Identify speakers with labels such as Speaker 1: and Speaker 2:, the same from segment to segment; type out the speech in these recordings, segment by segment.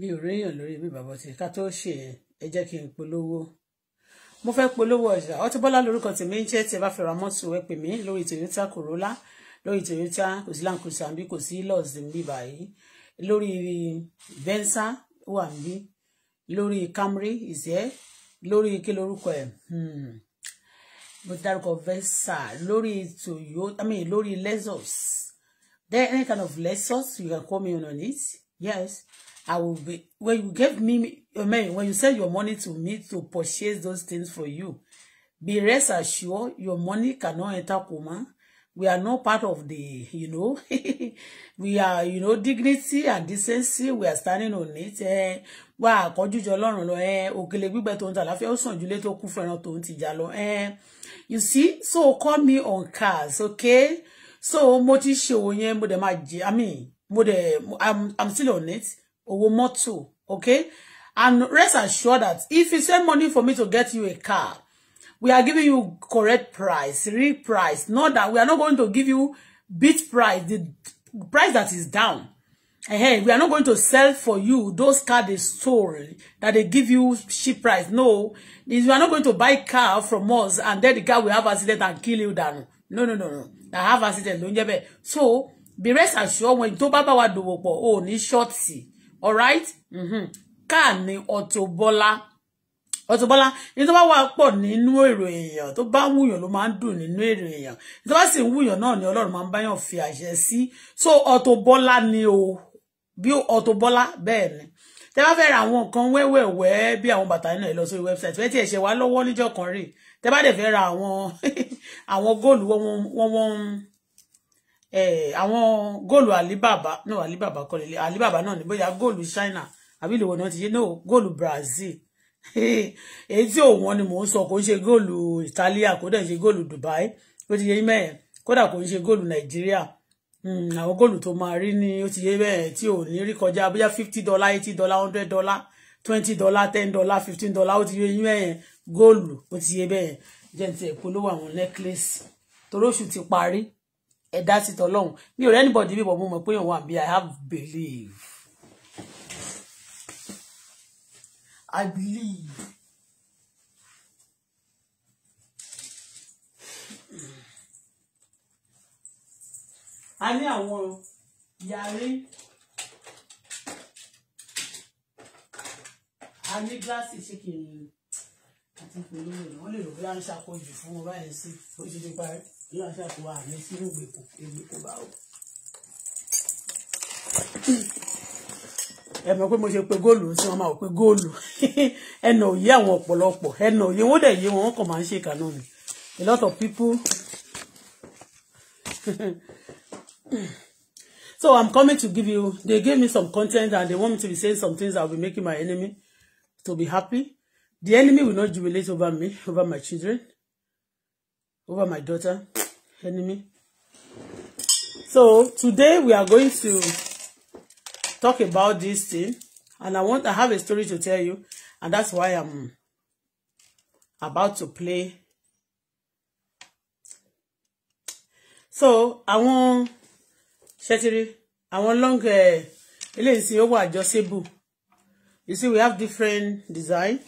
Speaker 1: mi ò réyàn lórí mi bàbá ti ká tó ṣe yẹn ẹ jẹ́ kí n polówó mo fẹ́ polówó ọjà Auto Bola lórúkọ tèmi ń jẹ́ tí ẹ bá fẹ́ ra ẹ pè mí lórí Toyota Corolla lórí Toyota kò sí lankusa àbí kò sí lọ́ọ̀sì níbí báyìí lórí Venza wà níbí lórí Camry ìṣe lórí kí lórúkọ ẹ hmm. mo ti dárúkọ Venza lórí Toyota I mean lórí Lexus there any kind of Lexus you can call me on it yes. I will be when you gave me your money, when you send your money to me to purchase those things for you, be rest assured your money cannot enter coma. We are not part of the, you know, we are, you know, dignity and decency. We are standing on it. Wow, eh, wà á kọjú jọ eh, òkèlè gbígbẹ tó ń tà láfẹ́ ó sàn ju ilé tó kún fún Eh, you see, so call me on cars, okay? So mo ti ṣe òun mo dẹ̀ máa jẹ, I mean, mo dẹ̀, I'm, I'm still on it owó mọ́tò okay and rest assured that if you send money for me to get you a car we are giving you correct price real price not that we are not going to give you bit price the price that is down hey, we are not going to sell for you those car they stole that they give you cheap price. No, you are not going to buy car from us and then the car will have accident and kill you down. No, no, no, no. That have accident, So be rest assured when tó bá bá wa dòwò pọ̀, oh, short see all right mm-hmm. káà ní Auto Bola Auto Bola ní tó bá wà pọ̀ nínú èrò èèyàn tó bá wùyàn ló máa ń dùn nínú èrò èèyàn ní tó bá sì ń wùyàn náà ni Ọlọ́run máa ń báyàn fi àṣẹ sí so Auto Bola ni o bí Auto Bola bẹ́ẹ̀ ni tẹ bá fẹ́ ra àwọn nǹkan wẹ́wẹ́wẹ́ bí àwọn bàtà náà lọ sórí wẹ́bsáìtì fẹ́ tí ẹ ṣe wá lọ́wọ́ níjọ́ kan rè tẹ bá dẹ̀ fẹ́ ra àwọn àwọn góòlù wọn wọn àwọn góòlù alibaba no alibaba kọ́ lélẹ̀ alibaba náà ni bóyá góòlù china àbí ìlú wọn ti yé no góòlù brazil èyí tí òun ni mò ń sọ kò ń ṣe góòlù italia kódà ń ṣe góòlù dubai ó ti yé mẹ́ẹ̀ kódà kò ń ṣe góòlù nàìjíríà hmm, àwọn góòlù tó máa rí ní ó ti yé bẹ́ẹ̀ tí ò ní rí kọjá bóyá fifty dollar eighty dollar hundred dollar twenty dollar ten dollar fifteen dollar ó ti yé mẹ́ẹ̀ góòlù ó ti yé bẹ́ẹ̀ jẹ́ ti ẹ̀ polówó àwọn necklace toróṣù ti parí ẹ̀dá sí tọlọ́run mi ò rẹ́nìbọ̀dì bíbọ̀ mo put pé one. àbí i have believe i believe. a ní àwọn yàrá a ní gíláàsì chicken àti ìpolówó wọn lè rò bí a ń ṣàkójù fún wọn báyìí sí ó ti di parí yóò aṣáàtò àmì sínú ìgbèkùn èmi kò bá o. ẹ mọ̀ pé mo ṣe pé góòlù sí wọn máa pé góòlù ẹnà òye àwọn ọ̀pọ̀lọpọ̀ ẹnà òye wọn dẹ̀ yé wọn wọn kàn máa ń ṣèkà náà ni a lot of people so i'm coming to give you they gave me some content and they want me to be saying some things that will be making my enemy to be happy the enemy will not jubilate over me over my children over my daughter enemy. So today we are going to talk about this thing, and I want I have a story to tell you, and that's why I'm about to play. So I want, àwọn I want sì ó adjustable. You see, we have different design.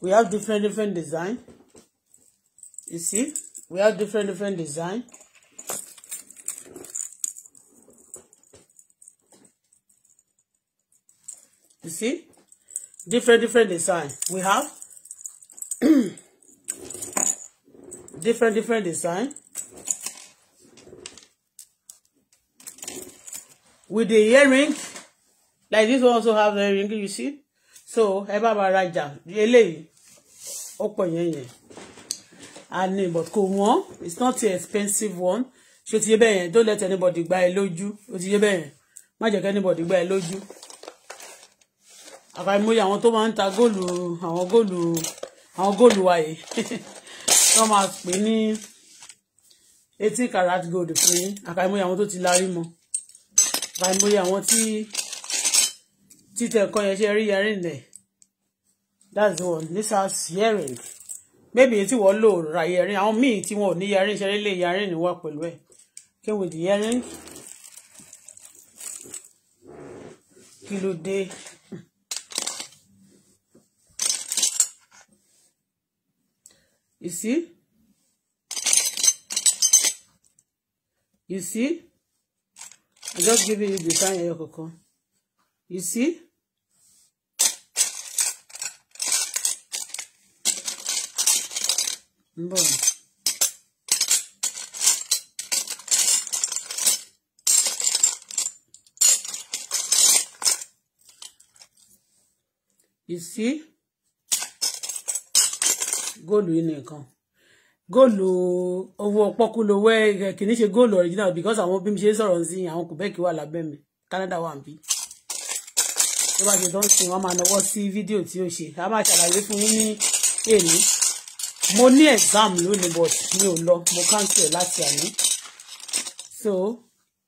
Speaker 1: We have different different design. You see, we have different different design. You see, different different design. We have different different design. With the earring, like this one also have the earring, you see. So, ẹ bá wa rajà, eléyìí, ó pọ̀ yẹn yẹn a ní but kò wọ́n it's not an expensive one ṣé o ti yé bẹ́ẹ̀ yẹn don't let anybody gba ẹ lójú o ti yé bẹ́ẹ̀ yẹn má jẹ́ kí anybody gba ẹ lójú àbáyémóye àwọn to máa ń ta góòlù àwọn góòlù àwọn góòlù wáyé wọ́n máa pè ní eighteen karat gold fún yín àbáyémóye àwọn tó ti lárí mọ́ àbáyémóye àwọn tí títẹ̀ kọ́ yẹn ṣe rí yẹrí nílẹ̀ that's the one this house hearing maybe tí wọ́n lò ra earring àwọn míì tí wọn ò ní earring ṣeré lè earring wà pẹ̀lú ẹ̀ came with the earring kí ló dé. You see? You see? I'm just giving you the sign here, Coco. You see? ń bọ̀. you see góòlù yìí nìkan góòlù owó pọ́kú lowó ẹ̀ kì í original because àwọn bí mi ṣe sọ̀rọ̀ sí àwọn Quebec wà lábẹ́ mi Canada wà ń bí tó bá ṣe tó ń sìn wọ́n máa video sí fídíò tí ó ṣe a máa ṣàlàyé fún yín mo ní exam lónìí but mi ò lọ mo cancel láti àná so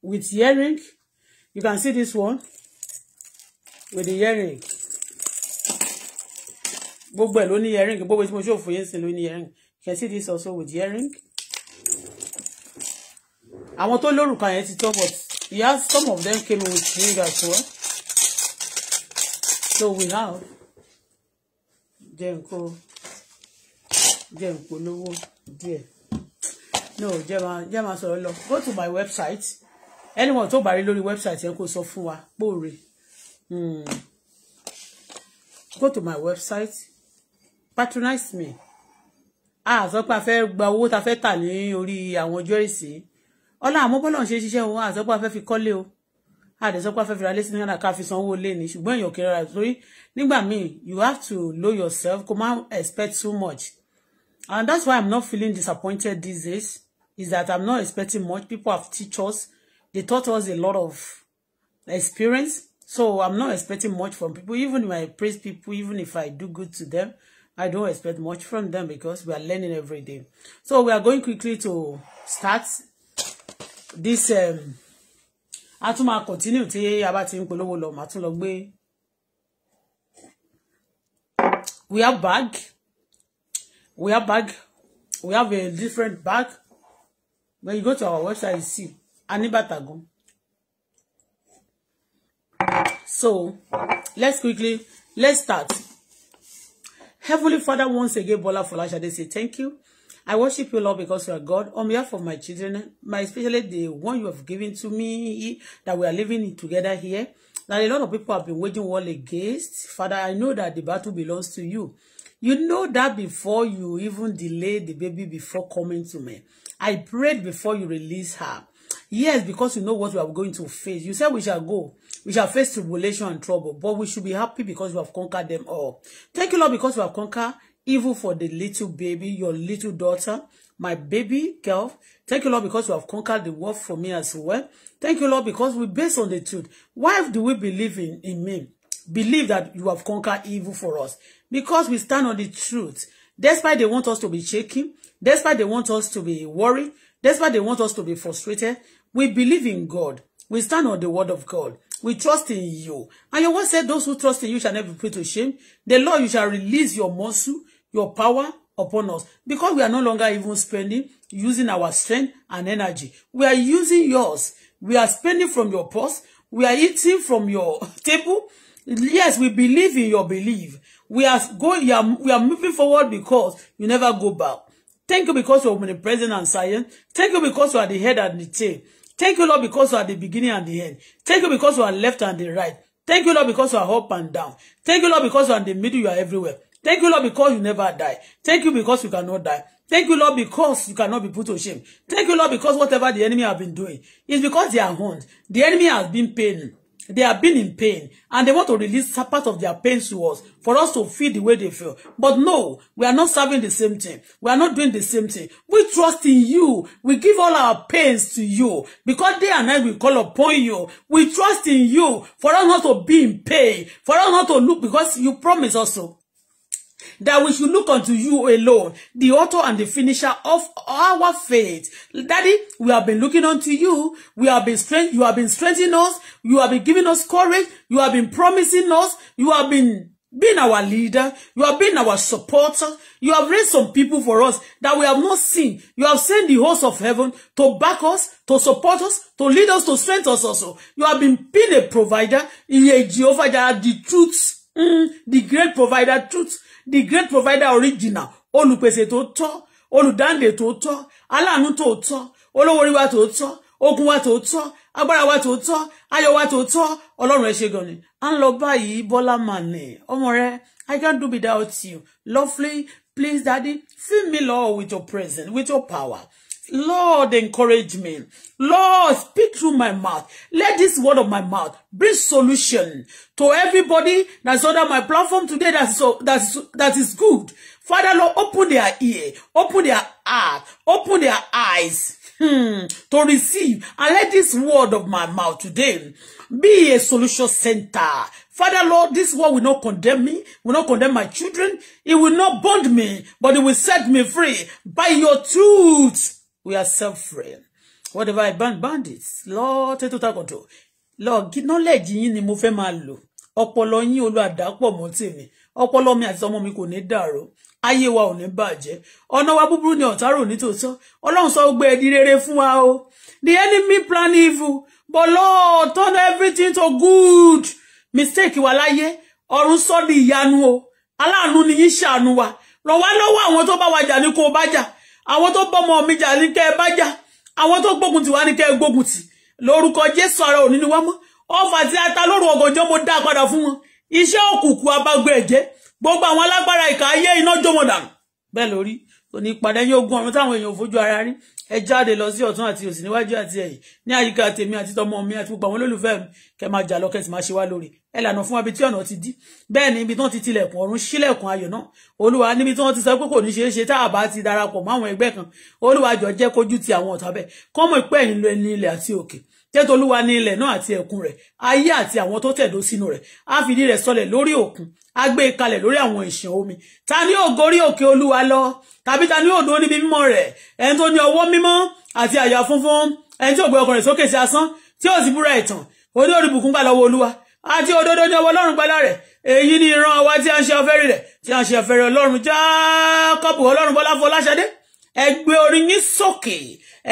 Speaker 1: with earring you can see this one with the earring gbogbo ẹ̀ ló ní earring gbogbo tí mo ṣòfò yẹn sì ló ní earring you can see this also with earring àwọn tó lórúkọ yẹn ti tọ́ but yeah some of them came with ring as well so we have jẹ́ nǹkan jẹ́ n polówó díẹ̀ no jẹ́ máa jẹ́ máa sọ̀rọ̀ lọ go to my website anyone tó bá rí lórí website yẹn kó sọ fún wa póòrè hmm. go to my website patronize me a sọ pé a fẹ́ gba owó ta fẹ́ tà ní orí àwọn jẹ́rìsì ọlá àmúbọ́lọ̀ ń ṣe ṣiṣẹ́ wọn a sọ pé a fẹ́ fi kọ́lé o àdẹ̀sọ́pá fẹ́ fira lẹ́sìn náírà ká fi sanwó lé ní ṣùgbọ́n èèyàn kẹrẹ́ra torí nígbà míì you have to know yourself kò má expect too much And that's why I'm not feeling disappointed these days, is that I'm not expecting much. People have us; They taught us a lot of experience. So I'm not expecting much from people. Even if I praise people, even if I do good to them, I don't expect much from them because we are learning every day. So we are going quickly to start this. Um, a tún máa continue tí a bá ti We are back we have bag we have a different bag when you go to our website you see anibatagun so let's quickly let's start heavenly father once again Bola Folashade say thank you I worship you, Lord, because you are God. On behalf of my children, my especially the one you have given to me that we are living together here. That a lot of people have been waging war against. Father, I know that the battle belongs to you. You know that before you even delay the baby before coming to me. I prayed before you release her. Yes, because you know what we are going to face. You said we shall go. We shall face tribulation and trouble, but we should be happy because we have conquered them all. Thank you, Lord, because we have conquered evil for the little baby, your little daughter, my baby girl. Thank you, Lord, because you have conquered the world for me as well. Thank you, Lord, because we based on the truth. Why do we believe in, in me? Believe that you have conquered evil for us because we stand on the truth. Despite they want us to be shaking, despite they want us to be worried, despite they want us to be frustrated, we believe in God. We stand on the word of God. We trust in you. And your word said, those who trust in you shall never be put to shame. The Lord, you shall release your muscle, your power upon us. Because we are no longer even spending, using our strength and energy. We are using yours. We are spending from your purse. We are eating from your table. Yes, we believe in your belief. We are going, we are, we are moving forward because you never go back. Thank you because you are the present and silent. Thank you because you are the head and the tail. Thank you, Lord, because you are the beginning and the end. Thank you because you are left and the right. Thank you, Lord, because you are up and down. Thank you, Lord, because you are in the middle, you are everywhere. Thank you, Lord, because you never die. Thank you because you cannot die. Thank you, Lord, because you cannot be put to shame. Thank you, Lord, because whatever the enemy have been doing is because they are harmed. The enemy has been paying. They have been in pain and they want to release part of their pain to us for us to feel the way they feel. But no, we are not serving the same thing. We are not doing the same thing. We trust in you. We give all our pains to you because day and night we call upon you. We trust in you for us not to be in pain, for us not to look because you promise also that we should look unto you alone, the author and the finisher of our faith. Daddy, we have been looking unto you. We have been strength. You have been strengthening us. You have been giving us courage. You have been promising us. You have been being our leader, you have been our supporter, you have raised some people for us that we have not seen. You have sent the host of heaven to back us, to support us, to lead us, to strengthen us also. You have been being a provider in a Jehovah, the truth, mm, the great provider, truth the great provider original olùpèsè tó tọ́ olùdáǹdè tó tọ́ aláàánú tó tọ́ olówó orí wa tó tọ́ ogun wa tó tọ́ agbára wa tó tọ́ ayọ̀ wa tó tọ́ ọlọ́run ẹ ṣé gan ni à ń lọ báyìí bọ́lá mànì ọmọ i can't do without you lovely please daddy fill me lord with your presence with your power Lord, encourage me. Lord, speak through my mouth. Let this word of my mouth bring solution to everybody that's under my platform today that's so that's that is good. Father Lord, open their ear, open their heart, open their eyes hmm, to receive and let this word of my mouth today be a solution center. Father Lord, this word will not condemn me, will not condemn my children, it will not bond me, but it will set me free by your truth. We are suffering. Whatever I ban bandits, Lord, take total control. Lord, knowledge yín ni mo fẹ́ máa lò. Ọpọlọ yín olú àdápọ̀ mọ́ tèmi. Ọpọlọ mi àti ọmọ mi kò ní dàrú. Ayé wa ò ní bàjẹ́. Ọ̀nà wa búburú ni otaro ní tòótọ́. Ọlọ́run sọ gbé ẹ̀dí rere fún wa o. The enemy plan evil. But Lord, turn everything to good. Mistake wa láyé. Ọ̀run sọ di ìyanu o. Aláàánú ni yín ṣàánú wa. Ràn wá lọ́wọ́ àwọn tó bá wa jà ní kó o bá àwọn tó bọ́mọ mi jà ní kẹ́ ẹ bá jà àwọn tó gbógun tì wá ní kẹ́ ẹ gbógun tì lórúkọ Jésù ara òní ni wá mọ́ ọfà tí a ta lóru ọ̀gànjọ́ mo dá padà fún wọn iṣẹ́ òkùnkùn abágbé ẹ̀jẹ̀ gbogbo àwọn alágbára ìkà ayé iná jó wọn dànù bẹ́ẹ̀ lórí òní ìpàdé yín ogun ọ̀run táwọn èèyàn fojú ara rí ẹ jáde lọ sí ọ̀tún àti òsì níwájú àti ẹ̀yìn ní àyíká tèmi àti tọmọ mi àti gbogbo àwọn olólùfẹ́ mi kẹ máa jà lọ kẹ máa ṣe wá lórí ẹ lànà fún wa tí ọ̀nà ti dí bẹ́ẹ̀ ni ibi tí wọ́n ti tilẹ̀kùn ọ̀run sílẹ̀kùn ayọ̀ náà olúwa níbi tí wọ́n ti sọ pé kò ní ṣeé ṣe tá a bá ti darapọ̀ mọ́ àwọn ẹgbẹ́ kan olúwa jọ jẹ́ kójú ti àwọn ọ̀tá bẹ́ẹ̀ kọ́mọ ìpẹ́ ìlú ẹni ilẹ̀ àti òkè tẹ́tọ́ olúwa ní ilẹ̀ náà àti ẹ̀kún rẹ̀ ayé àti àwọn tó tẹ̀dó sínú rẹ̀ á fìdí rẹ̀ sọlẹ̀ lórí òkun a gbé e kalẹ̀ lórí àwọn ìṣàn omi ta ni ó gorí òkè olúwa lọ tàbí ta ni ó dúró níbi mímọ́ rẹ̀ ẹni tó ní ọwọ́ mímọ́ àti àyà funfun ẹni tí ò gbé ọkàn rẹ̀ sókè sí asán tí ó sì búra ẹ̀tàn olórí bùkún gbà lọ́wọ́ olúwa àti òdodo ní ọwọ́ ọlọ́run gbẹ́lá rẹ̀ èyí ni ìran àwa tí a ń ṣe ọ̀fẹ́rí rẹ̀ tí a ń ṣe ọ̀fẹ́rí ọlọ́run jákọ́bù ọlọ́run bọ́lá fún ọláṣadé ẹ gbé orí yín sókè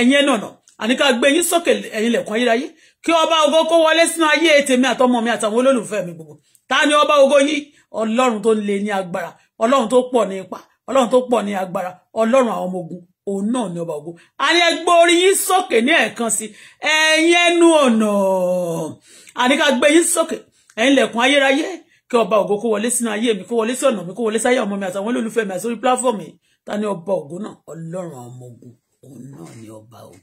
Speaker 1: ẹ̀yin ẹnu ọ̀nà àníká gbé yín sókè ẹ̀yin lẹ̀kùn ayérayé kí ọba ògo kó wọlé sínú ayé mi àtàwọn olólùfẹ́ mi gbogbo ta ni ọba ògo yín ọlọ́run tó le ní agbára ọlọ́run tó pọ̀ ní ipa ọlọ́run tó pọ̀ ní agbára ọlọ́run àwọn ọmọ ogun òun náà ni ọba ogun àní ẹgbẹ́ orí yín sókè ní ẹ̀ẹ̀kan sí ẹ̀yin ẹnu ọ̀nà àní ká gbé yín sókè ẹ̀yin lẹ̀kùn ayérayé kí ọba ògo kó wọlé sínú ayé mi kó wọlé sí ọ̀nà mi kó wọlé sáyé ọmọ mi àtàwọn olólùfẹ́ mi àti orí pílàfọ́ọ̀mù yìí ta ni ọba ògo náà ọlọ́run ọmọ ogun òun náà ni ọba ògo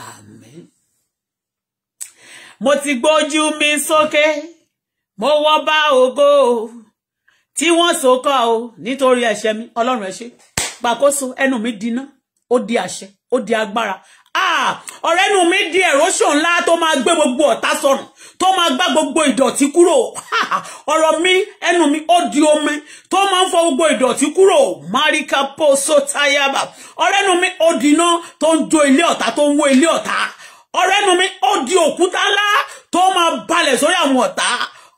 Speaker 1: àmín mo ti gbójú mi sókè. Okay? mo wọ́ bá ògo tí wọ́n so kọ́ o nítorí ẹ̀ṣẹ̀ mi ọlọ́run ẹ ṣé gbàkóso ẹnu mi dínà ó di àṣẹ ó di agbára ah, ọ̀rẹ́ nu mi di ẹ̀rọ́ṣọ̀ ńlá tó máa gbé gbogbo ọ̀tá sọnù tó máa gbá gbogbo ìdọ̀tí kúrò ah, ọ̀rọ̀ mi ẹnu mi ó di omi tó máa ń fọ gbogbo ìdọ̀tí kúrò marika poso tayaba ọ̀rẹ́ nu mi ó di iná tó ń jó ilé ọ̀tá tó ń wó ilé ọ̀tá ọ̀rẹ́ nu mi ó di òkúta ńlá tó máa balẹ̀ sórí àwọn ọ̀tá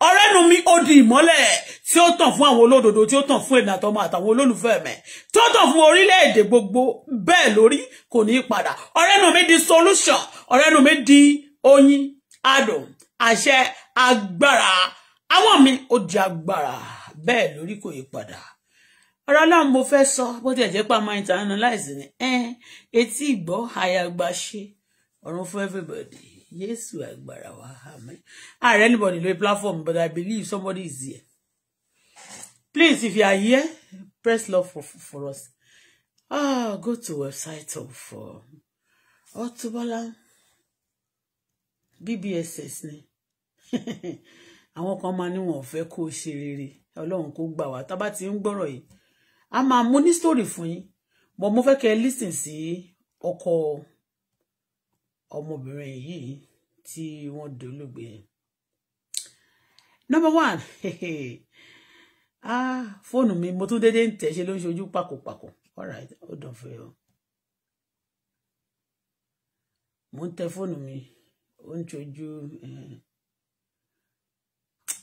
Speaker 1: ọ̀rẹ́ nu mi ó di ìmọ́lẹ̀ tí ó tàn fún àwọn olódodo tí ó tàn fún èmi àtọmọ àtàwọn olólùfẹ́ mi tó tàn fún orílẹ̀-èdè gbogbo bẹ́ẹ̀ lórí kò ní í padà ọ̀rẹ́ nu mi di solution ọ̀rẹ́ nu mi di oyin adùn àṣẹ agbára àwọn mi ó di agbára bẹ́ẹ̀ lórí kò yí padà ọ̀rọ̀ náà mo fẹ́ sọ bó tiẹ̀ jẹ́ pé a máa internalize ni etí ìgbọ́ àyàgbà ṣe ọ̀run fún everybody yéésù agbára wa àmín Ah, I anybody in the platform, but I believe somebody is here. Please, if you are here, press love for, for us. Ah, go to website of uh, Otubola BBSS ni. Àwọn kan come ní wọn ò fẹ́ kó ṣe rere. Ọlọ́run kó gbà wá. Tá bá ti ń gbọ́rọ̀ yìí. A máa mú ní story fún yín. Mo mo fẹ́ kẹ́ listen sí ọkọ ọmọbìnrin yìí tí wọ́n dolóògbé number one ah fóònù mi mo tún déédéé ń tẹ̀ ṣe ló ń ṣojú pàkópàkó all right hold on for you mo ń tẹ fóònù mi ó ń ṣojú eh.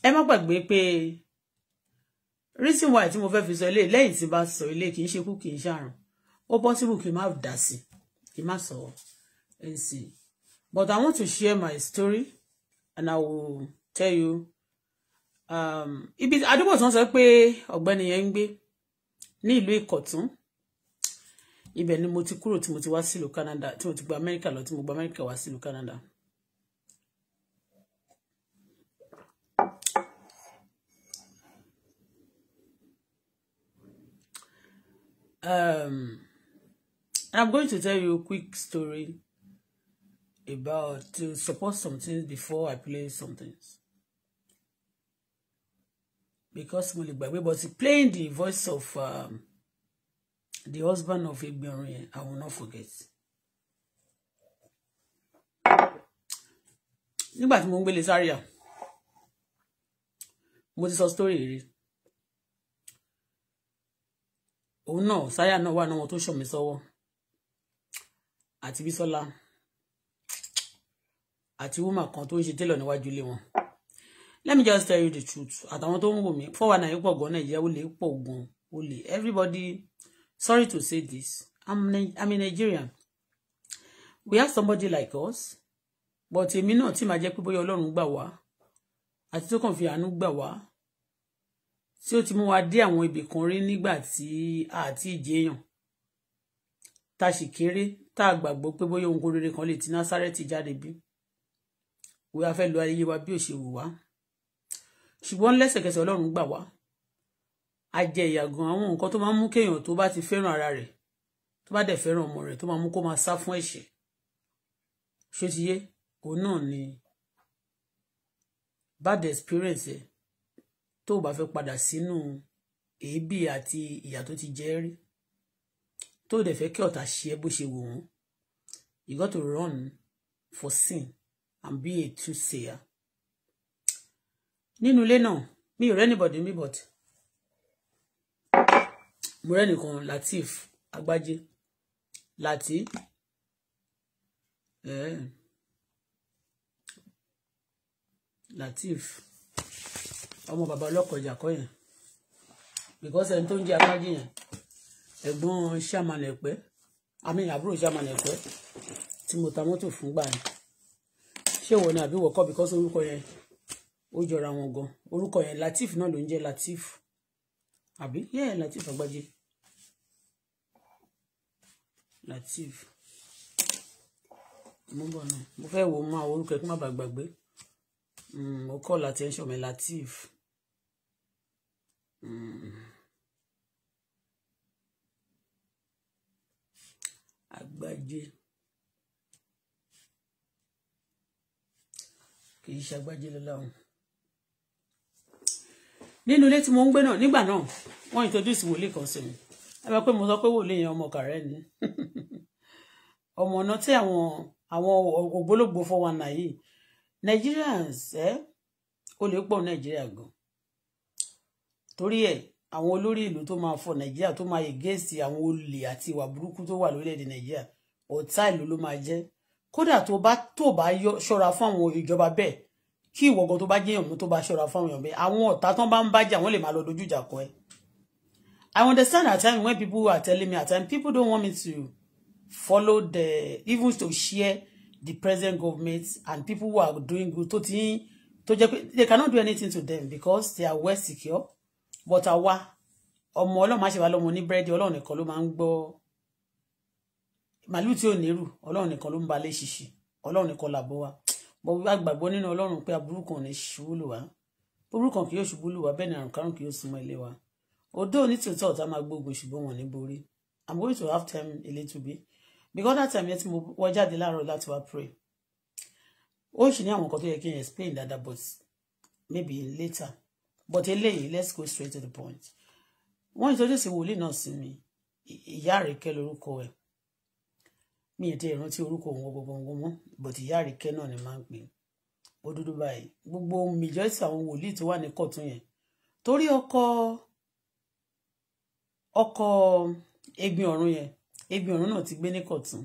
Speaker 1: ẹ má gbàgbé pé reason why tí mo fẹ́ fi sọ ilé lẹ́yìn tí bá sọ ilé kì í ṣe kú kì í ṣàrùn ó possible kì í má dà sí kì í má sọ ẹ̀ ń sìn but I want to share my story and I will tell you Um, ibi àdúgbò tí wọ́n sọ pé ọ̀gbẹ́ni yẹn ń gbé ní ìlú Ìkọ̀tún ibẹ̀ ni mo ti kúrò tí mo ti wá sílùú Canada tí mo ti gba Amẹ́ríkà lọ tí mo gba Amẹ́ríkà wá sílùú Canada. Um, I'm going to tell you a quick story about to support some things before I play some things because mo lè gbàgbé but playing the voice of um, the husband of Egberin yẹn I will not forget. You tí move ń gbélé sáríà mo ti sọ story Oh no, saya no náà wà náà wọn tó ṣọmí sọ́wọ́ àti Bísọ́lá àti wúmà kan tó ń ṣe télọ̀ níwájú let me just tell you the truth àtàwọn tó ń wò mí four one nine pọ̀ gan nàìjíríà ó lè pọ̀ gan ó lè everybody sorry to say this i'm, I'm a Nigerian we have somebody like us but èmi náà tí màá jẹ́ pé bóyá ọlọ́run gbà wá àti tó kàn fi àánú gbà wá tí ó ti mú wa dé àwọn ibì kan rí nígbà tí àti ìjẹyàn ta sì kéré tá a gbàgbọ́ pé bóyá ohun kó rere kan lè ti Násárẹ́tì jáde bí wíwá fẹ́ lo ayé wa bí ò ṣe wù wá ṣùgbọ́n lẹ́sẹ̀kẹsẹ̀ ọlọ́run gbà wá a jẹ ìyà gan àwọn nǹkan tó máa ń mú kéèyàn tó bá ti fẹ́ràn ara rẹ̀ tó bá dẹ̀ fẹ́ràn ọmọ rẹ̀ tó máa mú kó máa sá fún ẹ̀ṣẹ̀ ṣó ti yé òun náà ni bad experience ẹ̀ tó o bá fẹ́ padà sínú èébì àti ìyà tó ti jẹ́ rí tó o dẹ̀ fẹ́ kí ọ̀tá ṣe ẹ́ bó ṣe wò wọ́n you got to run for sin and be a truth sayer nínú ilé náà mi ò rẹ́nìbọ̀dì mi bọ̀t mo rẹ́nìkan Latif Agbájé Lati eh. Latif ọmọ bàbá ọlọ́kọ̀ ìjà kọ́ yẹn because ẹni tó ń jẹ́ Agbájé yẹn ẹ̀gbọ́n sàmàlà ẹ̀pẹ́ àmì àbúrò sàmàlà ẹ̀pẹ́ tí mo ta mọ́tò fún gbà ni ṣé ìwọ ni àbí wọ̀kọ́ because orúkọ yẹn ó jọra wọn gan orúkọ yẹn Latif náà ló ń jẹ́ Latif àbí yẹ Latif Àgbájé Latif mo bọ̀ náà mo fẹ́ wo máa orúkọ ẹ̀ kí má bàa gbàgbé hmm, mo call attention mi Latif. Hmm. Àgbájé. Mm. kì í ṣagbájé lọ́láhùn nínú ilé tí mo ń gbé náà nígbà náà wọ́n introduce wòlíì kan sí mi ẹ bá pé mo sọ pé wòlíì yẹn ọmọ kàrẹ́ ni ọmọ ọ̀nà tí àwọn àwọn ògbólógbò fọ wa nà yìí Nigerians ẹ olè pọ̀ Nàìjíríà gan torí ẹ̀ àwọn olórí ìlú tó máa fọ Nàìjíríà tó máa yẹgẹ́sì àwọn olè àti ìwà burúkú tó wà lórílẹ̀‐èdè Nàìjíríà ìlú ló máa jẹ́ kódà tó bá tó bá ṣọ́ra fún àwọn ìjọba bẹ́ẹ̀ kí ìwọ̀gàn tó bá jẹ́ èèyàn tó bá ṣọ́ra fáwọn èèyàn bẹ́ẹ̀ àwọn ọ̀tá tán bá ń bájà wọ́n lè máa lọ dojú ìjà kọ ẹ́ I understand at times when people are telling me at times people don't want me to follow the even to share the present government and people who are doing good tó ti ń tó jẹ́ pé they cannot do anything to them because they are well secure but àwa ọmọ ọlọ́run má ṣe wá lọ́mọ ní búrẹ́dì ọlọ́run nìkan ló máa ń gbọ́ màálù tí ò nírù ọlọ́run nìkan ló ń balẹ̀ ṣìṣì ọlọ́run nìkan làbọ̀ wa bọ̀ wíwá gbàgbọ́ nínú ọlọ́run pé aburú ní ṣubú lù wá kì yóò ṣubú lù wá ni àrùn kárùn kì yóò súnmọ́ ilé wa odó ní tòótọ́ ọ̀tá máa gbógun ṣùgbọ́n wọn ní borí i'm going to have time a little bit because that time yẹn tí mo wọ́ jáde láàárọ̀ láti wá pray ó sì ní àwọn nǹkan tó yẹ kí n explain dáadáa but maybe later but eléyìí let's go straight to the point wọ́n ìtọ́jú sí wòlíì náà sí mi ìyá àrèké lórúkọ ẹ̀ mi ì tẹ ìrántí orúkọ òun gbogbo wọn mọ bọ̀tì ìyá àríkẹ́ náà ni máa ń pè ó dúdú báyìí gbogbo mìjọ́sì àwọn wòlíì tó wà ní kọ̀tún yẹn torí ọkọ ọkọ Egbin Ọ̀run yẹn Egbin Ọ̀run náà ti gbé ní kọ̀tún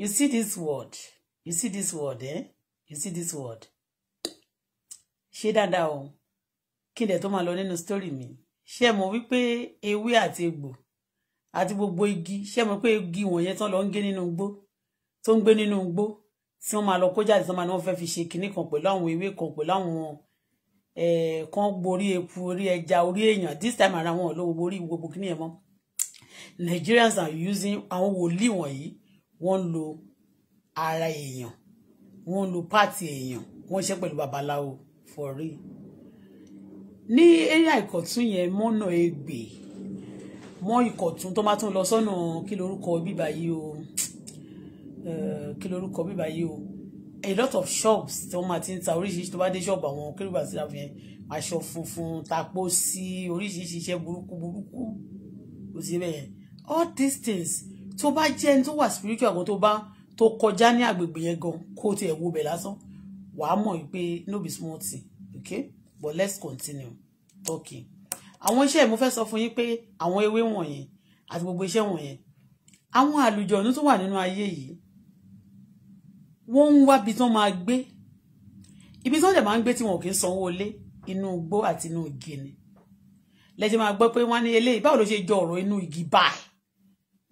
Speaker 1: you see this word you see this word eh you see this word ṣé dáadáa o kí n dẹ̀ tó máa lọ nínú story mi ṣé mo wí pé ewé àti egbò àti gbogbo igi ṣé mo pé igi wọ̀nyẹn tán lọ ń gé nínú igbó tó ń gbé nínú igbó tí wọ́n máa lọ kó jáde tán máa ní wọ́n fẹ́ fi ṣe kinní kan pẹ̀lú àwọn ewé kan pẹ̀lú àwọn kan gborí eku orí ẹja orí èèyàn this time around wọn ló gbogbo orí gbogbo kinní yẹn mọ́ Nigerians are using àwọn wòlíì wọ̀nyí wọ́n ń lo ara èèyàn wọ́n ń lo páàtì èèyàn wọ́n ṣe pẹ̀lú babaláwo for real ní eré àìkọ̀tún yẹn mọ́nà egbè mọ́ ìkọ̀tún tó bá tún lọ sọ́nà kí lorúkọ bíbá yìí o eh, kí lorúkọ bíbá yìí o a lot of shops tí wọ́n máa ti ń ta oríṣiríṣi tó bá dé ṣọ́ọ̀bù àwọn kérúbà sí àfihàn aṣọ funfun tapo sí oríṣiríṣi iṣẹ́ burúkú burúkú kò sí bẹ́ẹ̀ all these things tó bá jẹ́ ẹni tó wà spiritual gan tó bá tó kọjá ní àgbègbè yẹn gan kó tiẹ̀ wo bẹ̀ lásán wàá mọ̀ wípé no be small thing okay but let's continue talking àwọn iṣẹ́ mo fẹ́ sọ fún yín pé àwọn ewé wọ̀nyẹn àti gbogbo iṣẹ́ wọ̀nyẹn àwọn àlùjọ̀nú tó wà nínú ayé yìí wọ́n ń wá ibi tí wọ́n máa gbé ibi tí wọ́n dẹ̀ máa ń gbé tí wọn kì í sanwó lé inú igbó àti inú igi ni lẹ́jẹ̀ máa gbọ́ pé wọ́n ní eléyìí báwo ló ṣe jọ ọ̀rọ̀ inú igi báyìí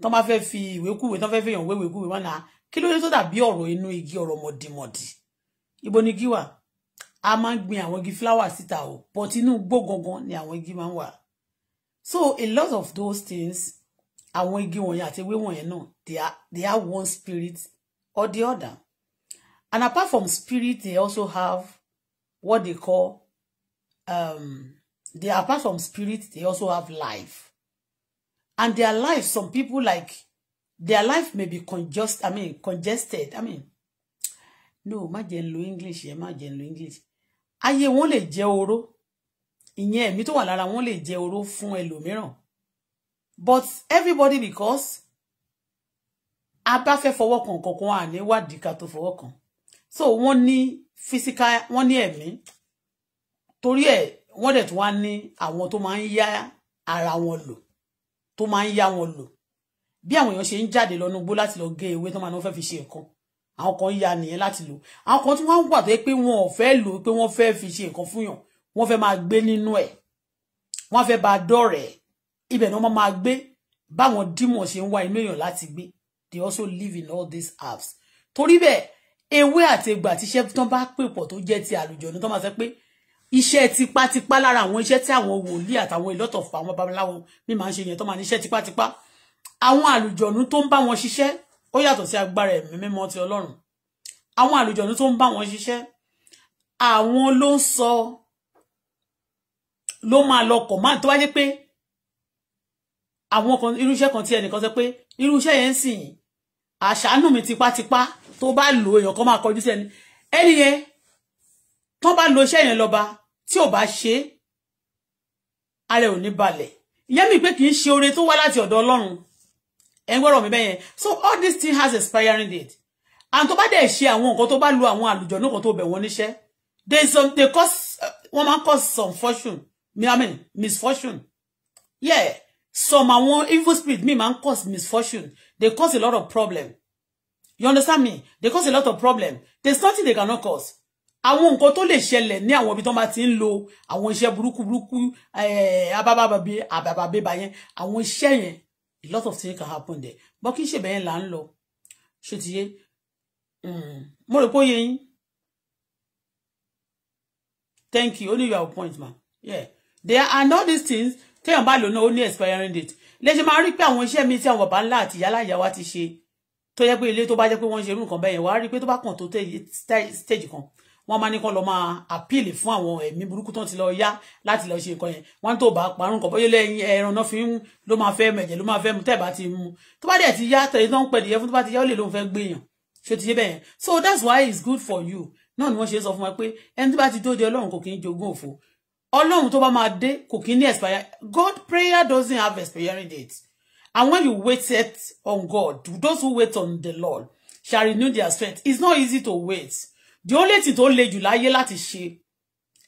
Speaker 1: tó máa fẹ́ fi ìwé kúwe tó fẹ́ fi hàn wéwèé kúwe wọn là kí ló dé tó dàbí ọ̀rọ̀ inú igi ọ̀rọ̀ mọ̀dìmọ̀dì ibo ni igi wà a máa ń gbin àwọn igi flower síta o but inú igbó gangan ni àwọn igi máa ń wà so a lot of those things àwọn igi wọ̀nyẹn àti ewé wọ̀nyẹn náà they are they have one spirit or the other and apart from spirit they also have what they call um, they apart from spirit they also have life and their life some people like their life may be congested i mean congested i mean no imagine jẹ́ english Imagine má english ayé wọn lè jẹ́ oró ìyẹn ẹ̀mí tó wà lára wọn lè jẹ́ oró fún ẹlòmíràn but everybody because a bá fẹ́ fọwọ́ kan kankan à ní wádìí ká tó fọwọ́ kan so wọ́n ní physical wọ́n ní ẹ̀mí torí ẹ̀ wọ́n dẹ̀ tún wá ní àwọn tó máa ń yá ara wọn lò tó máa ń yá wọn lò bí àwọn èèyàn ṣe ń jáde lọ nugbó láti lọ gé ewé tó máa ń fẹ́ fi ṣe nǹkan àwọn kan ya nìyẹn láti lò àwọn kan tí wọ́n wà tó yẹ pé wọn ò fẹ́ lò pé wọ́n fẹ́ fi ṣe nǹkan fún yàn wọ́n fẹ́ máa gbé nínú ẹ̀ wọ́n fẹ́ bá dọ̀rẹ́ ibẹ̀ ni wọ́n máa gbé báwọn dímọ̀ ṣe ń wá inú èèyàn láti gbé they also live in all these apps torí bẹ́ẹ̀ ewé àti egbà tí iṣẹ́ tán bá pèpọ̀ tó jẹ́ ti àlùjọ̀nú tán máa sọ pé iṣẹ́ tipátipá lára àwọn iṣẹ́ tí àwọn wòlíì àtàwọn ìlọ́tọ̀fọ̀ àwọn babaláwo mi máa ń ṣe yẹn tán máa ní iṣẹ́ tipátipá àwọn àlùjọ̀nú tó ń bá wọn ṣiṣẹ́ ó yàtọ̀ sí agbára ẹ̀mí mímọ́ ti ọlọ́run àwọn àlùjọ̀nú tó ń bá wọn ṣiṣẹ́ àwọn ló ń sọ ló máa lọ kọ̀ máa tó wáyé pé àwọn kan irúṣẹ́ kan tí ẹnìkan sọ pé irúṣẹ́ yẹn ń sìn àṣàánú mi tipátipá tó bá lo èèyàn kan máa kọjú sí ẹni ẹni yẹn tán bá lo iṣẹ́ yẹn lọ́ba tí ò bá ṣe ara ò ní balẹ̀ ìyẹn pé kì í ṣe oore tó wá láti ọ̀dọ̀ ọlọ́run ẹgbẹ́rọ̀ mi bẹ́yẹn so all this thing has expiring date and tó bá dẹ̀ ṣe àwọn nǹkan tó bá lu àwọn àlùjọ náà kan tó bẹ̀ wọ́n níṣẹ́ they some they cause wọ́n máa ń cause some fortune I mean misfortune yeah some àwọn evil spirit Me man cause misfortune they cause a lot of problem you understand me they cause a lot of problem there's nothing they cannot cause àwọn nǹkan tó lè ṣẹlẹ̀ ní àwọn ibi tó bá ti ń lo àwọn iṣẹ́ burúkú burúkú eh, abábábàbí àbàbàbébà yẹn àwọn iṣẹ́ yẹn a lot of things can happen there but kì í ṣe bẹ́ẹ̀ là ń lọ ṣe ti yé hmm. mo rò pé ó thank you only your point ma yeah there are all these things téèyàn bá lò náà ó ní expiring date lẹ́sẹ̀ máa rí pé àwọn iṣẹ́ mi tí àwọn bàbá ńlá àti ìyá láyà wa ti ṣe tó yẹ pé ilé tó bá jẹ́ pé wọ́n ń ṣe irú nǹkan bẹ́ẹ̀ yẹn wàá rí pé tó bá kàn tó stage kan wọ́n máa ní kán lọ máa appeal fún àwọn ẹ̀mí burúkú tán ti lọ yá láti lọ ṣe nǹkan yẹn wọ́n tó bá parun kọ̀ bóyá lẹ́yìn ẹran náà fi ń ló máa fẹ́ mẹ̀jẹ̀ ló máa fẹ́ mu tẹ́ẹ̀bá ti mu tó bá dẹ̀ ti yá tẹ̀lé tán pẹ̀lú yẹn fún tó bá ti yá ó lè lóun fẹ́ gbéyàn ṣé ti yé bẹ́ẹ̀ so that's why it's good for you náà ni wọ́n ṣe sọ fún wa pé ẹni tó bá ti dóde ọlọ́run kò kí ń jogún òfo ọlọ́run tó bá máa dé kò kí ní expire God prayer doesn't have expiring date and when you waited on God those who wait on the Lord shall renew their strength it's not easy to wait the only thing tó le July láyé láti ṣe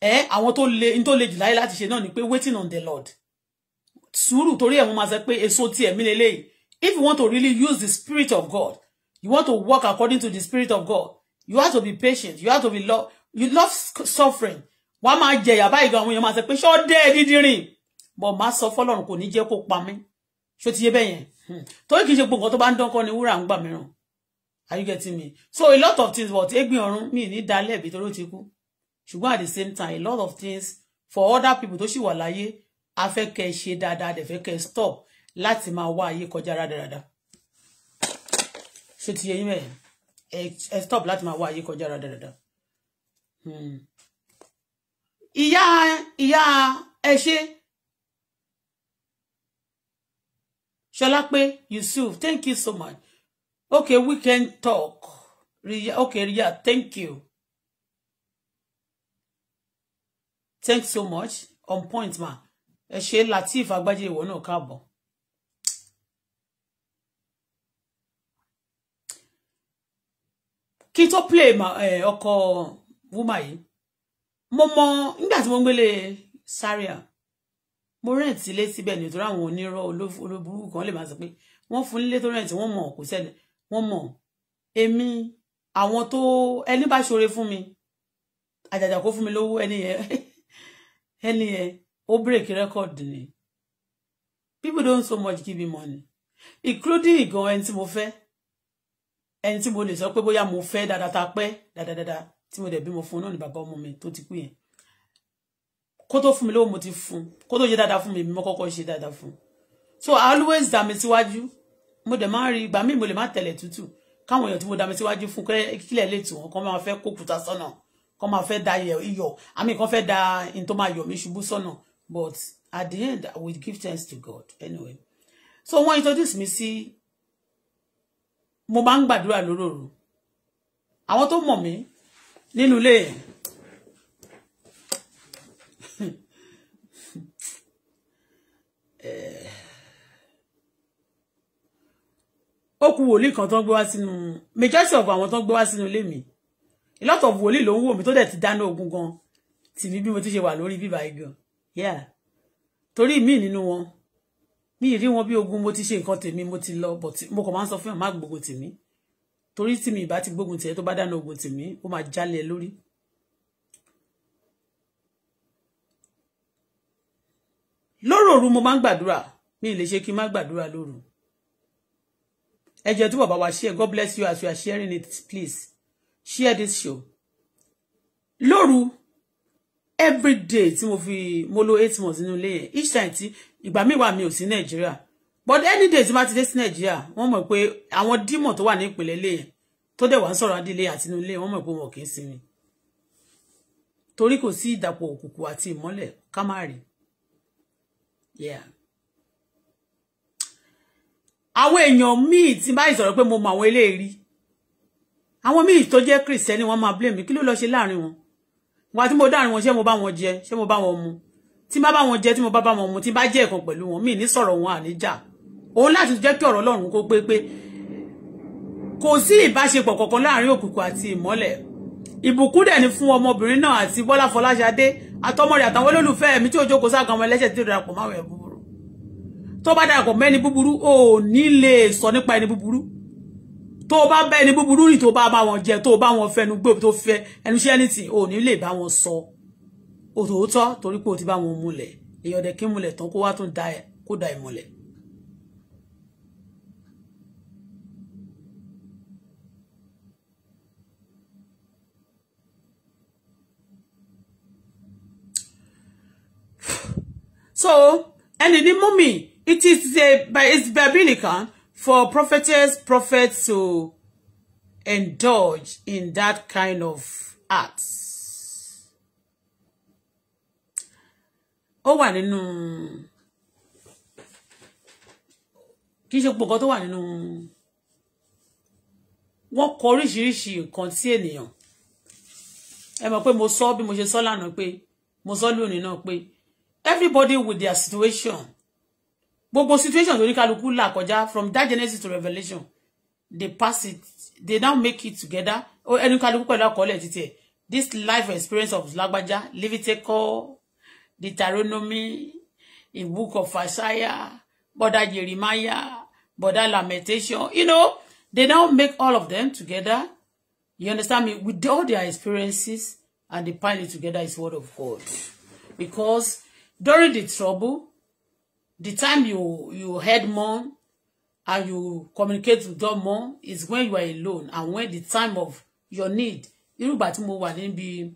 Speaker 1: eh àwọn tó le n tó le jù láyé láti ṣe náà ni pé waiting on the Lord sùúrù torí ẹ̀ mo máa sọ pé èso tí ẹ̀mí leleyi if you want to really use the spirit of God you want to walk according to the spirit of God you have to be patient you have to be love you love suffering wàá máa jẹ ìyà báyìí gan àwọn èèyàn máa sọ pé ṣé ó dé ẹ dídìrín bọ má sọ fọ́lọ́run kò ní jẹ́ kó pa mí ṣó ti yé bẹ́yẹn hmm. torí kì í ṣe gbogbo nǹkan tó bá ń ni wúrà ń gbà are you getting me so a lot of things but egbin ọ̀run mi ní dalẹ̀ ibi torí ó ti kú ṣùgbọ́n at the same time a lot of things for other people tó sì wà láyé a fẹ́ kẹ́ ṣe dáadáa dẹ̀ fẹ́ kẹ́ stop láti máa wá ayé kọjá rádaràda ṣé ti yẹ yín mẹ́rin ẹ stop láti máa wá ayé kọjá rádaràda hmm. ìyá ìyá ẹ ṣe ṣọlá pé Yusuf thank you so much Okay, we can talk. Okay, yeah, thank you. Thanks so much. On point, ma. Ẹ ṣé Latif Agbájé ìwọ náà káàbọ̀. Kí n tó play ma ọkọ̀ wúmà yìí. Mo mọ nígbà tí mo ń gbélé Zaria. Mo rẹ̀ǹtì ilé síbẹ̀ nítorí àwọn onírọ̀ olóburú kan lè máa sọ pé wọ́n fún nílé tó rẹ̀ǹtì wọ́n mọ̀ kò sẹ́lẹ̀ wọ́n mọ̀ èmi àwọn tó ẹni bá ṣoore fún mi àjàjà kó fún mi lówó ẹni yẹn ẹni yẹn ó break record ni people don't so much give me money including ìgan ẹni tí mo fẹ́ ẹni tí mo lè sọ pé bóyá mo fẹ́ dáadáa ta pẹ́ dáadáa tí mo dẹ̀ bímọ fún náà ni bàbá ọmọ mi tó ti kú yẹn kó tó fún mi lówó mo ti fún kó tó yẹ dáadáa fún mi mo kọ́kọ́ ṣe dáadáa fún so I always dà mí síwájú. Si mo dẹ̀ máa ń rí ìgbà míì mo lè má tẹ̀lẹ̀ tútù káwọn èèyàn tí mo dami síwájú fún kẹ́ kílẹ̀ lè tù wọ́n kọ́ máa fẹ́ kókùtà sọ́nà kọ́ máa fẹ́ da iyọ̀ àmì kan fẹ́ da in tó máa yọ̀ mí ṣubú sọ́nà but at the end I will give thanks to God anyway so wọ́n introduce mi sí mo máa ń gbàdúrà lóròrò àwọn tó mọ̀ mí nínú ilé yẹn Oku woli wòlíì kan tó ń gbé wá sínú majority of àwọn tó ń gbé wá sínú mi a lot of woli ló ń wò mí tó ti dáná ogun gan tìmí bí mo ti ṣe wà lórí bíbá igan yeah torí míì nínú wọn mi rí wọn bí ogun mo ti ṣe nǹkan tèmi mo ti lọ but mo kàn máa ń sọ fún yàn má gbógun tèmi torí tí mi ìbá ti gbógun tìẹ tó bá dáná ogun tèmi ó máa jálẹ lórí lóròru mo máa ń gbàdúrà mi ì lè ṣe kí n má ẹ jẹ́ tí wa share god bless you as you are sharing it please share this show Loru every day tí mo fi mo eight months nínú ilé each time tí ìgbà míì wà mi ò sí nàìjíríà but any day tí bá ti dé sí nàìjíríà wọ́n mọ̀ pé àwọn dímọ̀ tó wà ní ìpínlẹ̀ le yẹn tó dẹ̀ wá ń sọ̀rọ̀ adílé àti inú ilé wọ́n mọ̀ pé wọn kì í sinmi torí kò sí ìdàpọ̀ òkùnkùn àti ìmọ́lẹ̀ ká má yeah àwọn èèyàn míì tí báyìí sọ̀rọ̀ pé mo mọ àwọn eléyìí rí àwọn míì tó jẹ́ kìrìsìtẹ́nì wọ́n máa blame mi kí ló lọ ṣe láàrin wọn wà tí mo dáàrin wọn ṣé mo bá wọn jẹ ṣé mo bá wọn mu tí má bá wọn jẹ tí mo bá bá wọn mu tí bá jẹ́ ẹ̀kan pẹ̀lú wọn míì ní sọ̀rọ̀ wọn àníjà òun láti jẹ́ kí ọ̀rọ̀ Ọlọ́run kó pé pé kò sí ìbáṣepọ̀ kankan láàrin òkùnkùn àti ìmọ́lẹ̀ ìbùkún dẹ̀ ni fún ọmọbìnrin náà àti Bọ́lá Fọláṣadé àtọmọ rẹ̀ àtàwọn olólùfẹ́ mi tí ó jókòó sáà kan ọmọ ẹlẹ́ṣẹ̀ tí ó darapọ̀ máwẹ̀ bú tó bá darapọ̀ mẹ́ni búburú ò ní lè sọ nípa ẹni búburú tó bá bá ẹni búburú rìn tó bá bá wọn jẹ tó bá wọn fẹnu gbé tó fẹ ẹnu iṣẹ́ ní tì ò ní lè bá wọn sọ òtòótọ́ torí pé o ti bá wọn múlẹ̀ èèyàn dẹ̀ kí múlẹ̀ tán kó wá tún da ẹ̀ kó da ìmúlẹ̀. so ẹni ní mú It is a, by it's biblical for prophetess, prophets to indulge in that kind of acts. Ó wà nínú kì í ṣe pọ̀ nǹkan tó wà nínú wọ́n kọ oríṣiríṣi nǹkan tí ènìyàn ẹ mọ̀ pé mo sọ bí mo ṣe sọ lánàá pé mo sọ lónìí náà pé everybody with their situation gbogbo situation tó ní kálukú là kọjá from that genesis to revelation they pass it they now make it together ó ẹni kálukú pẹ̀lú àkọọ́lẹ̀ títí ẹ̀ this life experience of lágbájá leviticus deuteronomy the book of isaiah bọ́dá jeremiah bọ́dá lamentation you know they now make all of them together you understand me with all their experiences and they pile it together is word of God because during the trouble the time you you head more and you communicate with them more is when you are alone and when the time of your need irú ìgbà tí mo wà níbi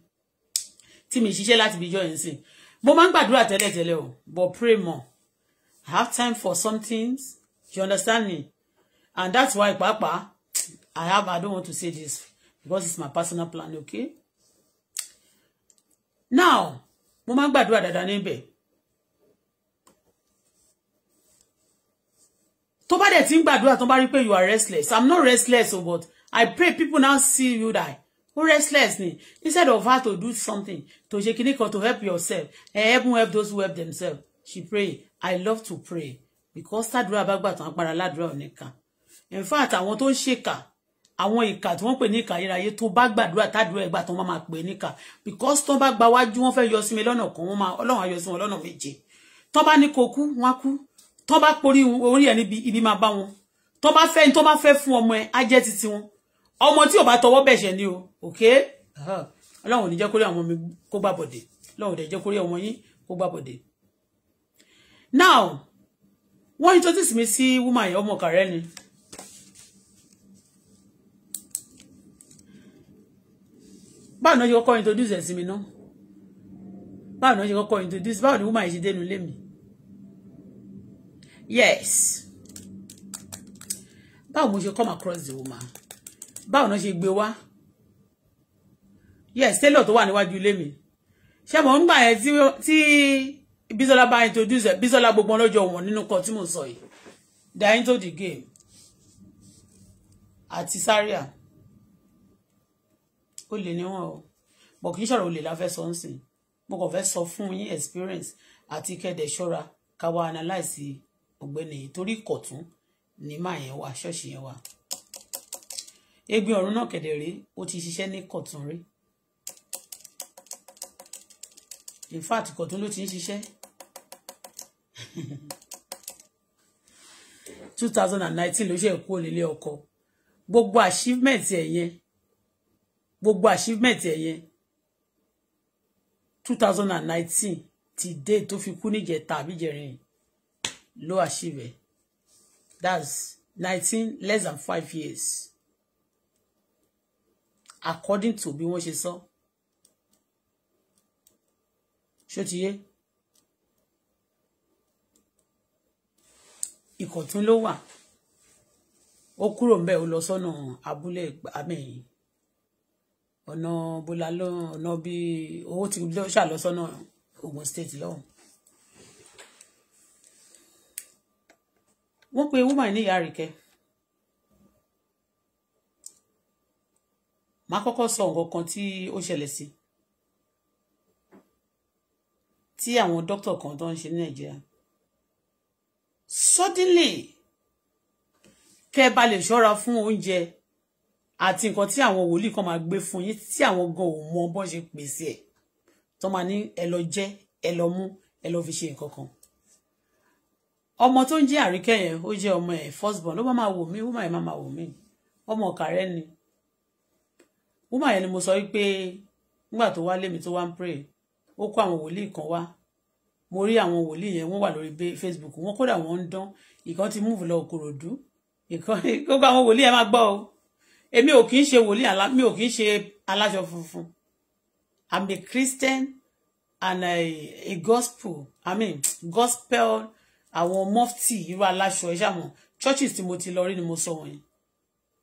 Speaker 1: tí mi ṣiṣẹ́ láti bí join sí mo máa ń gbàdúrà tẹ́lẹ̀tẹ́lẹ̀ o but pray more I have time for some things you understand me and that's why pàápàá I have I don't want to say this because it's my personal plan okay now mo máa ń gbàdúrà dáadáa níbẹ̀ tó bá dẹ̀ ti ń gbàdúrà tó bá rí you are restless i'm not restless o oh, but i pray people now see you die Who restless ni instead of her to do something to ṣe kinní kan to help yourself eh, help help those who help themselves she pray i love to pray because tàdúrà bá gbà tán agbára ládùúrà òní kan in fact àwọn tó ń ṣèkà àwọn ìkà tí wọ́n pè ní ìkà ayérayé tó bá gbàdúrà tàdúrà ẹgbà tán wọ́n máa pè níkà because tó bá gba wájú wọ́n fẹ́ yọ sí mi lọ́nà kan wọ́n máa ọlọ́run á yọ sí wọn lọ́nà méje tó bá ní kó kú wọ́n á kú tọ́n bá porí orí ẹ̀ níbi ibi máa bá wọn tọ́n bá fẹ́ tọ́n bá fẹ́ fún Omo ẹ̀ á jẹ́ titi wọn ọmọ tí ò bá tọwọ́ bẹ̀ṣẹ̀ ni o okay ọlọ́run ò ní jẹ́ kórí àwọn mi kó gbà bọ̀dẹ̀ ọlọ́run ò dẹ̀ jẹ́ kórí ọmọ yín kó gbà bọ̀dẹ̀ now wọ́n ní tó tì mi sí woman ọmọ kàrẹ́ ni báwo ni wọ́n ṣe introduce ẹ̀ sí Ba no báwo ni introduce Ba ni woman yìí ṣe dénú mi yes báwo mo ṣe come across the woman báwo náà ṣe gbé wá yes tailor tó wà níwájú ilé mi ṣe mọ̀ nígbà yẹn tí Bísọ́lá bá introduce ẹ̀ Bísọ́lá gbogbo ọlọ́jọ́ wọn nínú kan tí mo sọ yìí dying to the game àti sáríà ó lè níwọ̀n o bọ̀ kì í sọ̀rọ̀ olè láfẹ́ sọ ń sìn mo kàn fẹ́ sọ fún yín experience àti kẹ́dẹ̀ ṣọ́ra káwa analyse ọ̀gbẹ́ni yìí torí kọ̀tún ni máa yẹn wà ṣọ́ọ̀ṣì yẹn wà Ẹgbin ọ̀run náà kẹ̀dẹ̀ rí ó ti ṣiṣẹ́ ní kọ̀tún rí in fact kọ̀tún ló ti ń ṣiṣẹ́ 2019 ló ṣe kú onílé ọkọ gbogbo achievement ẹ̀ yẹn gbogbo achievement ẹ̀ yẹn 2019 ti dé tó fi kú níjẹta àbíjẹrin yìí low achiever that's nineteen less than five years according to bí wọ́n ṣe sọ ṣó ti yé ìkọ̀tún ló wà ó kúrò ńbẹ̀ ó lọ sọ́nà abúlé àmẹ́yìn ọ̀nà bọ́lá lọ́nà bíi owó ti lọ́ṣà lọ sọ́nà Ògùn state lọ́hùn wọ́n pe woman ní ìyá àríkẹ́ màá kọ́kọ́ sọ nǹkan kan tí ó ṣẹlẹ̀ sí tí àwọn dókítà kan tó ń ṣe ní nàìjíríà suddenly kẹ bá lè ṣọ́ra fún oúnjẹ àti nǹkan tí àwọn wòlíì kan máa gbé fún yín tí àwọn gan ò mọ bọ́n ṣe pèsè ẹ̀ tó máa ní ẹ lọ jẹ ẹ lọ mú ẹ lọ fi ṣe nǹkan kan ọmọ tó ń jẹ́ àríkẹ́ yẹn ó jẹ́ ọmọ ẹ̀ first born ló má máa wò mí wúmà yẹn máa wò mí ọmọ ọ̀kàrẹ́ ni wúmà yẹn ni mo sọ wípé nígbà tó wá lémi tó wá ń pray ó kó àwọn wòlíì kan wá mo rí àwọn wòlíì yẹn wọ́n wà lórí Facebook wọ́n kódà wọ́n ń dán ìkan ti múùfù lọ Òkòròdú ìkan gbogbo àwọn wòlíì yẹn máa gbọ́ o èmi ò kì í ṣe wòlíì mi ò kì í ṣe aláṣọ funfun I'm a Christian and a, a gospel I mean gospel àwọn mọ́fítì irú aláṣọ ẹ̀ṣẹ̀ àwọn churches tí mo ti lọ rí ni mo sọ wọ̀nyí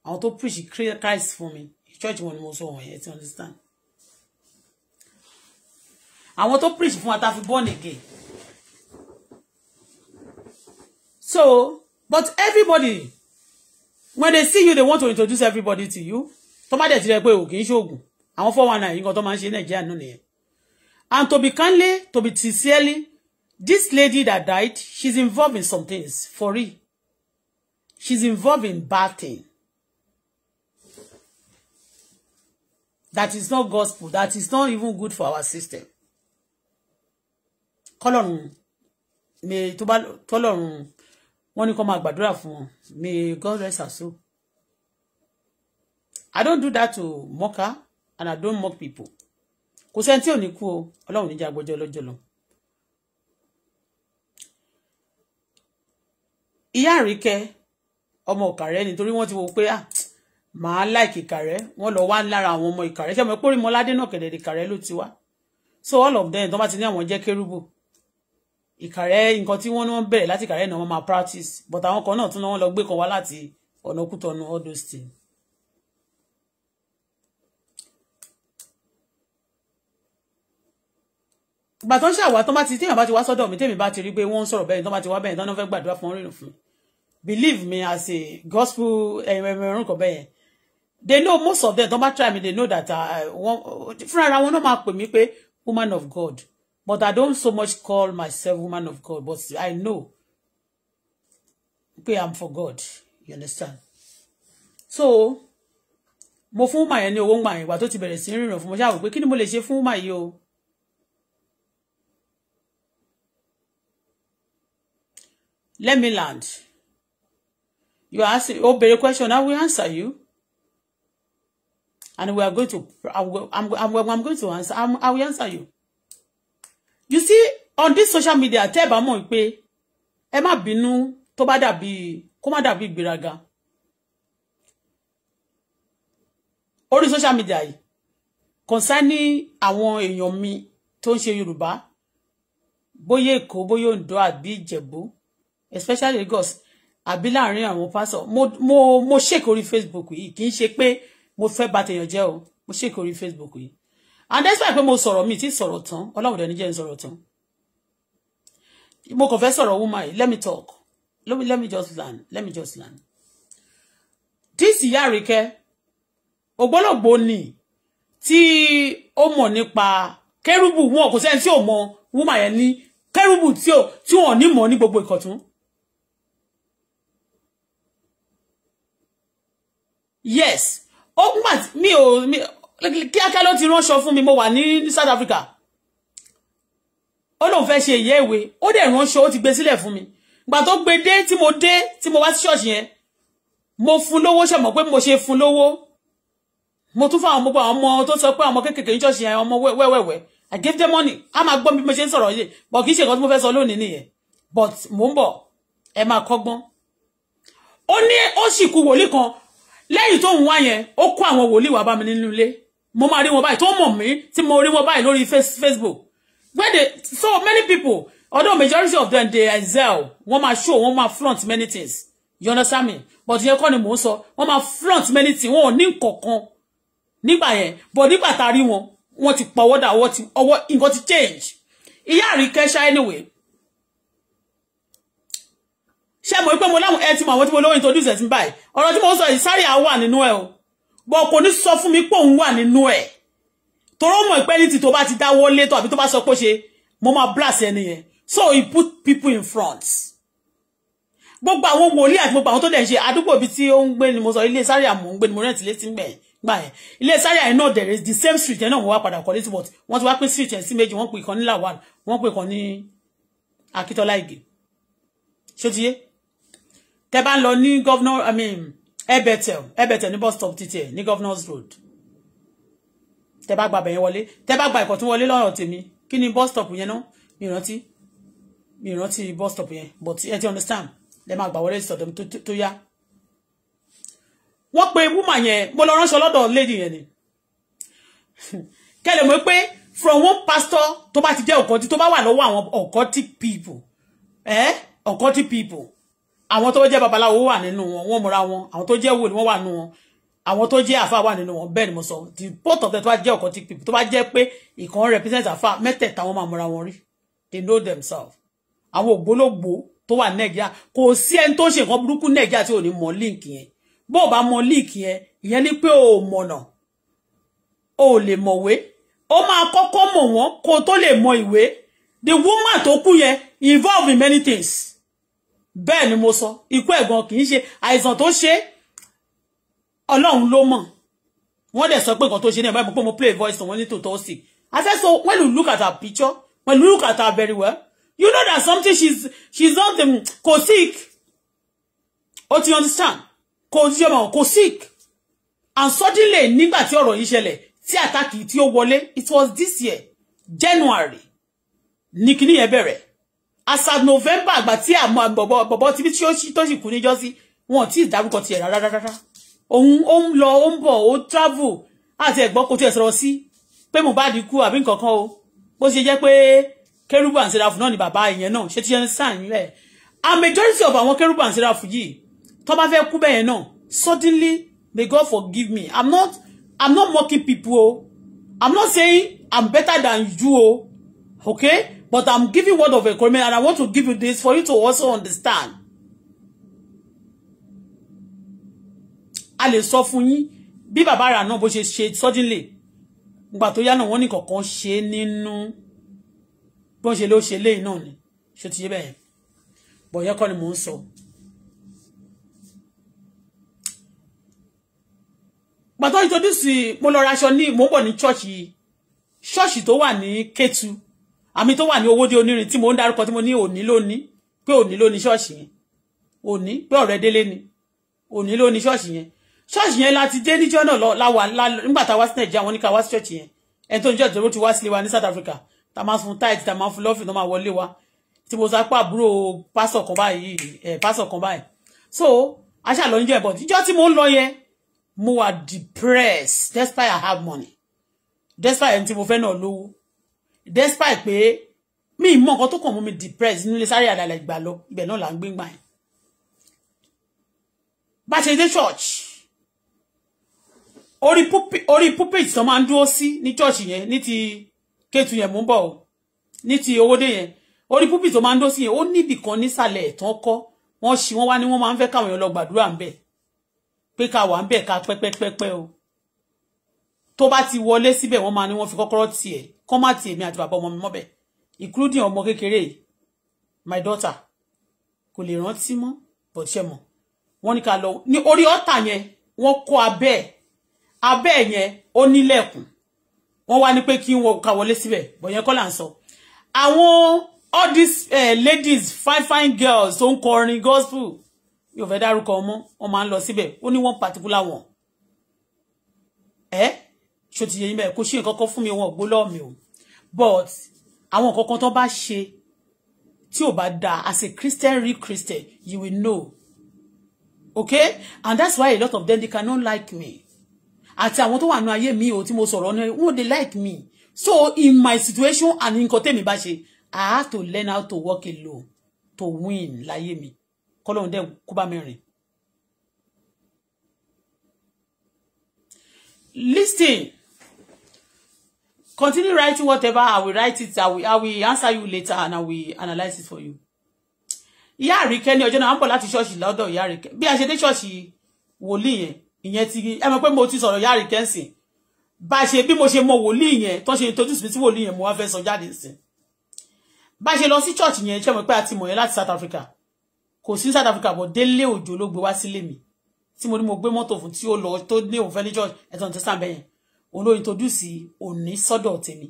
Speaker 1: àwọn tó preach Christ fún mi church wọn ni mo sọ wọ̀nyí ẹ ti understand àwọn tó preach fún wa ta fi born again so but everybody when they see you they want to introduce everybody to you tó bá dẹ̀ ti rẹ pé o kì í ṣoògùn àwọn four one nine yìí kan tó máa ń ṣe nàìjíríà náà nìyẹn and to be kindly to be sincerely This lady that died, she's involved in some things, for real. She's involved in bad things. That is not gospel. That is not even good for our system. Colon, me tó bá tọ́lọ́run wọ́n ní kó máa me God rest her soul. I don't do that to mock her, and I don't mock people. Kò sẹ́ni tí ò ní kú ìyá àríkẹ́ ọmọ ìkàrẹ́ nítorí wọ́n ti wo pé ah màá láìkì ìkàrẹ́ wọ́n lọ wá lára àwọn ọmọ ìkàrẹ́ ṣé ọmọ ìpórí mọ́ládé náà kẹ̀dẹ̀ ìkàrẹ́ ló ti wá so all of them tó bá ti ní àwọn jẹ́ kérúbù ìkàrẹ́ nǹkan tí wọ́n náà bẹ̀rẹ̀ láti ìkàrẹ́ náà wọ́n máa practice but àwọn kan náà tún náà wọ́n lọ gbé kan wá láti ọ̀nà kútọ̀nù all those things. gbàtọ́ ṣàwà tó bá ti téèyàn bá ti wá sọ́dọ̀ mi téèmi bá ti rí pé wọ́n ń sọ̀rọ̀ bẹ́ẹ̀ tó bá ti wá bẹ́ẹ̀ tó náà fẹ́ gbàdúrà fún rírun fún mi believe me as a gospel eh, eh, eh, they know most of them Don't try me they know that uh, fúnra ara I want to mark mí pé woman of God but I don't so much call myself woman of God but I know pé I'm for God you understand so mo fún màá yẹn ní owó ń gbà yẹn ìgbà tó ti bẹ̀rẹ̀ sí ń rìnrìn mo ṣáà wò pé kí mo lè ṣe fún màá yìí o. Let me land you are asking ó oh, béèrè question I will answer you and we are going to I'm, I'm, I'm going to answer I'm, I will answer you you see on this social media tẹ́ ẹ bá mọ̀ pé ẹ má bínú tó bá dàbí kó má social media concerning kọ̀nsáínì àwọn èèyàn mi tó ń ṣe Yorùbá bóyá Èkó bóyá Oǹdó especially Lagos àbí láàrin àwọn pásọ mo mo mo ṣèkò orí facebook yìí kì í ṣe pé mo fẹ́ bà tèèyàn jẹ́ o mo ṣèkò orí facebook yìí and that's why pé mo sọ̀rọ̀ mi ti sọ̀rọ̀ tán ọlọ́run dẹ̀ ń sọ̀rọ̀ tán mo kàn fẹ́ sọ̀rọ̀ woman yìí let me talk let me let me just learn let me just learn this ìyá àríkẹ́ ògbólógbò ni tí ó mọ̀ nípa kérúbù wọn kò sẹ́ni tí ò mọ woman yẹn ní kérúbù tí ò tí wọn ò ní mọ̀ ní gbogbo ìkọ̀tún yes ó gbà mi ò kíákíá ló ti ránṣọ fún mi mo wà ní South Africa ó lóun fẹ́ ṣe ìyá ìwé ó dẹ̀ ránṣọ ó ti gbé sílẹ̀ fún mi gbà tó gbé dé tí mo dé tí mo wá sí ṣọ́ọ̀ṣì yẹn mo fún lówó ṣẹ̀mọ̀ pé mo ṣe fún lówó mo tún fún àwọn gbogbo àwọn ọmọ tó sọ pé àwọn kéékèèké ní ṣọ́ọ̀ṣì yẹn ọmọ wẹ́wẹ́wẹ́ I gave them money a máa gbọ́ bí mo ṣe ń sọ̀rọ̀ yìí but kì í ṣe nǹkan tí mo fẹ́ sọ lónìí nìyẹn but mò ń bọ̀ ẹ máa kọ́gbọ́n ó ní ó sì kú wòlíì kan lẹ́yìn tó ń wá yẹn ó kó àwọn wòlíì wá bá mi nínú ilé mo máa rí wọn báyìí tó mọ̀ mí tí mo rí wọn báyìí lórí Facebook where they so many people although majority of them they excel wọ́n máa show wọ́n máa front many things you understand me but yẹn kọ́ ni mò ń sọ wọ́n máa flaunt many things wọn ò ní nǹkankan nígbà yẹn but nígbà tá a rí wọn wọ́n ti pọwọ́dà ọwọ́ ti ọwọ́ nǹkan ti change ìyá àríkẹ́ṣá anyway ṣé mo pé mo láwọn ẹ ti mọ àwọn tí mo lówó introduce ẹ ti ń báyìí ọ̀rọ̀ tí mo sọ yìí sáré àwọn wà nínú ẹ o bọ kò ní sọ fún mi pé òun wà nínú ẹ toró mọ̀ pé ní ti tó bá ti dáwọ́ lé tó àbí tó bá sọ pé ṣe mo máa blast ẹni yẹn so he put people in front gbogbo àwọn wòlíì àti gbogbo àwọn tó dẹ̀ ń ṣe àdúgbò ibi tí ó ń gbé ni mo sọ ilé sáré àmọ́ ń gbé ni mo rẹ̀ tilé ti ń gbẹ̀ gbà yẹn ilé sáré àyẹn náà is the same street yẹn náà wọ́n wá padà kọ́lé sí but wọ́n ti wá pín street yẹn sí méjì wọ́n pè kan ní lawal wọ́n pè kan ní akitola ige ṣó ti yé tẹ́ bá ń governor i mean ẹbẹ̀tẹ̀ ẹbẹ̀tẹ̀ ni bus stop titi ni governors road tẹ́ bá gba abẹ̀yẹn wọlé tẹ́ bá gba ìkọ̀tún wọlé lọ́rọ̀ tèmi kí ni bus stop yẹn náà mi rántí mi rántí bus stop yẹn but ẹ ti understand lẹ́ máa gbà wọlé sọ̀dọ̀ tó ya. wọ́n pe woman yẹn mo lọ ránṣọ lọ́dọ̀ lady yẹn ni kẹ́lẹ̀ mọ̀ pé from one pastor tó bá ti jẹ́ ọ̀kọ́tí tó bá wà lọ́wọ́ àwọn ọ̀kọ́tí people eh, ọ̀kọ́tí people àwọn tó jẹ́ babaláwo wà nínú wọn wọ́n múra wọn àwọn tó jẹ́ wòlíì wọ́n wà nínú wọn àwọn tó jẹ́ àfa wà nínú wọn bẹ́ẹ̀ ni mo sọ the both of them tó bá jẹ́ ọ̀kan tí pipo tó bá jẹ́ pé ìkan represent àfa mẹ́tẹ̀ẹ̀ta wọn máa múra wọn rí they know themselves àwọn ògbólógbò tó wà nàìjíríà kò sí ẹni tó ṣe nǹkan burúkú nàìjíríà tí ò ní mọ líǹkì yẹn bó o bá mọ líǹkì yẹn ìyẹn ni pé o mọ̀nà o lè mọ̀wé o máa kọ́kọ́ mọ̀ wọ́n kó o tó lè mọ ìwé the woman tó kú yẹn involve in many things bẹ́ẹ̀ ni mo sọ ikú ẹ̀gbọ́n kì í ṣe àìsàn tó ṣe ọlọ́run ló mọ̀ wọ́n dẹ̀ sọ pé nǹkan tó ṣe ní ẹ̀bá ìmọ̀ pé mo play voice wọn ní tòótọ́ sí i said so when you look at her picture when you look at her very well you know that something she's she's not um, ko sick o ti understand ko ti ọmọ ko sick and suddenly nígbà tí ọ̀rọ̀ yìí ṣẹlẹ̀ tí àtàkì tí ó wọlé it was this year January ní kíní yẹn bẹ̀rẹ̀ asa november àgbà tí àmọ́ àgbọ̀bọ̀ bọ̀bọ̀ tí tí ó sì tó sì kú níjọ́ sí wọn tí ìdárúkọ tiẹ̀ rárá rárá òun ó ń lọ ó ń bọ̀ ó travel àti ẹ̀gbọ́n kò tiẹ̀ sọ̀rọ̀ sí pé Mohbad kú àbí nǹkan kan o bó ṣe jẹ́ pé kérúbù and sẹ́ráfù náà ni bàbá ìyẹn náà ṣe ti ṣe ń sàn nílẹ̀ a majority of àwọn kérúbù and sẹ́ráfù yìí tó bá fẹ́ kú bẹ́yẹn náà suddenly may God forgive me I'm not I'm not mocking people o I'm not saying I'm better than you o okay But I'm giving word of agreement, and I want to give you this for you to also understand. A lè sọ fún yín bí bàbá rà náà bó ṣe ṣe suddenly. Ìgbà tó yá náà wọ́n ní kọ̀ọ̀kan ṣe nínú bí wọ́n ṣe ló ṣe léyìn náà ni. Ṣé ti yé bẹ́ẹ̀? Bọ̀yẹ́ kọ́ ni mò ń sọ. Gbàtọ́ introduce mo lọ raṣọ ní mò ń bọ̀ ní ṣọ́ọ̀ṣì ṣọ́ọ̀ṣì tó wà ní Kétu àmì tó wà ní owó dé onírin tí mo ń dárúkọ tí mo ní òní lóní pé òní lóní ṣọ́ọ̀ṣì yẹn òní pé ọ̀rẹ́ délé ni òní lóní ṣọ́ọ̀ṣì yẹn ṣọ́ọ̀ṣì yẹn láti dé níjọ́ náà láwa nígbà tá a wá sí nàìjíríà wọn ní ká wá sí ṣọ́ọ̀ṣì yẹn ẹni tó ń jẹ́ ìjọba ti wá sílé wa ní South Africa tá a máa fún táìtì tá a máa fún lọ́fìn tó máa wọlé wa tí mo sápá àbúrò pásọ̀ kan báyìí pásọ̀ kan báyìí so aṣáà lọ níjọ́ ìbọ̀dì ìjọ́ tí mo ń lọ yẹn mo I have money despite ẹni tí mo fẹ́ despite pé mi ì mọ nǹkan tó kàn mú mi depressed nílé sáré àdàlẹ̀ ìgbà lọ ibẹ̀ náà là ń gbégbà yẹn bá ṣe dé church orí pulpit orí pulpit tó máa ń dúró sí ní church yẹn ní ti kéètù yẹn mú bọ̀ o ní ti owódé yẹn orí púpì tó máa ń dó sí yẹn ó níbì kan nísàlẹ̀ ẹ̀tàn kọ́ wọ́n ṣì wọ́n wá ní wọ́n máa ń fẹ́ káwọn èèyàn lọ gbàdúrà ń bẹ̀ pé ká wà ń bẹ̀ ká pẹ́pẹ́pẹ́pẹ́ o tó bá ti wọlé síbẹ̀ wọ́n máa ní wọ́n fi kọ́kọ́rọ́ tiẹ̀ kọ́ má me at àti bàbá ọmọ mi mọ́bẹ̀ including ọmọ kékeré my daughter kò lè rántí mọ́ bọ̀ ṣe mọ̀ wọ́n ní ká lọ ní orí ọ̀tà yẹn wọ́n kọ́ abẹ́ ẹ̀ abẹ́ ẹ̀ yẹn ó nílẹ̀kùn wọ́n wá ní pé kí wọ́n ká wọlé síbẹ̀ bọ̀ yẹn kọ́ là ń sọ àwọn all these uh, ladies fine fine girls tó ń kọrin gospel yóò fẹ́ dárúkọ ọmọ wọn máa ń lọ síbẹ̀ ó ní one particular one ẹ́ eh? ṣó ti yẹ yín bẹ́ẹ̀ kò ṣe nǹkan kan fún mi wọn ògbó lọ́ọ̀mì o but àwọn nǹkan kan tó bá ṣe tí ò bá dáa as a Christian real Christian you will know okay and that's why a lot of them they cannot like me àti àwọn tó wà nínú ayé mi o tí mo sọ̀rọ̀ náà wọ́n dey like me so in my situation and nǹkan tèmi bá ṣe I have to learn how to work alone to win láyé mi kọ́lọ́run dẹ̀ kó bá mi rìn. Listen continue writing whatever i will write it i will i will answer you later and i will analyse it for you ìyá àríkẹ́ ní ọjọ́ náà à ń bọ̀ láti ṣọ́ọ̀ṣì lọ́dọ̀ ìyá àríkẹ́ bí a ṣe dé ṣọ́ọ̀ṣì wòlíì yẹn ìyẹn ti ẹ mọ̀ pé mo ti sọ̀rọ̀ ìyá àríkẹ́ ń sìn bá a ṣe bí mo ṣe mọ wòlíì yẹn tó ṣe introduce mi sí wòlíì yẹn mo wá fẹ́ sọ jáde sìn bá a ṣe lọ sí ṣọ́ọ̀ṣì yẹn ṣe mọ̀ pé a ti mọ̀ yẹn láti South Africa kò sí South Africa bọ̀ délé òjò ló gbé wá sílé mi tí mo ní mo gbé mọ́tò fún tí ó lọ tó ní òun fẹ́ ní church ẹ̀tọ́ òun introduce òní sọ́dọ̀ tèmi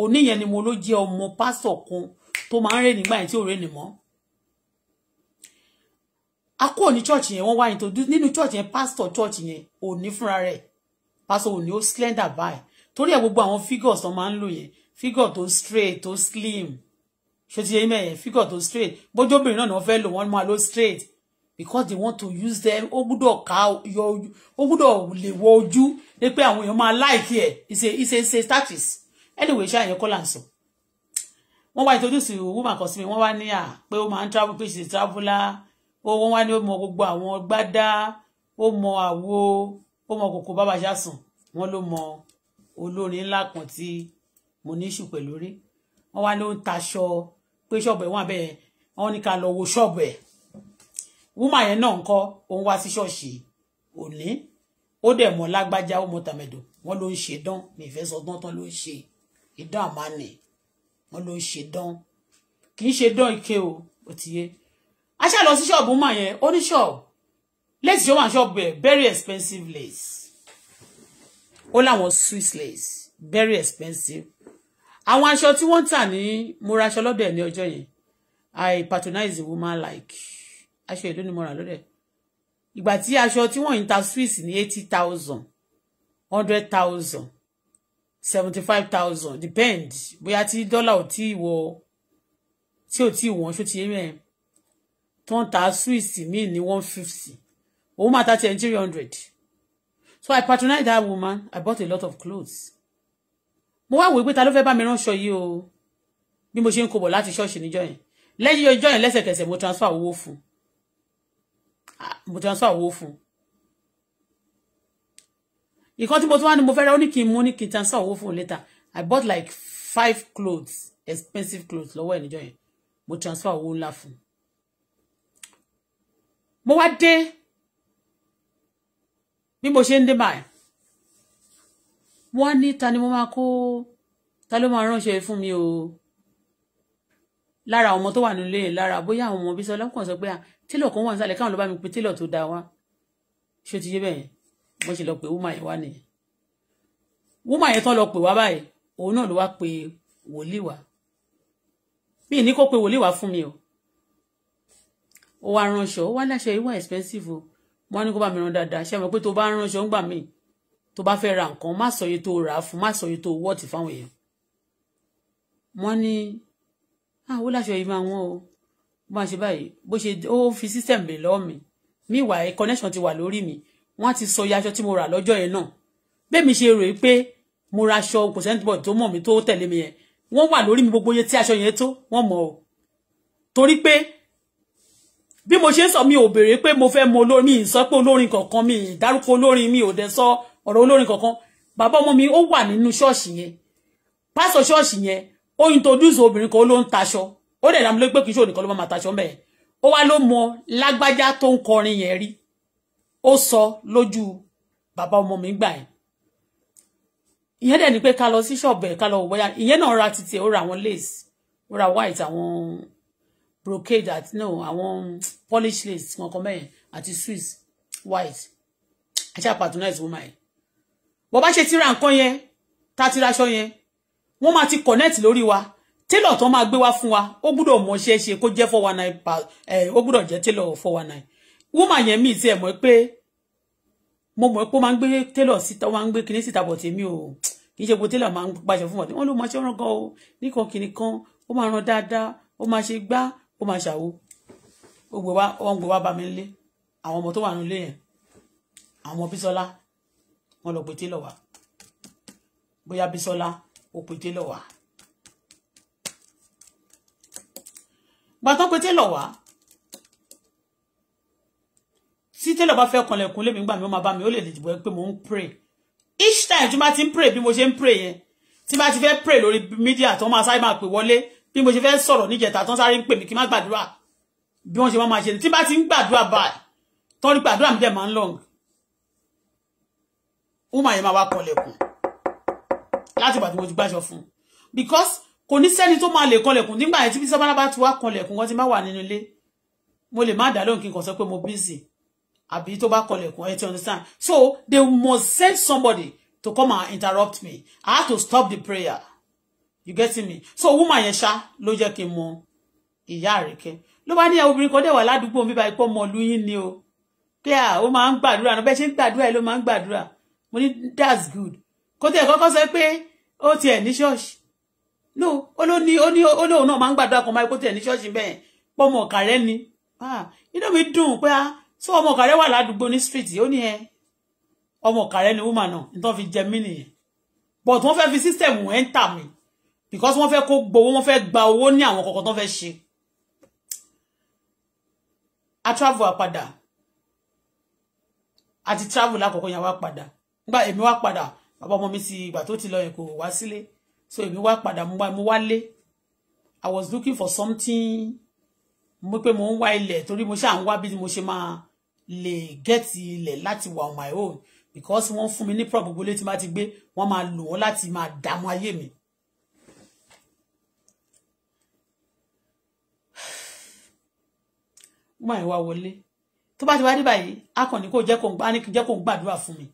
Speaker 1: òní yẹn ni mo ló jẹ́ ọmọ pásítọ̀ kan tó máa ń rè nígbà yẹn tí ò rè nì mọ́ a kúrò ní church yẹn wọ́n wá introduce nínú church yẹn pastor church yẹn òní fúnra rẹ̀ pastor òní ó slender by torí ẹ̀ gbogbo àwọn figures tó máa ń lò yẹn figure tó straight tó slim ṣé ti yẹ mẹ́yẹn figure tó straight bójóbìnrin náà ni wọ́n fẹ́ lò wọ́n máa lò straight because they want to use them ó gbúdọ̀ ká yọ ojú ó gbúdọ̀ lè wọ ojú ní pé àwọn èèyàn he say he say ìṣe ìṣe status anyway ṣáà yẹn kọ́là ń sọ wọ́n wá introduce woman kan sí mi wọ́n wá ní à pé ó travel pé she traveller ó wọ́n wá ní ó mọ gbogbo àwọn gbádá ó mọ àwo ó mọ kòkó Baba Jason. wọ́n ló mọ olórin ńlá kan tí mo ní ṣù pẹ̀lú rí wọ́n wá ló ń taṣọ pé ṣọ́ọ̀bù ẹ̀ wọ́n abẹ́ wọ́n ní ká wo ṣọ́ọ̀bù ẹ̀ Woman, yẹn náà ńkọ́ òun wá sí ṣọ́ọ̀ṣì òní ó dẹ̀ mọ̀ lágbájá ó mọ tàmẹ̀dò wọ́n ló ń ṣe dán mi ìfẹ́ sọ dán tán ló ń ṣe ìdán àmánì wọ́n ló ń ṣe dán kì í ṣe dán ike o ò ti yé aṣá lọ sí ṣọ́ọ̀bù wúmà yẹn ó ní ṣọ́ọ̀bù lace ṣọ́ọ̀bù ṣọ́ọ̀bù ẹ̀ very expensive lace ó láwọn swiss lace very expensive àwọn aṣọ tí wọ́n ń tà ní mo ra aṣọ lọ́dọ̀ ẹ̀ ní ọjọ́ I patronize a woman like aṣọ èlò ni mo rà lóde ìgbà tí aṣọ tí wọ́n ń ta swiss ní eighty thousand hundred thousand seventy five thousand depend bóyá tí dọ́là ò tí ì wọ tí ò tí ì wọ́n ṣó ti yé mẹ́rin tó ń ta swiss míì ní one fifty òun máa ta ten three hundred so I patronize that woman I bought a lot of clothes mo wá wòó pé ta ló fẹ́ bá mi ránṣọ yìí o bí mo ṣe ń kó bọ̀ láti ṣọ́ọ̀ṣì níjọ́ yẹn lẹ́yìn ọjọ́ yẹn lẹ́sẹ̀kẹsẹ̀ mo transfer owó fún un mo transfer owó fún ìkan tí mo tún wá ní mo fẹ́ rẹ́ ó ní kí n mú ní kí n transfer owó fún later I bought like five clothes expensive clothes lọ́wọ́ ẹ̀ níjọ́ yẹn mo transfer owó ńlá fún mo wá dé bí mo ṣe ń dé báyìí wọ́n ní ta ni mo máa kó ta ló máa ránṣẹ́ fún mi o lára ọmọ tó wà nílé lára bóyá àwọn ọmọ bí sọ lọ́kàn sọ pé ah, télọ̀ kan wà nísàlẹ̀ káwọn lọ bá mi pe télọ̀ tó dáa wá ṣé o ti yé bẹ́ẹ̀ wọ́n ṣe lọ pé wúmà yẹn wá nìyẹn wúmà yẹn tán lọ pè wá báyìí òun náà ló wá pe wòlíì wá bí ní kó pe wòlíì wá fún mi o ó wá ránṣọ ó wá láṣọ yìí wá expensive o mo wá ní kó bá mi rán dáadáa ṣé mo pé tó bá ránṣọ ń gbà mí tó bá fẹ́ ra nǹkan má sọ iye tó rà á fún má sọ iye tó wọ́ọ̀tì fáwọn èèyàn wọ́n ní àwọn ah, láṣọ yìí máa wọ́n o máa ṣe báyìí bó ṣe ó fi system lè lọ́ọ́ mi meanwhile connection ti wà lórí mi wọ́n ti sọ iye aṣọ tí mo rà lọ́jọ́ yẹn náà bẹ́ẹ̀ mi ṣe rò pé mo ra aṣọ kò sẹ́ńtì bọ̀ tó mọ̀ mi tó tẹ̀lé mi yẹn wọ́n wà lórí mi gbogbo iye tí aṣọ yẹn tó wọ́n mọ̀ ọ́ torí pé bí mo ṣe ń sọ mi ò béèrè pé mo fẹ́ mọ olórin mi sọ pé olórin kankan mi ìdárúkọ olórin mi ò dẹ̀ sọ ọ̀rọ̀ olórin kankan bàbá ọmọ mi ó wà nínú ṣọ́ọ̀ṣì yẹn pásọ ṣọ́ọ̀ṣì yẹn ó introduce obìnrin kan ó ló ń taṣọ ó dẹ̀ dàmú ló pé kì í ṣe òní kan ló máa taṣọ mẹ́ ó wá ló mọ lágbájá tó ń kọrin yẹn rí ó sọ lójú bàbá ọmọ mi gbà ẹ̀ ìyẹn dẹ̀ ni pé ká lọ sí ṣọ́ọ̀bù ká lọ wọ́yà ìyẹn náà ra títí ó ra àwọn lace ó ra white àwọn brocade àti no àwọn polish lace kankan mẹ́yìn àti swiss white àti patronize woman yẹn bọ́ bá ṣe ti ra nǹkan yẹn tá ti raṣọ yẹn wọ́n máa ti connect lórí wa tailor tó máa gbé wá fún wa ó gbọ́dọ̀ mọ ṣe ṣe kó jẹ́ 419 pa eh ó gbọ́dọ̀ jẹ́ tailor 419 woman yẹn mi ti ẹ̀ mọ̀ pé mo mọ̀ pé ó máa ń gbé tailor síta ó máa ń kini kinní síta but èmi ò kì í ṣe pé tailor máa ń gbàṣẹ fún ọdún wọn ló máa ṣe rán gan o nìkan kinní kan ó máa rán dáadáa ó máa ṣe gbá ó máa ṣàwo gbogbo wa wọn gbogbo wa bá mi lé àwọn ọmọ tó wà nílé yẹn àwọn ọmọ Bísọ́lá wọn lọ pè tailor wá bóyá Bísọ́lá ó pè tailor wá gbà tán pé télọ̀ wá tí télọ̀ bá fẹ́ kanlẹ̀kùn lémi gbà mí ó máa bá mi ó lè dìbò ẹ pé mò ń pray each time tí mo pray bí mo ṣe ń pray yẹn tí bá ti fẹ́ pray lórí mídíà tó máa sáré máa pè wọlé bí mo ṣe fẹ́ sọ̀rọ̀ níjẹta tó ń sáré ń pè mí kí n má gbàdúrà bí wọ́n ṣe máa ṣe tí bá ti ń gbàdúrà báyìí tó ń gbàdúrà mi dẹ̀ máa ń long ó máa yẹ máa wá kanlẹ̀kùn láti ìgbà tí mo ti gbàṣọ fún because kò ní sẹ́ni tó máa lè kanlẹ̀kùn nígbà yẹn tí bí sábàlá bá ti wá kanlẹ̀kùn wọ́n ti má wà nínú ilé mo lè má dá lóhùn kí n kàn sọ pé mo busy àbí tó bá kanlẹ̀kùn ẹ ti understand so they must send somebody to come and interrupt me I had to stop the prayer you get me so woman yẹn ṣá ló jẹ́ kí n mọ ìyá àríkẹ́ ló bá ní ẹ obìnrin kan dẹ̀ wà ládùúgbò mi báyìí pọ́ mọ lóyún ni o pé à ó máa ń gbàdúrà náà bẹ́ẹ̀ ṣe ń gbàdúrà ẹ ló máa ń gbàdúrà mo ní that's good kó tiẹ̀ kọ́kọ́ sọ pé ó tiẹ̀ ní ṣọ́ọ̀ṣì no ó ló ní ó ní ó lóun náà máa ń gbàdúrà kan máa kó tiẹ̀ ní ṣọ́ọ̀ṣì bẹ́ẹ̀ pọ́ ọmọ ọ̀kàrẹ́ ah, inú mi dùn pé ṣé ah, ọmọ ọ̀kàrẹ́ wà ládùúgbò ní street ó ní ẹ ọmọ ọ̀kàrẹ́ ni woman náà nítorí fi jẹ mí nìyẹn but wọ́n fẹ́ fi system enter mi because wọ́n fẹ́ kó gbowó wọ́n fẹ́ gba owó ní àwọn kọ̀ọ̀kan tó fẹ́ ṣe a travel àpadà àti travel lákọ̀ọ́kọ́ yẹn wá padà nígbà èmi wá padà bàbá ọmọ mi ti ìgbà tó ti lọ yẹn kò wá sílé so èmi wá padà mo wá mo wálé i was looking for something mo pé mo ń wá ilẹ̀ torí mo ṣáà ń wá bí mo ṣe máa lè get ilẹ̀ láti wà on my own because wọ́n fún mi ní prop gbogbo létí má ti gbé wọ́n máa lò wọ́n láti máa dààmú ayé mi. máa ń wá wọlé tó bá ti wá dé báyìí akọni kò jẹ́ kó ń gbàdúrà fún mi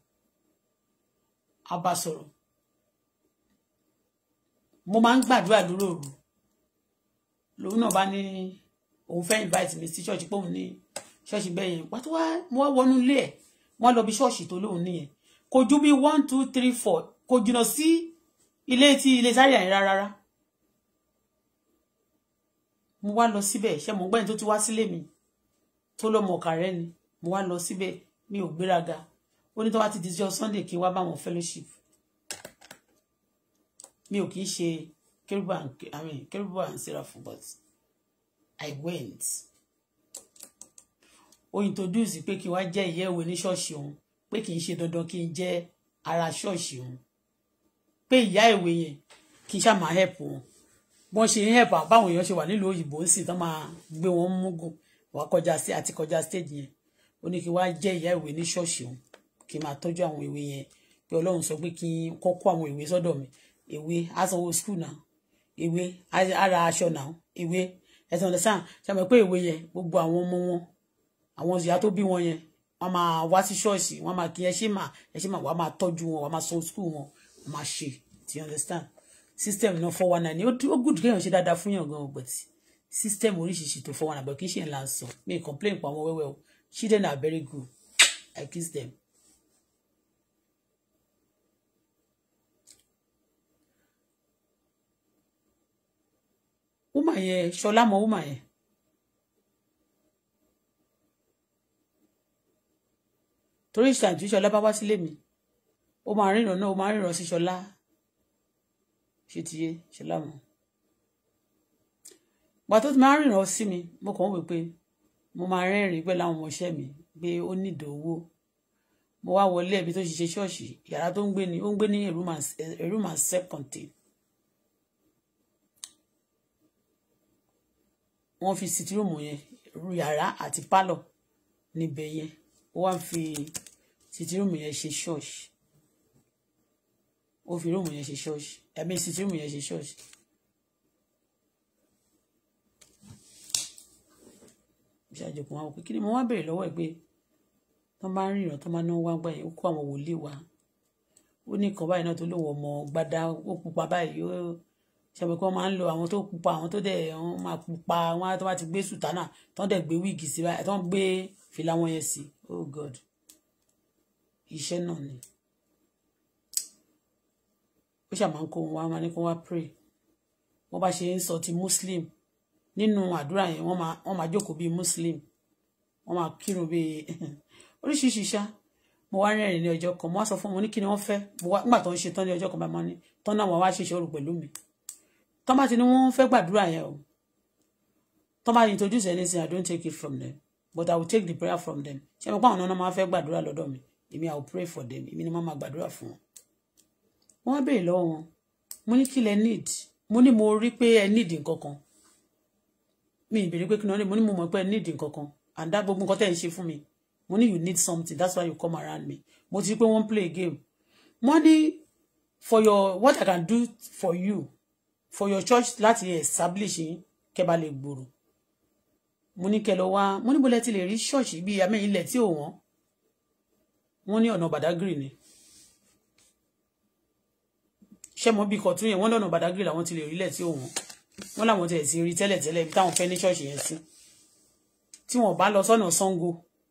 Speaker 1: a bá sọ̀rọ̀ mo máa ń gbàdúrà dúró òru lòun náà bá ní òun fẹ́ invite mi sí ṣọ́ọ̀ṣì pòun ní ṣọ́ọ̀ṣì bẹ́ẹ̀ yẹn pàtó wá mo wá wọnú ilé ẹ̀ wọ́n lọ bí ṣọ́ọ̀ṣì tó lóun nìyẹn kò bí one two three four kò jìnnà sí ilé tí ilé sáré àyè rárá mo wá lọ síbẹ̀ ṣe mo gbẹ́ni tó ti wá sílé mi tó lọ́mọ ọ̀kàrẹ́ ni mo wá lọ síbẹ̀ mi ò gbéraga ó ní tó wá ti di Sunday kí n wá bá wọn fellowship mi ò kì í ṣe kérúbù and i mean kérúbù and seraph but i went O introduce pe ki n wá jẹ́ ni ní ṣọ́ọ̀ṣì òun pé kì í ṣe dandan kí n jẹ́ ara ṣọ́ọ̀ṣì òun pé ìyá ìwé yẹn kì í ṣàmà help wọn bọ́n ṣe ń help báwọn èèyàn ṣe wà nílùú òyìnbó ń sì tán máa gbé wọn múgò wá kọjá sí àti kọjá stage yẹn ó ní kí wá jẹ́ ìyá ìwé ní ṣọ́ọ̀ṣì òun kí n máa tọ́jú àwọn ìwé yẹn pé ọlọ́run sọ pé kí n kọ́kọ́ àwọn ìwé sọ́dọ̀ mi èwe asanwó school náà èwe ara aṣọ náà èwe ẹsẹ ọ̀dẹ́sán ṣàmì pé èwe yẹn gbogbo àwọn ọmọ wọn àwọn ìyá tó bí wọn yẹn wọn máa wá sí ṣọ́ọ̀ṣì wọn máa kí ẹṣin mà ẹṣin mà wàá máa tọ́jú wọn wàá máa san school wọn wọn máa ṣe do you understand system náà four one nine ó gùdù kéèyàn ṣe dáadáa fún yàn gan ọgbẹ̀tì system oríṣiríṣi tó four one nine but kì í ṣe ńlá ń sọ mi complain pa àwọn wẹ́wẹ́ o children are very good I kiss them. woman yẹn ṣọlá mọ woman yẹn. torí ìṣàjú ṣọlá bá wá sílé mi ó máa ríran náà ó máa ríran sí ṣọlá ṣe ti yé ṣọlá mọ. gbà tó ti máa ríran sí mi mo kàn ń wò pé mo máa rẹ́rìn-ín pẹ̀lú àwọn ọmọọṣẹ́ mi pé ó nídòó owó mo wá wọlé ẹbí tó ṣiṣẹ́ ṣọ́ọ̀ṣì yàrá tó ń gbé ni ó ń gbé ní èrúmà second tape wọ́n fi sitirumu yẹn yàrá àti pálọ̀ níbẹ̀ yẹn ó wá fi sitirumu yẹn ṣe ṣọ́ọ̀ṣì ó fi rúùmù yẹn ṣe ṣọ́ọ̀ṣì ẹ̀mí sitirumu yẹn ṣe ṣọ́ọ̀ṣì. ṣàjọpọ̀ àwọn òkè kiri mo wá bèrè lọ́wọ́ ẹ̀ pé tán bá ń rìn ìràn tán bá ní wọ́n wá gbà ó kó àwọn wòlíì wá ó ní nǹkan báyìí náà tó lówó ọmọ gbadá ó pupa báyìí ó ṣẹ̀mí kan máa ń lo àwọn tó pupa àwọn tó dẹ̀ wọ́n máa pupa wọ́n tó bá ti gbé sùtánà tó dẹ̀ gbé wíìgì sí báyìí tó ń gbé fìlà wọn yẹn sí oh god iṣẹ́ náà ni ó ṣàmà ń kó wọn wá máa ní kó wá pray wọ́n bá ṣe ń sọ ti muslim nínú àdúrà yẹn wọ́n máa wọ́n máa jókòó bíi muslim wọ́n máa kírun bíi oríṣiríṣi ṣá mo wá rẹ́rìn ní ọjọ́ kan mo wá sọ fún wọn mo ní kí ni wọ́n fẹ́ mo wá nígbà tó ń ṣe tán ní ọjọ́ kan bá máa ní tán náà wọ́n wá ṣèṣe òrù mi tọ́ bá ti ní wọ́n fẹ́ gbàdúrà yẹn o tọ́ bá introduce anything I don't take it from them but I will take the prayer from them ṣé mo pa àwọn ọ̀nà máa fẹ́ gbàdúrà lọ́dọ̀ mi èmi I will pray for them èmi ni wọ́n máa gbàdúrà fún wọn wọ́n béèrè lọ́wọ́ wọn mo ní kí lẹ need mo ní mo rí pé ẹ need nǹkan kan mi ìbèrè pé kí ni wọ́n ní mo ní mo mọ̀ pé ẹ need nǹkan kan and that gbogbo nǹkan tẹ́ ẹ̀ ń ṣe fún mi mo ní you need something that's why you come around me mo ti rí pé wọ́n play a game mo ní for your what I can do for you for your church láti establish yín kẹ́ bá lè gbòòrò mo ní kẹ́ lọ wá mo ní bọ́lẹ̀ tí lè rí ṣọ́ọ̀ṣì bíi amẹ́ ilẹ̀ tí ò wọ́n wọ́n ní ọ̀nà Badagry ni ṣé mo bí kọ̀tún yẹn wọ́n lọ́nà Badagry làwọn ti lè rí ilẹ̀ tí ò wọ́n wọ́n làwọn tẹ̀ sí rí tẹ́lẹ̀tẹ́lẹ̀ ibi táwọn fẹ́ ní ṣọ́ọ̀ṣì yẹn sí tí wọ́n bá lọ sọ́nà Ṣàngó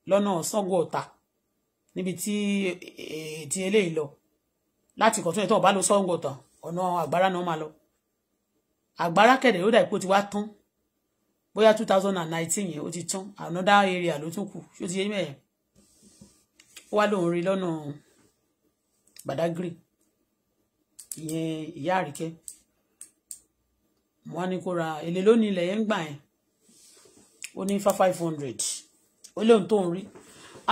Speaker 1: lọ́nà Ṣàngó Ọ̀tà níbi tí eh, eh, ti eléyìí lọ láti kọ̀tún yẹn tí wọ́n bá lọ Ṣàngó Ọ̀tà ọ̀nà àgbára náà máa lọ àgbára kẹ̀dẹ̀ ó dà pé ó ti wá tán bóyá two thousand and nineteen yẹn ó ti tán another area ló tún kù ṣó ti yé mẹ́ẹ̀ ó wá lóun rí lọ́nà Badagry ìyẹn ìyá àríkẹ́ wọn ní kó ra èlé lónìí ilẹ̀ yẹn ń gbà yẹn ó ní fa five hundred ó lóun tó ń rí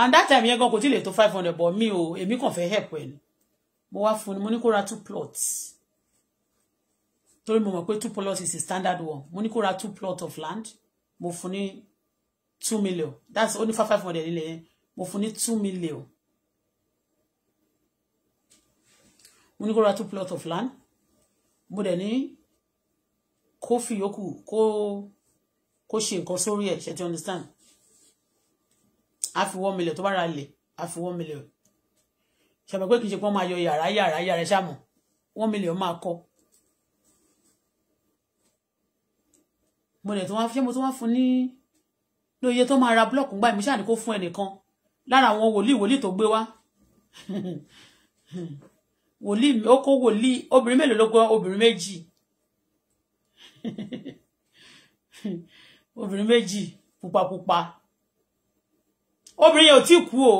Speaker 1: and that time yẹn gan kò tí ì lè tó five hundred but mi ò èmi kàn fẹ́ help ẹ̀ ni mo wá fún un mo ní kó ra two plots torí mo mọ̀ pé two plot is a standard one mo ní kó ra two plot of land mo fún ní two million that's only five five hundred nílẹ̀ yẹn mo fún ní two million mo ní kó ra two plot of land mo dẹ̀ ní kó fi yòókù kó kó ṣe nǹkan sórí ẹ̀ ṣe ti understand a fi one million tó bá ra ilẹ̀ a fi one million ṣàbẹ̀ pé kì í ṣe pé wọ́n máa yọ yàrá yàrá yàrá ṣàmù one million máa kọ́ mo dẹ̀ tó wá ṣé mo tó wá fún ní lóye tó máa ra búlọ̀kù gbà mí ṣáà ní kó fún ẹnìkan lára àwọn wòlíì wòlíì tó gbé wá wòlíì ó kó wòlíì obìnrin mélòó ló gbé wá obìnrin méjì obìnrin méjì pupapupa obìnrin yẹn ò tí kú o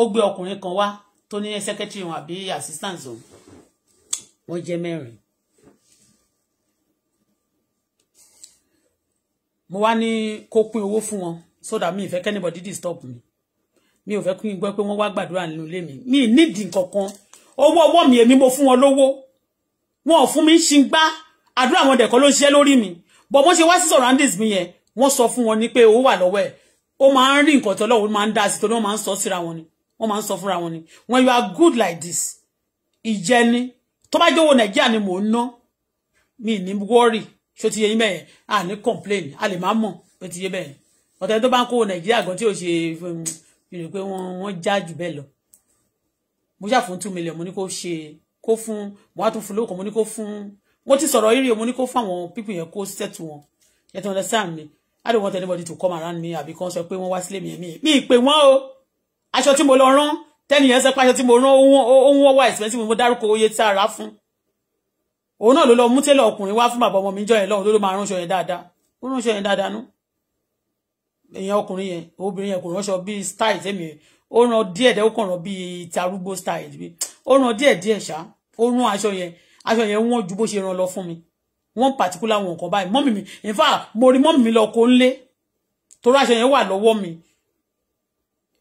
Speaker 1: ó gbé ọkùnrin kan wá tó ní secretary wọn àbí assistant òun wọ́n jẹ́ mẹ́rin. mo wá ní kó pín owó fún wọn so that mi ì fẹ́ kẹ́nìbọ̀dì disturb mi mi ò fẹ́ kí n gbọ́ pé wọ́n wá gbàdúrà nínú ilé mi mi ì nídìí nǹkan kan owó ọwọ́ mi èmi mo fún wọn lówó wọn ò fún mi ṣì ń gbá àdúrà wọn dẹ̀kọ́ ló ń ṣiṣẹ́ lórí mi bọ̀ bó ṣe wá sí surroundings mi yẹn wọ́n sọ fún wọn ní pé owó wà lọ́wọ́ ẹ̀ ó máa ń rí nǹkan tí ọlọ́run máa ń dá sí torí wọ́n máa ń sọ síra wọn ni wọ́n máa ń sọ fúnra wọn ni when you are good like this ìjẹni tó bá jówó nàìjíríà ni mò ń ná mi ní wọ́rì ṣó ti yẹ yín bẹ́ẹ̀ à ní complain a lè má mọ̀ pé ti yé bẹ́ẹ̀ ọ̀tẹ̀ tó bá ń kówó nàìjíríà gan tí ò ṣe ìrè um, pé wọ́n wọ́n já jù bẹ́ẹ̀ lọ mo ṣà fún two million mo ní kó ṣe kó fún mo wá tún fún lóko mo ní kó fún mo ti sọ̀rọ̀ ire mo ní kó fún àwọn pípì yẹn kó sẹ́tù wọn yẹn tó ń lẹ́sàn mi I don't want anybody to come around me àbí kan sọ pé wọ́n wá sílé mi mi mi ìpè wọ́n o aṣọ tí mo lọ rán tẹ́ni yẹn sẹ́ pàṣẹ tí mo rán ohun ọwọ́ expensive mo dárúkọ oye tí a rà fún òun náà ló lọ mú tẹ́lẹ̀ ọkùnrin wá fún bàbá ọmọ mi jọ yẹn lọ́hùn ló ló máa ránṣọ yẹn dáadáa ó ránṣọ yẹn dáadáa nú èèyàn ọkùnrin yẹn obìnrin yẹn kò ránṣọ bíi style tẹ́mi yẹn ó ràn díẹ̀ dẹ́ ó kàn ràn bíi ti arúgbó style bíi ó ràn díẹ̀ díẹ̀ ṣá ó rún aṣọ yẹn aṣọ yẹn wọ́n ju bó ṣe ràn lọ fún mi wọ́n particular wọn kan báyìí mọ́mì mi in fact mo rí mọ́mì mi lọ kó ń lé torí aṣọ yẹn wà lọ́wọ́ mi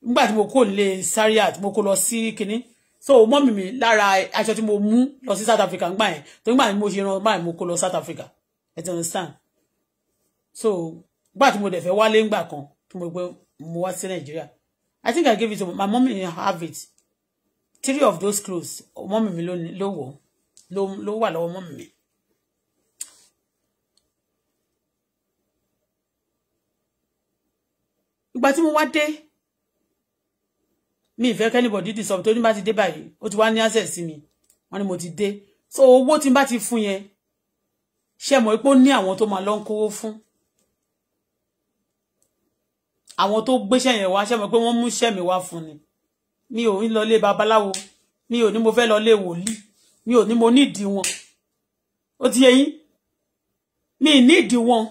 Speaker 1: nígbà tí mo kò lè Zaria tí mo kò lọ sí kinní so mọ́mì mi lára aṣọ tí mo mú lọ sí South Africa ńgbà yẹn tó nígbà tí mo ṣe ran báyìí mo kò lọ South Africa ẹ ti understand so nígbà tí mo dẹ̀ fẹ́ wálé ńgbà kan tí mo gbé mo wá sí Nàìjíríà I think I gave it to my mom have it three of those clothes mọ́mì mi ló wọ̀ ló wà lọ́wọ́ mọ́mì mi. ìgbà tí mo wá dé mi ìfẹ́ kẹ́nìbọ̀dì dì sọ̀rọ̀ tó ní bá ti dé báyìí ó ti wá ní access mi wọ́n ní mo ti dé so owó tí n ti fún yẹn ṣe mọ̀ pé ó ní àwọn tó máa lọ ń kówó fún àwọn tó gbéṣẹ́ yẹn wá ṣe mọ̀ pé wọ́n mú iṣẹ́ mi wá fún ni mi ò ní lọ lé babaláwo mi ò ní mo fẹ́ lọ lé wòlíì mi ò ní mo nídìí wọn ó ti yẹ yín mi nídìí wọn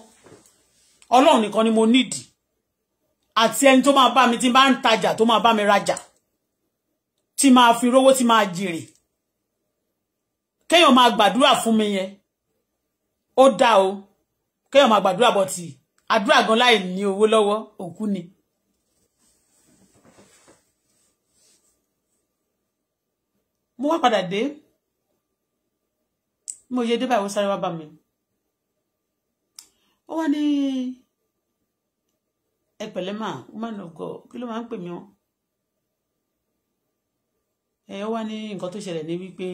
Speaker 1: ọlọ́run nìkan ni mo nídìí àti ẹni tó ma ba mi tí n bá ń tajà tó mi rajà tí máa fi rówó tí máa jèrè kéèyàn máa gbàdúrà fún mi yẹn ó dá o kéèyàn máa gbàdúrà bọ̀ tì àdúrà gan láì ní owó lọ́wọ́ òkú ni. mo wá padà dé mo yé dé báyìí ó sáré wá bá mi ó wá ní ẹ woman of God kí ló máa ń pè ẹ ó wá ní nǹkan tó ṣẹlẹ̀ ní wípé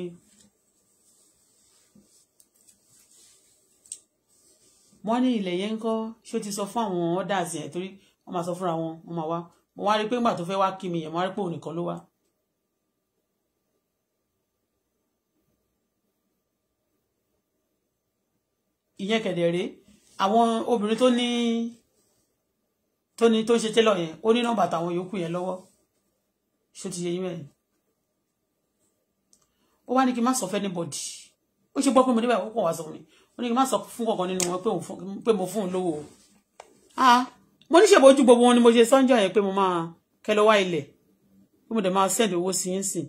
Speaker 1: wọ́n ní ilẹ̀ yẹn ń kọ́ ṣó ti sọ fún àwọn ọ́dàs yẹn torí wọ́n máa sọ fúnra wọn wọ́n máa wá mo wá rí i pé ńgbà tó fẹ́ wá kí mi yẹn mo wá rí i pé òun nìkan ló wá. ìyẹn kẹ̀dẹ̀ rèé àwọn obìnrin tó ní tó ní tó ń ṣe télọ̀ yẹn ó ní nọ́mbà tàwọn yòókù yẹn lọ́wọ́ ṣó ti yẹ yín mẹ́rin ó wá ní kí n má sọ anybody ó ṣe gbọ́ pé mo níbẹ̀ ó pọ̀ wá sọ mi ó ní kí n má sọ fún kankan nínú wọn pé mo fún un lówó o ah mo ní ṣèbójú gbogbo wọn ni mo ṣe sọ́njọ́ yẹn pé mo máa kẹ́ lọ wá ilẹ̀ pé mo dẹ̀ máa send owó sí yín sìn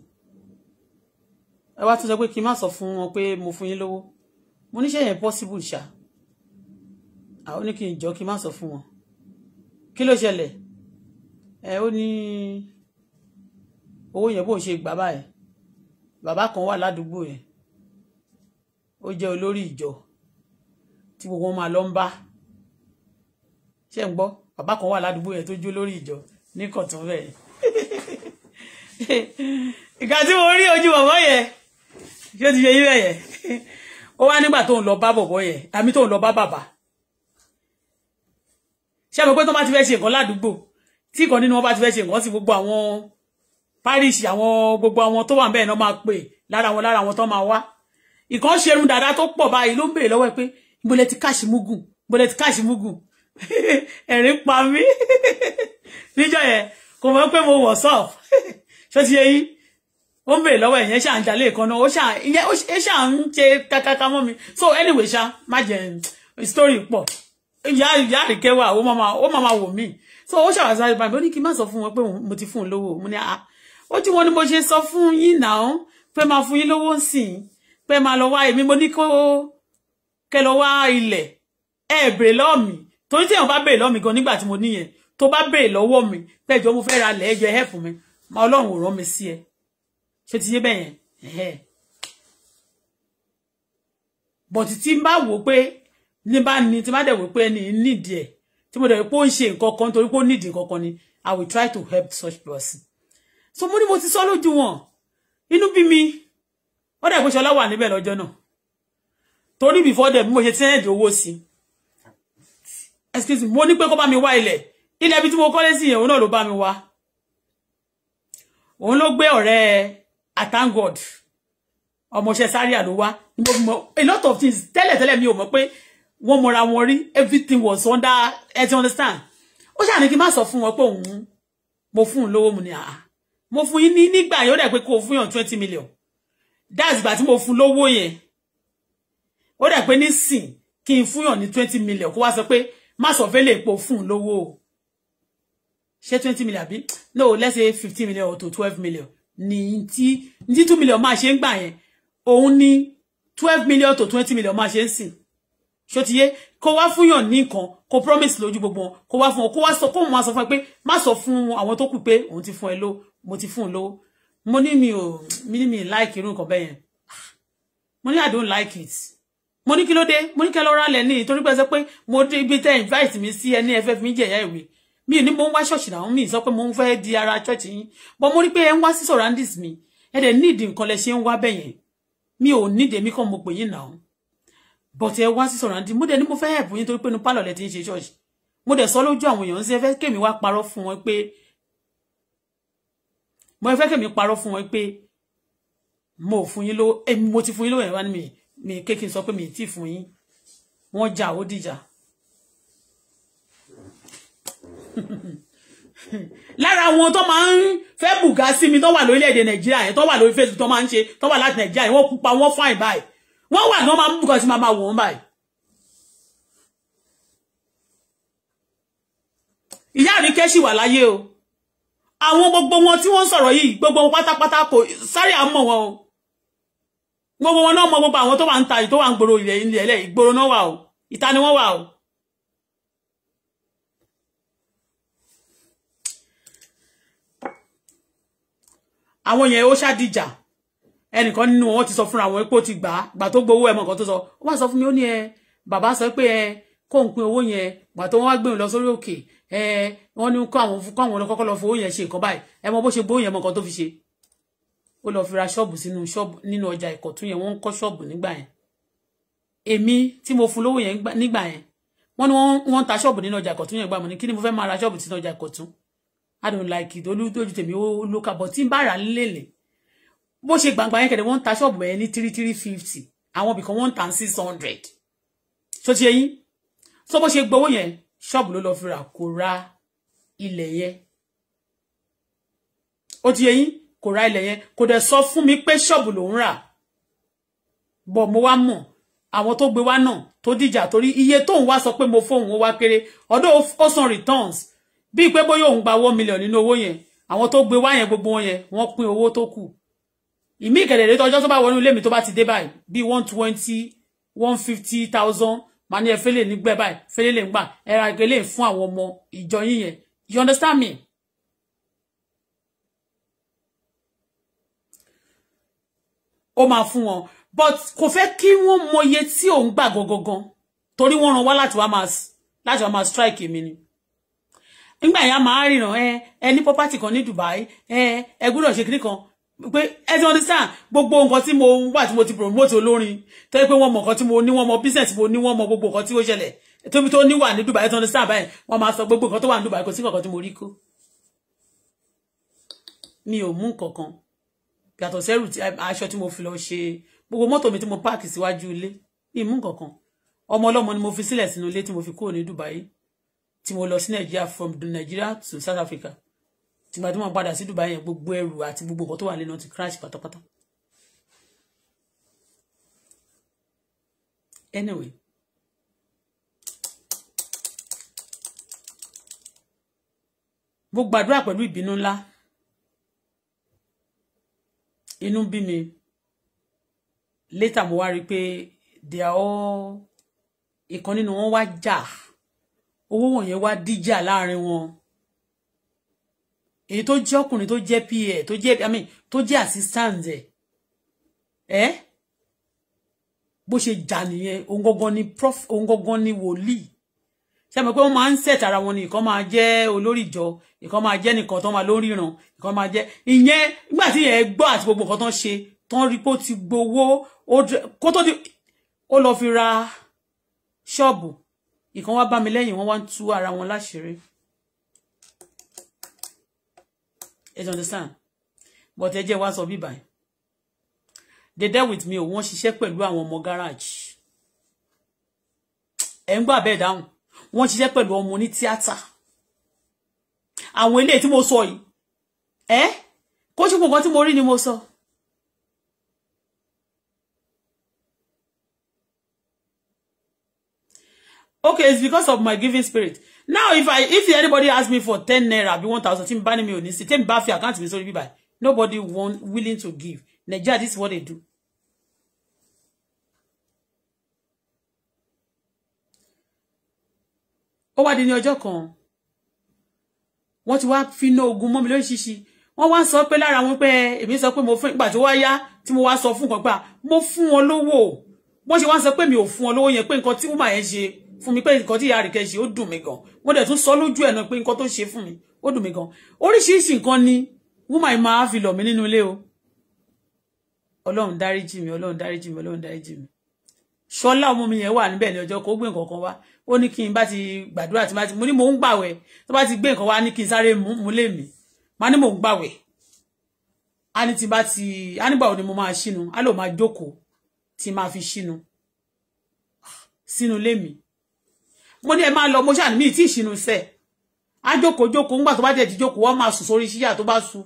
Speaker 1: ẹ wá tún sọ pé kí n má sọ fún mo fún yín lówó mo ní ṣe yẹn possible ṣá àwọn ní kí n jọ kí n má sọ fún wọn kí ló ṣẹlẹ̀ ẹ ó ní owó yẹn bó ń ṣe bàbá kan wà ládùúgbò yẹn ó jẹ́ olórí ìjọ tí gbogbo wọn máa lọ ń bá ṣé ń gbọ́ bàbá kan wà ládùúgbò yẹn tó jó lórí ìjọ ní kọ̀tún bẹ́ẹ̀ ìgbà tí mo rí ojú bọ̀bọ̀ yẹn ṣé ti ṣe yí bẹ́ẹ̀ yẹn ó wá nígbà tó ń lọ bá bọ̀bọ̀ yẹn àmì tó ń lọ bá bàbá ṣé mo pé tó bá ti fẹ́ ṣe nǹkan ládùúgbò tí ìkan nínú wọn bá ti fẹ́ ṣe nǹkan sí gbogbo àwọn Paris àwọn gbogbo àwọn tó wà ń bẹ́ẹ̀ náà máa pè lára wọn lára wọn tó máa wá ìkan ṣe irun dàda tó pọ̀ báyìí ló ń béèrè lọ́wọ́ ẹ pé ìbọlẹ̀ ti káàṣì múgùn ìbọlẹ̀ ti káàṣì múgùn ẹ̀rín pa mí níjọ́ yẹn kò mọ̀ pé mo wọ̀ sọ́ọ̀f ṣó ti yẹ yín ó ń béèrè lọ́wọ́ ẹ̀yẹn ṣáà ń jalè kan náà ó ṣáà ń ṣe kákáká mọ́ mi so anyway ṣá má jẹ́ story pọ̀ ìyá ìyá àríkẹ́ wà ó máa wò mí so ó ṣàwàsá ìbàdàn ó ní kí n má sọ fún wọn pé mo ti fún un lówó mo ní àá ah, ojú wọn ni mo ṣe sọ fún yín náà pé máa fún yín lówó sìn pé máa lọ wá èmi mo ní kó kẹ lọ wá ilẹ̀ ẹ bèrè lọ́wọ́ mi torí tí èèyàn bá bèrè lọ́wọ́ mi gan nígbà tí mo níyẹn tó bá bèrè lọ́wọ́ mi pẹ́jọ́ mo fẹ́ ra ilẹ̀ ẹjọ́ ẹ̀ fún mi máa ọlọ́run ò rán mi sí ẹ ṣé ti yé bẹ́ẹ̀ yẹn bọ̀tí tí n bá wò pé ní bá ní tí n bá dẹ̀ wò pé ẹni nídìí ẹ̀ tí mo dẹ̀ wò pé ó ń ṣe nǹkan kan torí pé ó nídìí nǹkan kan ni I will try to help such person so mo ní mo ti sọ lójú wọn inú bí mi ó dẹ̀ gbéṣọlá wà níbẹ̀ lọ́jọ́ náà torí before them mo ṣe send owó sí excuse me mo ní pé kó bá mi wá ilẹ̀ ilẹ̀ ibi tí mo kọ́lé sí yẹn òun náà ló bá mi wá òun ló gbé ọ̀rẹ́ atangod ọmọọṣẹ́ sáríà ló wá a lot of things tẹ́lẹ̀tẹ́lẹ̀ mi ò mọ̀ pé wọ́n mọra wọn rí everything was under ẹ you understand ó ṣàní kí n má sọ fún wọn pé òun mo fún un lówó mu ni àá mo fún yín ní nígbà yẹn ó dẹ̀ pé kó fún yàn twenty million that's ìgbà tí mo fún lówó yẹn ó dẹ̀ pé nísìn kí n fún yàn ní twenty million kó wá sọ pé má sọ fẹ́ lè po fún un lówó o twenty million àbí no let's say fifteen million or to twelve million Ni tí ní tí two million máa ṣe ń gbà yẹn òun ní twelve million to twenty million máa ṣe ń sìn ṣó ti yé kó wá fún yàn ní nǹkan kó promise lójú gbogbo wọn kó wá fún wọn kó wá sọ kó wọn máa sọ fún ẹ pé má sọ fún àwọn tó ti fún ẹ ló mo ti fún un lówó mo ní mi ò mi ní mi like irú nǹkan bẹ́ẹ̀ yẹn mo ní i don't like it mo ní kí ló dé mo ní kẹ́ lọ rálẹ̀ ní torí pé ẹ sọ pé mo dé ibi tẹ́ invite mi sí ẹni ẹfẹ́ mi jẹ̀yà ìwé mi ní mo ń wá ṣọ́ọ̀ṣì làwọn mi sọ pé mo ń fẹ́ di ara ṣọ́ọ̀ṣì yín but mo rí pé ẹ ń wá sí surroundings mi ẹ dẹ̀ need nǹkan lẹ ṣe ń wá bẹ̀yẹn mi ò need èmi kàn mo pè yín náà but ẹ wá sí surroundings mo dẹ̀ ní mo fẹ́ help yín torí pé inú pálọ̀ lẹ ti ń ṣe ṣọ́ọ̀ṣì mo dẹ̀ sọ lójú àwọn èèyàn ṣe fẹ́ kémi wá parọ́ fún wọn pé mo fẹ́ kẹ́mi parọ́ fún wọn pé mo fún yín lówó èmi mo ti fún yín lówó ẹ̀rọ mi mi kékin sọ pé mi ti fún yín wọ́n jà o dìjà lára àwọn tó máa ń fẹ́ bùgá sí mi tó wà lórílẹ̀‐èdè nàìjíríà yẹn tó wà lórí facebook tó máa ń ṣe tó wà láti nàìjíríà yẹn wọ́n pupa wọ́n fáìn báyìí wọ́n wà ní wọ́n máa ń bùgá sí máa máa wò wọ́n báyìí. ìyá sì wà láyé o àwọn gbogbo wọn tí wọ́n sọ̀rọ̀ yìí gbogbo wọn pátápátá kò sáré àmọ́ wọn o gbogbo wọn náà mọ gbogbo àwọn tó wà ń ta yìí tó wà ń gbòòrò ilẹ̀ ilẹ̀ ilẹ̀ ìgboro náà wà o ìta ni wọ́n wà o. àwọn yẹn ó ṣàdìjà ẹnìkan nínú wọn ti sọ fúnra wọn pé ó ti gbà á gbà tó gbowó ẹmọ kan tó sọ ó wá sọ fún mi ó ní ẹ bàbá sọ pé ẹ kó ń pín owó yẹn gbà tó wọn wá gbé òun lọ sórí òkè ẹ wọn ní kó àwọn kó àwọn kọ́kọ́ lọ fowó yẹn ṣe nǹkan báyìí ẹ mọ bó ṣe gbóyè mọ nǹkan tó fi ṣe ó lọ fi ra ṣọ́ọ̀bù sínú ṣọ́ọ̀bù nínú ọjà Ìkọ̀tún yẹn wọ́n ń kọ́ ṣọ́ọ̀bù nígbà yẹn èmi tí mo fún lówó yẹn nígbà yẹn wọ́n ní wọ́n ń ta ṣọ́ọ̀bù nínú ọjà Ìkọ̀tún yẹn gbà mọ́ ni kí ni mo fẹ́ máa ra ṣọ́ọ̀bù sínú ọjà Ìkọ̀tún I don't like it olùdójú tèmi ó lóka bọ̀ tí n bá rà á lélẹ̀ bó ṣe gbàngbà yẹn kẹ̀dẹ̀ wọ́n ń ta ṣọ́ọ̀bù yẹn ní three three fifty àwọn ibìkan wọ́n ń ta six hundred ṣó ti yẹ yín so bó ṣe gbowó yẹn ṣọ́ọ̀bù ló lọ fi rà kó ra ilẹ̀ yẹn ó ti yé yín kò ra ilẹ̀ yẹn kò dẹ̀ sọ fún mi pé ṣọ́ọ̀bù lòún rà bọ̀ mo wá mọ̀ àwọn tó gbé wá náà tó dìjà torí iye tóun wá sọ pé mo fóun ó wá kéré ọdún ó san returns bíi pé bóyá òun gba one million nínú owó yẹn àwọn tó gbé wá yẹn gbogbo wọn yẹn wọ́n pín owó tó kù ìmí ìkẹ̀dẹ̀dẹ̀ tó ọjọ́ tó bá wọnú ilé mi tó bá ti dé báyìí bíi one twenty one fifty thousand màá ní ẹ fẹ́lẹ̀ nígbẹ́ báyìí fẹ́lẹ̀ lè ń gbà ẹ ra ìgbélé fún àwọn ọmọ ìjọ you understand me. ó máa fún wọn but kò fẹ́ kí wọ́n mọye tí òun gbà gangan torí wọ́n ràn wá láti wá máa láti wá máa strike èmi ni nígbà ya a máa ríran ẹ ẹ ní property kan ní Dubai ẹ ẹ gbọ́dọ̀ ṣe kan pé ẹ ti understand gbogbo nǹkan tí mo wà tí mo ti promote olórin tó yẹ pé wọ́n mọ̀ nǹkan mo ní wọ́n mọ̀ business mo ní wọ́n mọ̀ gbogbo nǹkan tí ó ṣẹlẹ̀ tóbi tó níwà ní Dubai ẹ ti understand báyìí wọ́n máa sọ gbogbo nǹkan tó wà ní Dubai kò sí nǹkan tí mo rí kó mi ò mú nǹkankan yàtọ̀ sẹ́rù aṣọ tí mo fi lọ ṣe gbogbo mọ́tò mi tí mo páàkì síwájú ilé mi mú nǹkankan ọmọ ọlọ́mọ ni mo fi sílẹ̀ sínú ilé tí mo fi kúrò ní Dubai tí mo lọ sí Nàìjíríà from Nigeria to South Africa tìgbà tí wọ́n padà sí Dubai yẹn gbogbo ẹrù àti gbogbo nǹkan tó wà lẹ́nu ti crash pátápátá. anyway mo gbàdúrà pẹ̀lú ìbínú ńlá inú bí mi later mo wá rí i pé they are all ìkan nínú wọn wá jà owó wọ̀nyẹn wá díjà láàrin wọn èyí tó jẹ́ ọkùnrin tó jẹ́ pa tó jẹ́ i mean tó jẹ́ assistant ẹ̀ ẹ́ bó ṣe jà nìyẹn òun gangan ni prof òun gangan ni wòlíì ṣe mọ̀ pé wọ́n máa ń set ara wọn ni ìkan máa jẹ́ olórí ìjọ ìkan máa jẹ́ nìkan tó máa lórí ìran ìkan máa jẹ́ ìyẹn nígbà tí ìyẹn gbọ́ àti gbogbo nǹkan tó ṣe tó rí pé ó ti gbowó kó tó di ó lọ fi ra ṣọ́ọ̀bù ìkan wá bá mi lẹ́yìn wọ́n wá ń tú ara wọn láṣìírí. you understand but ẹ jẹ́ wá sọ bí báyìí they dealt with me o wọ́n ṣiṣẹ́ pẹ̀lú àwọn ọmọ garage ẹ̀ ń gbà down. dáhùn wọ́n ṣiṣẹ́ pẹ̀lú ọmọ ní tíátà àwọn eléyìí tí mo sọ yìí ẹ kó ṣe gbogbo tí mo rí ni mo sọ. okay it's because of my giving spirit now if i if anybody asks me for ten naira be one thousand tí n bá ní mi ò ní sí tí n bá fi àkáǹtì nobody want willing to give Nigeria this is what they do. ó wá di ní ọjọ́ What wọ́n ti wá fi ná ogun mọ́ mi lóríṣiríṣi wọ́n wá sọ pé lára wọn pé èmi sọ pé mo fún ìgbà tó wá yá tí mo wá sọ fún kan pé ah, mo fún wọn lówó wọ́n ṣe wá sọ pé mi ò fún wọn lówó yẹn pé nǹkan tí wọ́n máa yẹn ṣe fún mi pé nǹkan tí ìyá Àríkẹ́ ṣe ó dùn mí gan wọ́n dẹ̀ tún sọ lójú ẹ̀ náà pé nǹkan tó ṣe fún mi ó dùn mí gan oríṣiríṣi nǹkan ni woman yìí máa fi lọ̀ mí nínú ilé o ọlọ́run dáríjì mi ọlọ́run dáríjì mi ọlọ́run dáríjì mi ṣọlá ọmọ mi yẹn wà níbẹ̀ ní ọjọ́ kan ó gbé nǹkan kan wá ó ní kí n bá ti gbàdúrà tí mo ní mò ń gbàwẹ̀ tó bá ti gbé nǹkan wá ní kí n sáré mú lé mi má ní mò ń gbàwẹ̀ a ní ti bá ti a nígbà wo ni mo máa ṣínu a lò máa jókòó tí máa fi ṣínu ah, sínú lé mi mo ní ẹ máa lọ mo ṣáà ní mi tí ìṣinú sẹ á jókòó jókòó ńgbà tó bá dẹ̀ ti jókòó wọ́n máa sùn sórí ṣíyà tó bá sùn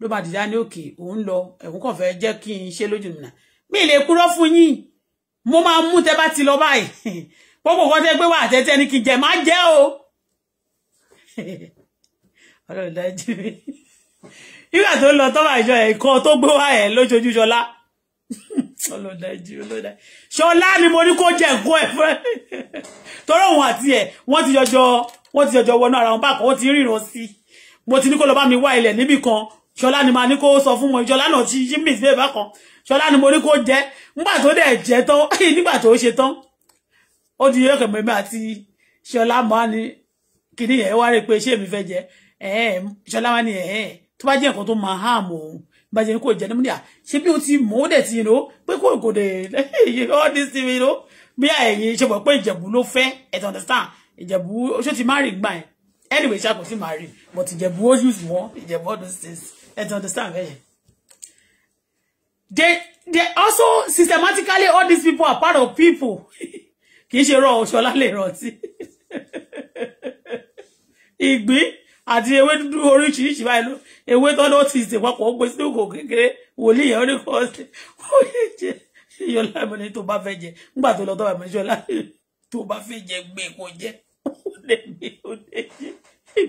Speaker 1: ló máa dìdá ní òkè òun lọ ẹ̀hún kàn fẹ́ jẹ́ kí n ṣe lójú nìyà mi lè kúrò fún yín mo máa mú tẹ bá ti lọ báyìí gbogbo nǹkan tẹ gbé wà tẹ́tẹ́ ní kí n jẹ má jẹ́ o ọlọ́run dájú mi nígbà tó lọ tọ́wọ́ àjọ ẹ̀kọ́ tó gbé wá ẹ̀ lójoojújọlá ọlọ́dájú ọlọ́dá ṣọlá ni mo ní kó jẹ nǹkan ẹ̀ fẹ́ tọ́rọ òun àti ẹ̀ wọ́n ti jọjọ wọ́n ti jọjọ wọnú ara wọn bákan wọ́n ti ríran sí mo ti ní kó lọ bá mi wá ilẹ̀ níbì kan ṣọlá ni ma ní kó sọ fún wọn ṣọlá náà ti yí mi ìfẹ́ bákan ṣọlá ni mo ní kó jẹ nígbà tó dẹ̀ jẹ tán nígbà tó ṣe tán ó di yọkẹ̀ mẹ́mẹ́ àti ṣọlá máa ní kìnìyàn wá rí pé ṣé èmi fẹ́ jẹ ṣọlá wá ní ẹ̀ẹ́ tó bá jẹ́ nǹkan tó máa háàmù òun bàjẹ́ kò jẹ́ nímúdíà ṣé bí o ti mọ̀ ó dẹ̀ ti yìí ló pé kò kò dẹ̀ lẹ́yìn all this thing ló bí ẹ̀yin ṣe mọ̀ pé ìjẹ̀bú ló fẹ́ ẹ̀ to understand ìjẹ̀bú ṣó ti má rìn gbà anyway ṣá kò sí má rìn but ìjẹ̀bú ó use wọn ìjẹ̀bú all those things ẹ̀ to understand bẹ́ẹ̀. they they also systematically all these people are part of people kì í ṣe rọ ọṣọlá lè rántí ìgbín àti ewé dúdú oríṣiríṣi báyìí ló ewé tọ́dọ̀ ti ṣe papọ̀ ó gbé sí òkò kékeré wòlíì yẹn ó ní kọ́ ṣe ó lè jẹ ìyọlá mi tó bá fẹ́ jẹ nígbà tó lọ tọ́ bàbá ìṣọlá tó bá fẹ́ jẹ gbé kó jẹ ó lè mi ó lè jẹ jẹ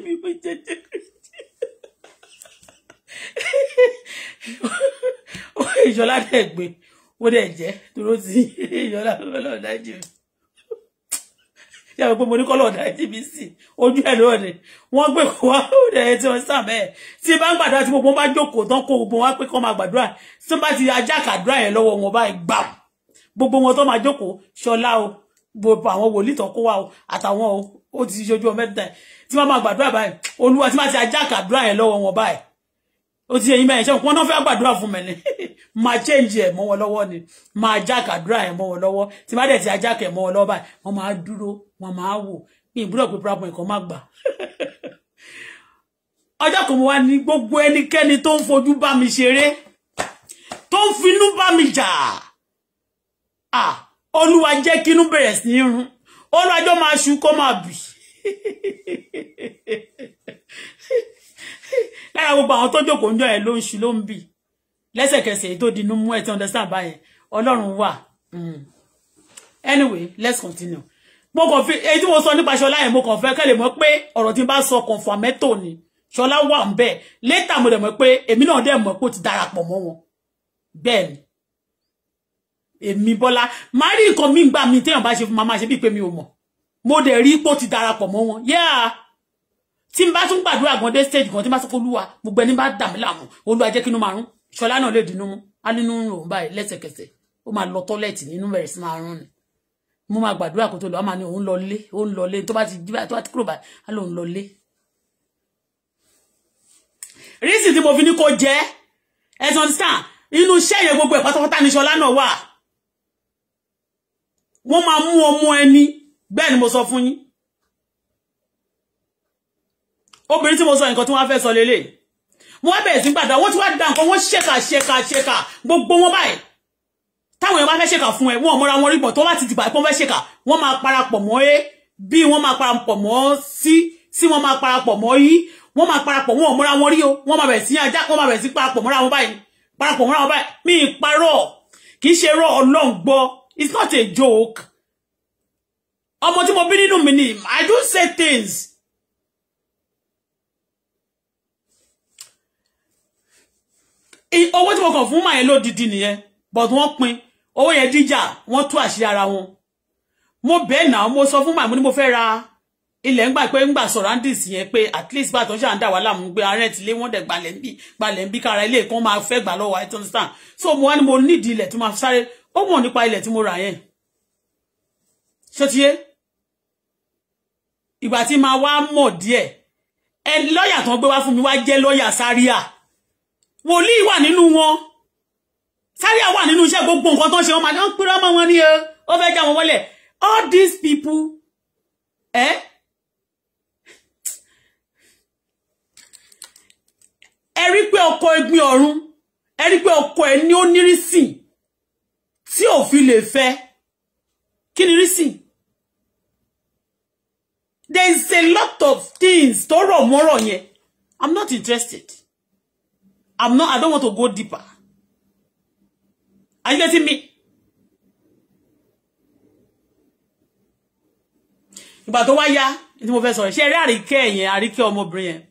Speaker 1: jẹ ìṣọlá gbé ó jẹ ìyọlá yà wípé mo ní kọ́ lọ́ọ̀dà ntbc ojú ẹ̀ lónìí wọ́n gbé kó wá òde ẹ̀ tí wọ́n sàn bẹ́ẹ̀ tí bá ń gbàdúrà tí gbogbo wọn bá jókòó tán kó gbogbo wọn wá pé kán máa gbàdúrà tí wọ́n bá ti ajá kàdúrà yẹn lọ́wọ́ wọn báyìí gbà gbogbo wọn tó máa jókòó ṣọlá o gbogbo àwọn wòlíì tó kó wa o àtàwọn o ó ti ṣojú ọmọ mẹ́ta tí wọ́n máa gbàdúrà báyìí olúwa tí wọ́n ti ajá kàdúrà yẹn lọ́wọ́ wọn báyìí ó ti ṣe yín mẹ́rin ṣé wọ́n náà fẹ́ gbàdúrà fún ni Ma change ẹ̀ mọ́ wọn lọ́wọ́ ni máa jákàdúrà ẹ̀ mọ́ wọn lọ́wọ́ tí má dẹ̀ ti ajákẹ̀ mọ́ wọn lọ́wọ́ báyìí wọ́n máa dúró wọ́n máa wò pé ìbúdọ̀ pé problem ẹ̀kọ́ má gbà. ọjọ́ kan mo wá ní gbogbo ẹnikẹ́ni tó ń fojú bá mi ṣeré tó ń ba bá mi jà olúwa jẹ́ kínú kinu sí í rún olúwa jọ máa ṣu kó máa bì lára gbogbo àwọn tó jókòó ń jọ ẹ̀ ló ń ṣu ló ń bì lẹ́sẹ̀kẹsẹ̀ tó dinú mú ẹ ti understand báyẹn Ọlọ́run wà mm. anyway let's continue mo kàn fi èyí tí mo sọ nípa Ṣọlá yẹn mo kàn fẹ́ kẹlẹ mọ̀ pé ọ̀rọ̀ tí n bá sọ kọnfàmẹtò ni Ṣọlá wà ń bẹ létà mo dẹ̀ mọ̀ pé èmi náà dẹ̀ mọ̀ pé ó ti darapọ̀ mọ́ wọn bẹ́ẹ̀ ni èmi Bọ́lá máa rí nǹkan mi gbà mí téèyàn bá ṣe fún màmá ṣe bíi pé mi ò mọ̀ mo dẹ̀ rí pé ó ti darapọ̀ mọ́ wọn yáà tí n bá tún gbàdúrà gan dé stage gan tí n bá sọ pé olúwa gbogbo ẹni bá dàmí láàmú olúwa jẹ́ kínú márùn-ún ṣọlá náà lè dínú mú á nínú ń ròun báyìí lẹ́sẹ̀kẹsẹ̀ ó máa lọ tọ́lẹ̀tì nínú bẹ̀rẹ̀ sí máa rún ni mo máa gbàdúrà kó tó lọ á máa ní òun lọ lé òun lọ lé tó bá ti jí tó bá ti kúrò báyìí á lóun lọ lé. rísì tí mo fi ní kó jẹ́ ẹ̀sán ti sàn inú iṣẹ́ yẹn gbogbo ẹ̀ pátápátá ní ṣọlá náà wà wọ́n máa mú ọmọ ẹni bẹ́ẹ̀ ni mo sọ fún yín obìnrin tí mo sọ nǹkan tí wọ́n á sọ lélẹ́yìí wọ́n bẹ̀rẹ̀ sí gbàdúrà wọ́n ti wá da nǹkan wọ́n ṣèkà ṣèkà ṣèkà gbogbo wọn báyìí táwọn èèyàn bá fẹ́ ṣèkà fún ẹ wọn ò mọra wọn rí bọ̀ tó bá ti dìbà pọ́n fẹ́ ṣèkà wọ́n máa parapọ̀ mọ́ ẹ bí wọ́n máa parapọ̀ mọ́ sí sí wọ́n máa parapọ̀ mọ́ yí wọ́n máa parapọ̀ wọn ò mọra wọn rí o wọ́n máa bẹ̀rẹ̀ sí ajá wọ́n máa bẹ̀rẹ̀ sí parapọ̀ mọ́ra wọn báyìí parapọ̀ mọ́ra wọn báyìí mi ìparọ́ kì í ṣe rọ ọlọ́run gbọ́ it's not a joke ọmọ tí mo bí nínú mi ni i do say things owó tí mo kàn fún màyẹn lódìdí nìyẹn but wọ́n pín owó yẹn jíjà wọ́n tú àṣírí ara wọn mo bẹ́ẹ̀ náà mo sọ fún màmú ni mo fẹ́ ra ilẹ̀ ń gbà pé ń gbà surroundings yẹn pé at least bá àtọ́jà ń dà wá láàmú pé arẹ́ ti lé wọ́n dẹ̀ gbalẹ̀ ń bí gbalẹ̀ ń bí kára ilé kan máa fẹ́ gbà lọ́wọ́ i understand so mo wá ní mo nídìí ilẹ̀ tí mo sáré ó mọ̀ nípa ilẹ̀ tí mo rà yẹn ṣé ti yé ìgbà tí máa wá mọ̀ díẹ̀ ẹ lọ́ọ̀yà tán gbé wá fún mi wá jẹ́ lọ́ọ̀yà sáríà wòlíì wà nínú wọn sáríà wà nínú iṣẹ́ gbogbo nǹkan tó ń ṣe wọn máa ń pèrè ọmọ wọn ní o ó fẹ́ já wọn wọlé all these people ẹ ẹ rí pé ọkọ ẹgbin ọ̀run ẹ rí pé ọkọ ẹ ní ó nírísìn tí ò fi lè fẹ́ kí ni rísìn there is a lot of things tó rọ̀ mọ́rọ̀ yẹn i'm not interested. I'm not, I don't want to go deeper. Are you getting me? Ìgbà tó wá yá, tí mo fẹ́ sọ̀rọ̀, ṣe eré àríkẹ́ yẹn, àríkẹ́ ọmọbìnrin yẹn.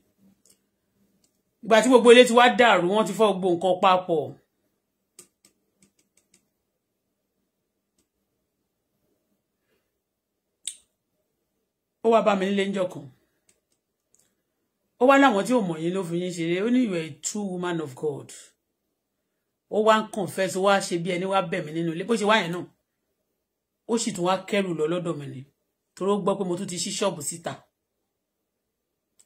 Speaker 1: Ìgbà tí gbogbo ilé ti wá dàrú, wọ́n ti fọ́ gbogbo nǹkan papọ̀. Ó wá bá mi nílé ńjọ́ kan ó wá láwọn tí ò mọ̀ yín ló fi yín ṣeré ó ní you are a true woman of God ó wá confess ó wá ṣe bí ẹni wá bẹ̀ mí nínú ilé bó ṣe wá yẹn náà ó sì tún wá kẹrù lọ mi ni torí ó gbọ́ mo tún ti ṣí ṣọ́ọ̀bù síta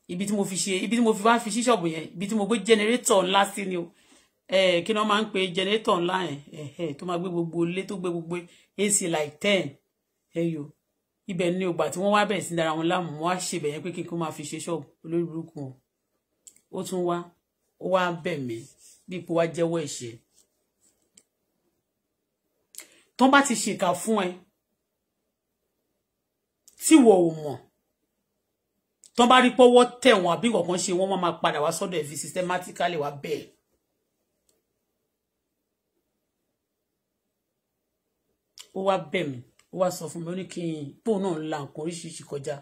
Speaker 1: ibi tí mo fi ṣe ibi tí mo fi wá fi ṣí ṣọ́ọ̀bù yẹn ibi tí mo gbé jẹnẹrétọ̀ ńlá sí ni o kí ni wọ́n máa ń pe jẹnẹrétọ̀ ńlá yẹn tó máa gbé gbogbo ilé tó gbé gbogbo AC like ten ẹyọ ibẹ̀ ni ògbà tí wọ́n wá bẹ̀rẹ̀ sí dára wọn láàmú wọ́n á ṣe bẹ̀yẹn pé kí n kó máa fi ṣe ṣọ́ọ̀bù olórí burúkú ó tún wá ó wá bẹ̀ mí bí ipò wá jẹ́wọ́ ẹ̀ṣẹ̀ tán bá ti ṣèkà fún ẹ tí wọ́n ò mọ̀ tán bá rí pọ́wọ́ tẹ̀ wọ́n àbí kọ̀ọ̀kan ṣe wọ́n máa padà wá sọ́dọ̀ ẹ̀ systematically wá bẹ́ẹ̀. ó wá bẹ̀ mí ó wá sọ fún mi ó ní kí n póun náà la nǹkan oríṣiríṣi kọjá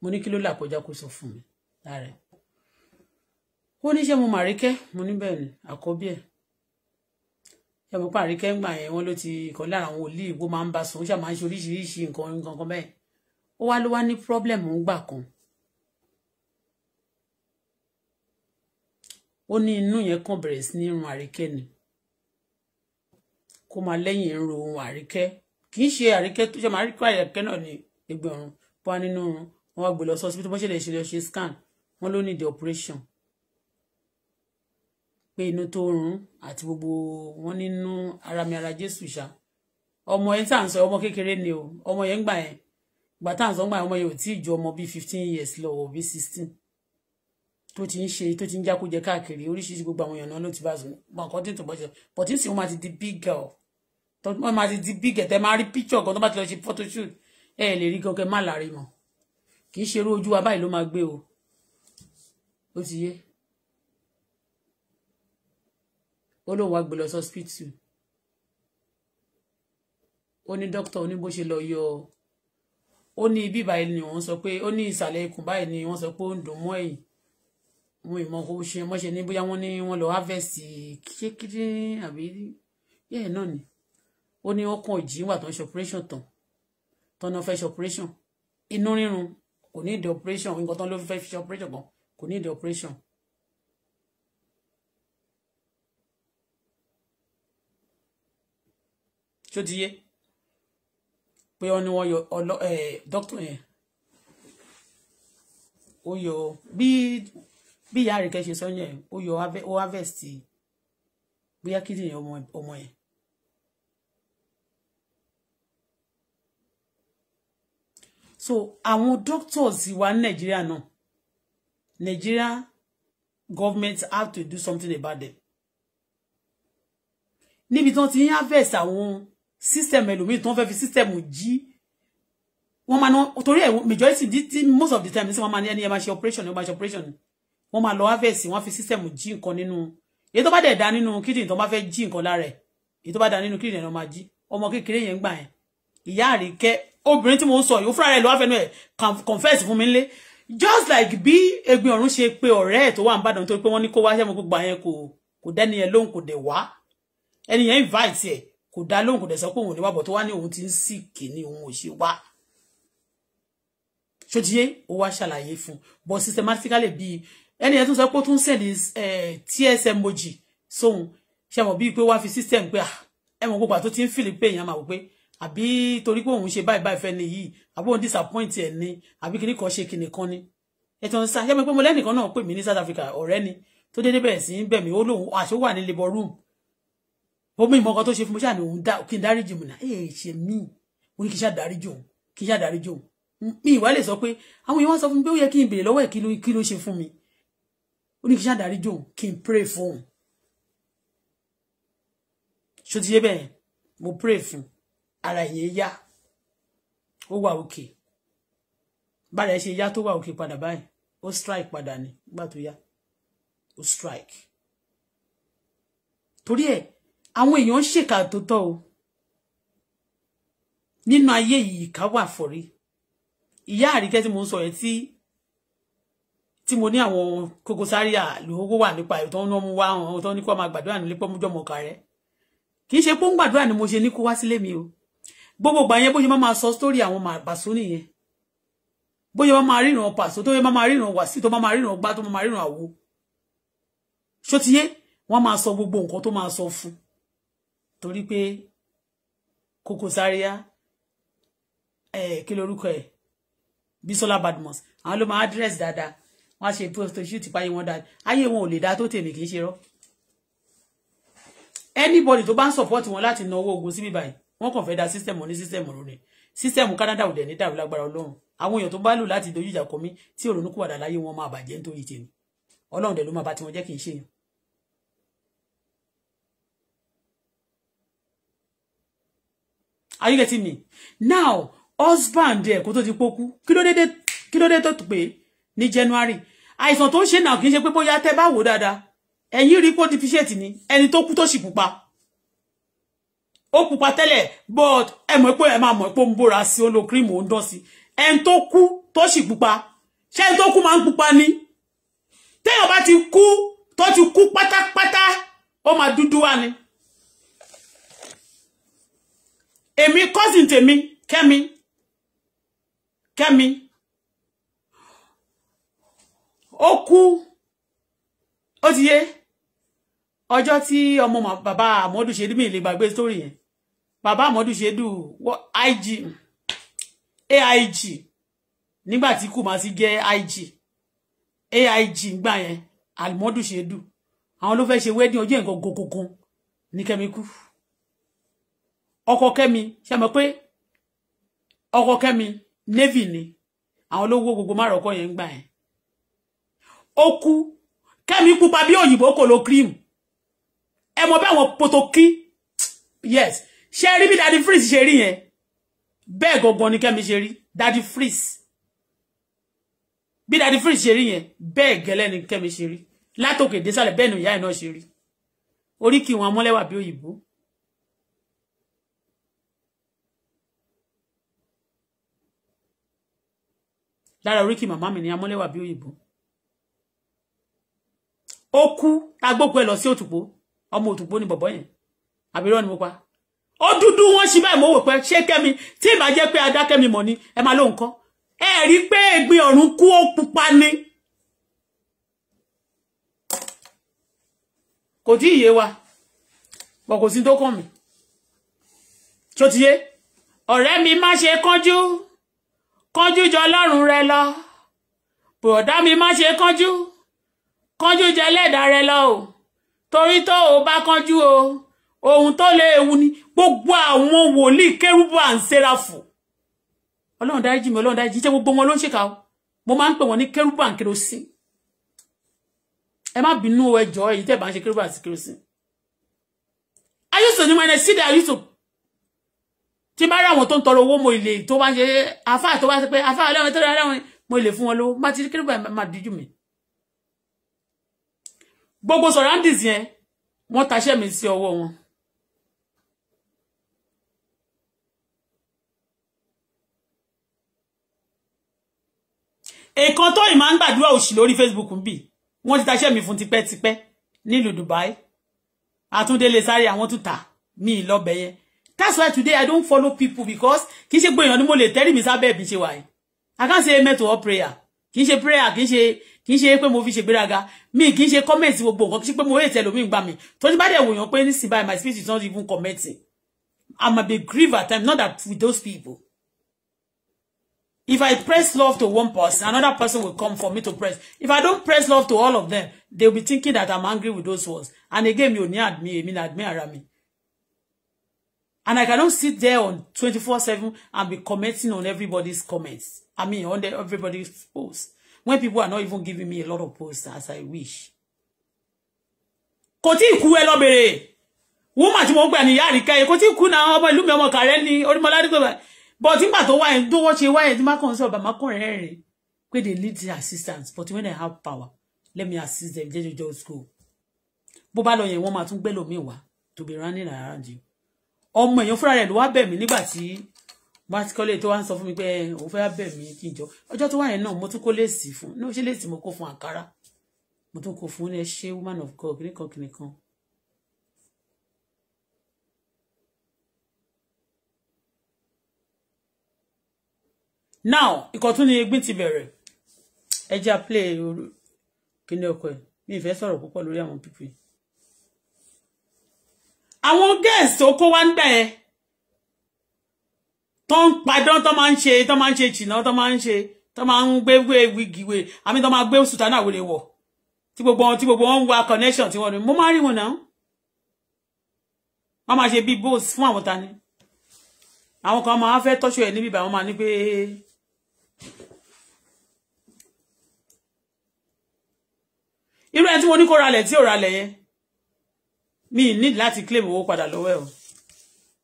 Speaker 1: mo ní kí ló là kọjá kó sọ fún mi lára ẹ̀ ó ní ṣé mo màríkẹ́ mo ní bẹ́ẹ̀ ni àkọ́bí ẹ̀ ẹ mọ̀ pé àríkẹ́ ń gbà yẹn wọ́n ló ti kọ́ lára àwọn òlì ìwó máa ń bá sùn ó ṣàmà ń ṣe oríṣiríṣi nǹkan nǹkan kan bẹ́ẹ̀ ó wá ló wá ní pírọ́blẹ̀mù ń gbà kan ó ní inú yẹn kàn bẹ̀rẹ̀ sí ní irun àríkẹ́ ni kó máa lẹ́yìn irun àríkẹ́ kì í ṣe àríkẹ́ tó ṣe máa rí kọ́ àyẹ̀kẹ́ náà ní ẹgbẹ̀rún wá nínú oorun wọn gbé lọ sí ọsibítù bó ṣe lè ṣe ṣe scan wọn ló ní the operation pé inú tó rún àti gbogbo wọn nínú ara mi ara Jésù ṣá ọmọ yẹn tá à ń sọ ọmọ kékeré ni o ọmọ yẹn gbà yẹn gbà tá à ń sọ gbà yẹn ọmọ yẹn ò tí ì ju ọmọ bíi fifteen years lọ wọ bíi sixteen tó ti ń ṣe tó ti ń jákújẹ káàkiri oríṣiríṣi gbogbo àwọn èèyàn náà ló ti bá zùn mọ àkọ́tí tó bọ́ ṣe but ní sì wọ́n máa ti di big girl wọ́n máa ti di big ẹ̀tẹ́ máa rí picture gan tó bá ti lọ ṣe photoshoot ẹ lè rí gan kẹ má láre mọ̀ kì í ṣe irú ojú wa báyìí ló máa gbé o ó ti yé ó lóun wá gbé lọ sọ́spítù ó ní dókítà ó ní bó ṣe lọ yọ ó ní ibi báyìí ni wọ́n sọ pé ó ní ìsàlẹ̀ ikùn báyìí ni wọ́n sọ pé ó ń dùn mọ́ ẹ̀yìn mo ìmọ̀ kó ṣe mọ́ṣe ní bóyá wọ́n ní wọ́n lọ harvest ṣé àbí yẹ́ẹ̀ náà ni ó ní wọn kàn jí wà tó ń ṣe operation tán tọ́nà fẹ́ ṣe operation inú rírun kò ní ìdí operation nǹkan tán ló fẹ́ ṣe operation kan kò ní ìdí operation. ṣó ti yé pé ọ ni wọn yọ ọlọ ẹ dókítà yẹn ó yọ bí bí ìyá rẹ̀ kẹ́ ṣe sọ yẹn ó yọ ó harvest bóyá kíndìnrín ọmọ yẹn. so àwọn doctors wa ní nàìjíríà náà Nigeria government have to do something about them níbi tí wọ́n ti ń harvest àwọn system ẹlòmíì tí wọ́n fẹ́ fi system jí wọ́n máa ná torí ẹ̀ majority most of the time wọ́n máa ní ẹni ẹ máa ṣe operation ẹ máa ṣe operation wọ́n máa lọ harvest wọ́n fi system jí nǹkan nínú èyí tó bá dẹ̀ dá nínú kidney tó bá fẹ́ jí nǹkan lára ẹ̀ èyí tó bá dá nínú kidney ẹ̀ lọ́ máa jí ọmọ kékeré yẹn gbà yẹn ìyá àríkẹ́ obìnrin tí mo ń sọ yìí ó fúnra rẹ̀ ló wá fẹnu confess fún mi nílé just like bí Ẹ̀gbin Ọ̀run ṣe pé ọ̀rẹ́ ẹ̀ tó wà n'Íbàdàn tó pé wọ́n ní kó wá sẹ́mu gbogbo àyẹn kò kò dẹ́ni yẹn lóhùn kò dẹ̀ wá ẹni yẹn invite ẹ̀ kò dá lóhùn kò dẹ̀ sọ pé òun ò ní wá bọ̀ tó wá ní òun ti ń sì kì ní òun ò ṣe wá ṣòtíyé ó wá ṣàlàyé fún but systematically bí ẹni yẹn tún sọ pé ó tún send ts emoji sóhun ṣe bíi pé wá fi system pé ah, ẹ mọ̀ gbogbo àtó ti ń fìlì pé èèyàn máa wò pé àbí torí pé òun ṣe báyìí báyìí fẹ́ ni yìí àbí òun disappoint ẹ̀ ni àbí kìnnì kan ṣe kìnnì kan ni ẹ̀tọ́ ń sá ṣé mo pé mo lẹ́nìkan náà pè mí ní South Africa ọ̀rẹ́ ni tó dédé bẹ̀rẹ̀ sí ń bẹ̀ ó lóun àṣọ wà ní labour room omi ìmọ̀ kan tó ṣe fún mi ṣáà ni òun dá kí n dáríjì mi náà ẹ̀ ṣe mí mo ní kí n ṣáà òun kí n ṣáà dáríjì òun mi ìwà lè sọ pé àwọn èèyàn sọ fún mi pé ó yẹ kí n béèrè lọ́wọ́ ẹ̀ kí ló ṣe fún mi ó ní kí n ṣáà dáríjì òun kí n pray fún òun ṣó ti yé bẹ́ẹ̀ mo pray fún un ara yẹn yá ó wà òkè bára ẹ ṣe yá tó wà òkè padà báyìí ó strike padà ni nígbà tó yá ó strike torí ẹ àwọn èèyàn ń ṣèkà tó tọ́ o nínú ayé yìí ìkà wà fọ̀rí ìyá àríkẹ́ tí mo ń sọ yẹn tí tí mo ní àwọn Koko Zaria lówó wà nípa ẹ̀ tó ń mú wá tó ní kó máa gbàdúrà nílé pọ́nmújọ́mọ̀ọ́ká rẹ kì í ṣe pé gbàdúrà ni mo ṣe ní kó wá sílé mi o gbogbo gbà yẹn bóyá máa máa sọ sórí àwọn Pàsó nìyẹn bóyá máa máa ríran Pàsó tó yẹ máa máa ríran wàsí tó máa máa ríran gbá tó máa máa ríran àwo ṣó ti yé wọn máa sọ gbogbo nǹkan tó máa sọ fún torí pé Koko Zaria ẹ kí lorúkọ ẹ Bisola Badmus àwọn ló máa dírẹ́sì dáadáa wọn á ṣe prostitute páyé wọn dáadáa ayé wọn ò lè dá tó tèmi kì í ṣe rọ anybody tó bá ń support wọn láti náwó ogun síbí báyìí wọ́n kàn fẹ́ da system ní system rú ni system Canada ò dẹ̀ ní dàrú lágbára Ọlọ́run àwọn èèyàn tó bá lò láti dojú ìjà kọ mí tí òrònú kò wàdà láyé wọn máa bàjẹ́ nítorí tèmi Ọlọ́run dẹ̀ ló máa bá tiwọn jẹ́ kì í ṣe èèyàn. Are you getting me? Now, husband ẹ̀ kó tó ti pókú kí ló dédé kí ló dédé tó January àìsàn tó ń ṣe náà kì í ṣe pé bóyá tẹ́ bá wò dáadáa ẹ̀yin rí deficient ni ẹni tó kú tó sì pupa o pupa tẹ́lẹ̀ but ẹ mọ̀ pé ẹ máa mọ̀ pé ń bóra sí ó ń dán sí pupa ṣé tó kú máa pupa ni téèyàn bá ti kú tó ti kú pátápátá ó máa dúdú wá ni èmi cousin tèmi kẹ́mi kẹ́mi ó kú ó ti yé ọjọ́ tí ọmọ bàbá àmọ́dù ṣe mi gbàgbé sórí yẹn bàbá àmọ́dù ṣe dù IG AIG nígbà tí Kumasi jẹ́ IG AIG gbà yẹn àmọ́dù ṣe dù àwọn ló fẹ́ ṣe wedding ọjọ́ nǹkan gogogun ní Kẹ́mi kú ọkọ Kẹ́mi ṣe mọ̀ pé ọkọ Kẹ́mi navy ni àwọn ló wó gbogbo márùn-ún ọkọ yẹn gbà yẹn ó kú Kẹ́mi pupa bí òyìnbó kò lo cream ẹ mọ̀ bí àwọn poto kí yes ṣe rí bí Daddy Freeze ṣe rí yẹn bẹ́ẹ̀ gangan ni Kẹ́mi ṣe rí Daddy Freeze bí Daddy Freeze ṣe rí yẹn bẹ́ẹ̀ gẹ́lẹ́ ni Kẹ́mi ṣe rí látòkè désàlẹ̀ bẹ́ẹ̀ ni ìyá ẹ̀ náà ṣe rí oríkì wọn amọ́lẹ́wà bí òyìnbó lára oríkì màmá mi ni amọ́lẹ́wà bí òyìnbó ó kú agbókù ẹ lọ sí òtùpó ọmọ òtùpó ni bọ̀bọ́ yẹn àbírọ́ ni mo pa ó dúdú wọ́n ṣì báyìí mo wò pé kemi. kẹ́mi tí ìbá jẹ́ pé adákẹ́mi mọ̀ ni E máa lóhùn kọ́ ẹ rí pé ẹ̀gbin ọ̀run kú ó pupa ni. kò tí ì wa bọ̀ kò sí tó kàn mí tó ti yé ọ̀rẹ́ mi má konju. Konju kánjú jọ lọ́rùn rẹ lọ bùrọ̀dá mi má ṣe Konju kánjú jẹ lẹ́dàá rẹ lọ o torí tó o bá kánjú o ohun tó lè ewu ni gbogbo àwọn wòlíì kérúbù à ń sẹ́ráfù ọlọ́run dáríjì mi ọlọ́run dáríjì jẹ́ gbogbo wọn ló ń ṣèkà o mo máa ń pè wọ́n ní kérúbù à ń kérosi ẹ má bínú o ẹjọ́ èyí tẹ́ bá ń ṣe kérúbù àti kérosi I used to when I see that I used to tí bá ráwọn tó ń tọrọ owó mo ilé tó bá ń ṣe àfáà tó bá ṣe pé àfáà ọlọ́run tó rẹ̀ ọlọ́run mo ilé fún wọn lówó má ti rí kérúbù má díjú mi gbogbo surroundings yẹn wọ́n taṣẹ́ mi sí ọwọ́ wọn èkan tó ì máa ń gbàdúrà òṣì lórí Facebook ń bì wọ́n ti taṣẹ́ mi fún tipẹ́tipẹ́ nílùú Dubai àtúndé lè sáré àwọn tún tà mí lọ́bẹ̀ yẹn that's why today I don't follow people because kì í ṣe pé èèyàn ni mo lè tẹ́rì mi sábẹ́ bí ṣe wà yìí I can't say amen to all prayer kì í prayer kì í ṣe kì í mo fi ṣègbéraga mi kì í comment gbogbo nǹkan kì í ṣe pé mo hate ẹlòmíì gbà mí tó ti bá dẹ̀ wòyàn pé nísìnyí báyìí my speech is not even commenting I'm a be grieved at not that with those people If I press love to one person, another person will come for me to press. If I don't press love to all of them, they'll be thinking that I'm angry with those words. And again, you need me, I mean, admire me. And I cannot sit there on 24-7 and be commenting on everybody's comments. I mean, on the, everybody's posts. When people are not even giving me a lot of posts as I wish. Woman tí mo gbà ní ìyá àríkẹ́. Kò tí kú náà ọmọ ìlú mi ọmọ kàrẹ́ ní orímọ́ládé tó bẹ̀rẹ̀ but nígbà tó wáyé tó wọ́n ṣe wáyé tí mákàn sọ̀rọ̀ bàmá kàn rẹ́rìn pé they need the assistance but when I have power let me assist them jẹjẹjẹ school bó bá But yẹn wọ́n máa tún gbé me, wá to be running around you Oh my, your friend, what wá me? mí nígbà call it tó wá ń sọ fún mi pé òun fẹ́ bẹ̀ mí kí n jọ ọjọ́ tó wà yẹn náà mo tún kó léèsì fún ní ó ṣe léèsì mo kó fún woman of God kìnìkan kìnìkan now ìkọ̀tún ni egbín ti bẹ̀rẹ̀ ẹ já play kíní ọkọ ẹ̀ mi ìfẹ́ sọ̀rọ̀ púpọ̀ lórí àwọn pípé àwọn guest tó kó wá ń gbà ẹ tó ń padán tó máa ń ṣe tó máa ń ṣe jìnnà tó máa ń ṣe tó máa ń gbé wé wigiwe àmì tó máa gbé sùtánà wèrè wọ̀ tí gbogbo wọn tí gbogbo wọn ń wa connection tí wọn ní mo máa rí wọn náà wọn máa ṣe bíi bóòsì fún àwọn tani àwọn kan máa fẹ́ tọ́ṣọ ẹ̀ níbi ìbà wọn máa ní pé irú ẹni tí mo ní kó ralẹ̀ tí ò ralẹ̀ yẹn mi ní láti claim owó padà lọ́wọ́ ẹ̀ o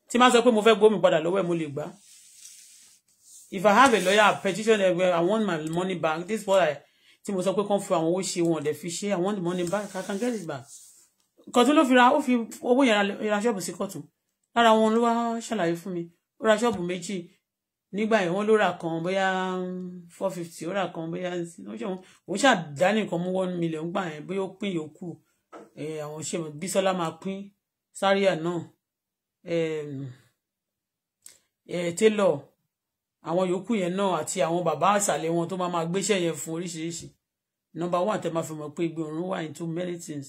Speaker 1: tí máa sọ pé mo fẹ́ gbómi padà lọ́wọ́ ẹ̀ mo lè gbà if i have a lawyer I petition everywhere eh, i want my money back this boy tí mo sọ pé kàn fún àwọn owó ṣe wọn ọ̀dẹ̀ fi ṣe i want the money back i can get it back kọ̀tún ló fi ra ó fi owó yẹn ra ṣọ́ọ̀bù sí kọ̀tún lára wọn ló wá ṣàlàyé fún mi ó ra ṣọ́ọ̀bù méjì nígbà yẹn wọ́n ló rà kan bóyá four fifty ó rà kan bóyá ó ṣàdá nìkan mú one million gbà yẹn bóyá ó pín yòókù àwọn ṣe Bísọ́lá máa pín sáríà náà télọ̀ àwọn yòókù yẹn náà àti àwọn bàbá àṣàlẹ̀ wọn tó máa máa gbéṣẹ́ yẹn fún oríṣiríṣi number one tẹ́ máa fi mọ̀ pé ìgbìmọ̀ wà into many things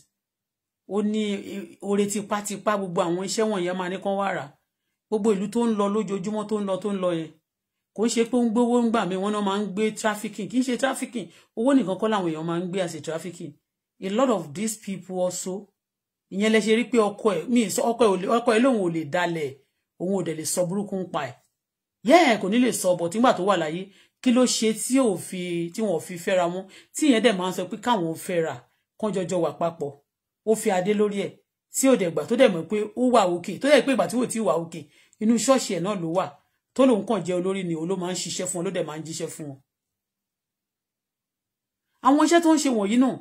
Speaker 1: ó ní e, oore tipátipá gbogbo àwọn iṣẹ́ wọ̀nyẹn máa ní kán wà rà gbogbo ìlú tó ń lọ lójoojúmọ́ tó ń lọ tó ń lọ yẹn kò ń ṣe pé ó ń gbówó ń gbà mí wọ́n náà máa ń gbé trafficking kì í ṣe trafficking owó nìkan kọ́ làwọn èèyàn máa ń gbé àṣẹ trafficking a lot of these people also ìyẹn lẹ ṣe rí pé ọkọ ẹ mi ọkọ ẹ ọkọ ẹ lòun ò lè dalẹ̀ òun ò dẹ̀ lè sọ burúkú ń pa ẹ̀ yẹ́ẹ̀ kò ní lè sọ bọ̀ tígbà tó wà láyé kí ló ṣe tí ò fi tí wọn ò fi fẹ́ra wọn tí ìyẹn dẹ̀ máa ń sọ pé káwọn ò fẹ́ra kán jọjọ wà papọ̀ ó fi adé lórí ẹ̀ tí ò dẹ̀ gbà tó dẹ̀ mọ̀ pé ó wà òkè tó dẹ̀ pé ìgbà tí wò tí wà òkè inú ṣọ́ọ̀ṣì ẹ̀ náà ló wà tó lòun kàn jẹ́ olórí ni òun ló máa ń ṣiṣẹ́ fún wọn ló dẹ̀ máa ń jíṣẹ́ fún wọn àwọn iṣẹ́ tó ń ṣe wọ̀nyí náà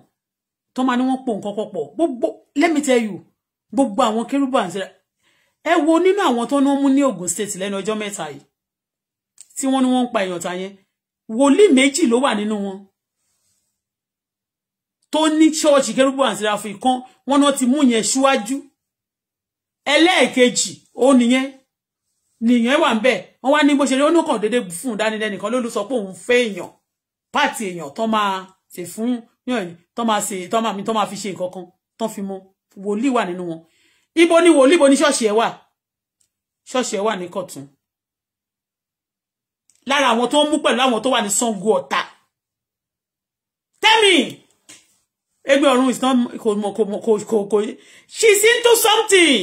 Speaker 1: tó máa ní wọ́n pò nǹkan pọ̀pọ̀ gbogbo let me tell you gbogbo àwọn kérúbù àti ẹ wo nínú àwọn tó ní wọ́n mú ní Ògùn state lẹ́nu ọjọ́ mẹ́ta yìí tí wọ́n ní wọ́n ń pa èèyàn ta yẹn wòlíì méjì ló wà nínú wọn tó ní ṣọ́ọ̀ṣì kérúbù àti ráfù kan wọ́n náà ti mú yẹn síwájú ẹlẹ́ẹ̀kejì ó nìyẹn nìyẹn wà ń bẹ́ẹ̀ wọ́n wá ní bó ṣe rí onúkàn déédéé fún ìdánilẹ́nìkan lólu sọ pé òun fẹ́ èèyàn páàtì èèyàn tó máa ṣe fún yàn tó máa ṣe tó máa mi tó máa fi ṣe nǹkan kan tó fi mọ wòlíì wà nínú wọn ibo ni wòlíì bo ni ṣọ́ọ̀ṣì ẹ̀ wà ṣọ́ọ̀ṣì ẹ̀ wà ní kọ̀tún lára àwọn tó ń mú pẹ̀lú àwọn tó wà ní Ṣàngó Ọ̀tà tẹ́mì ẹgbẹ́ is not kò mọ̀ kò mọ̀ kò she's into something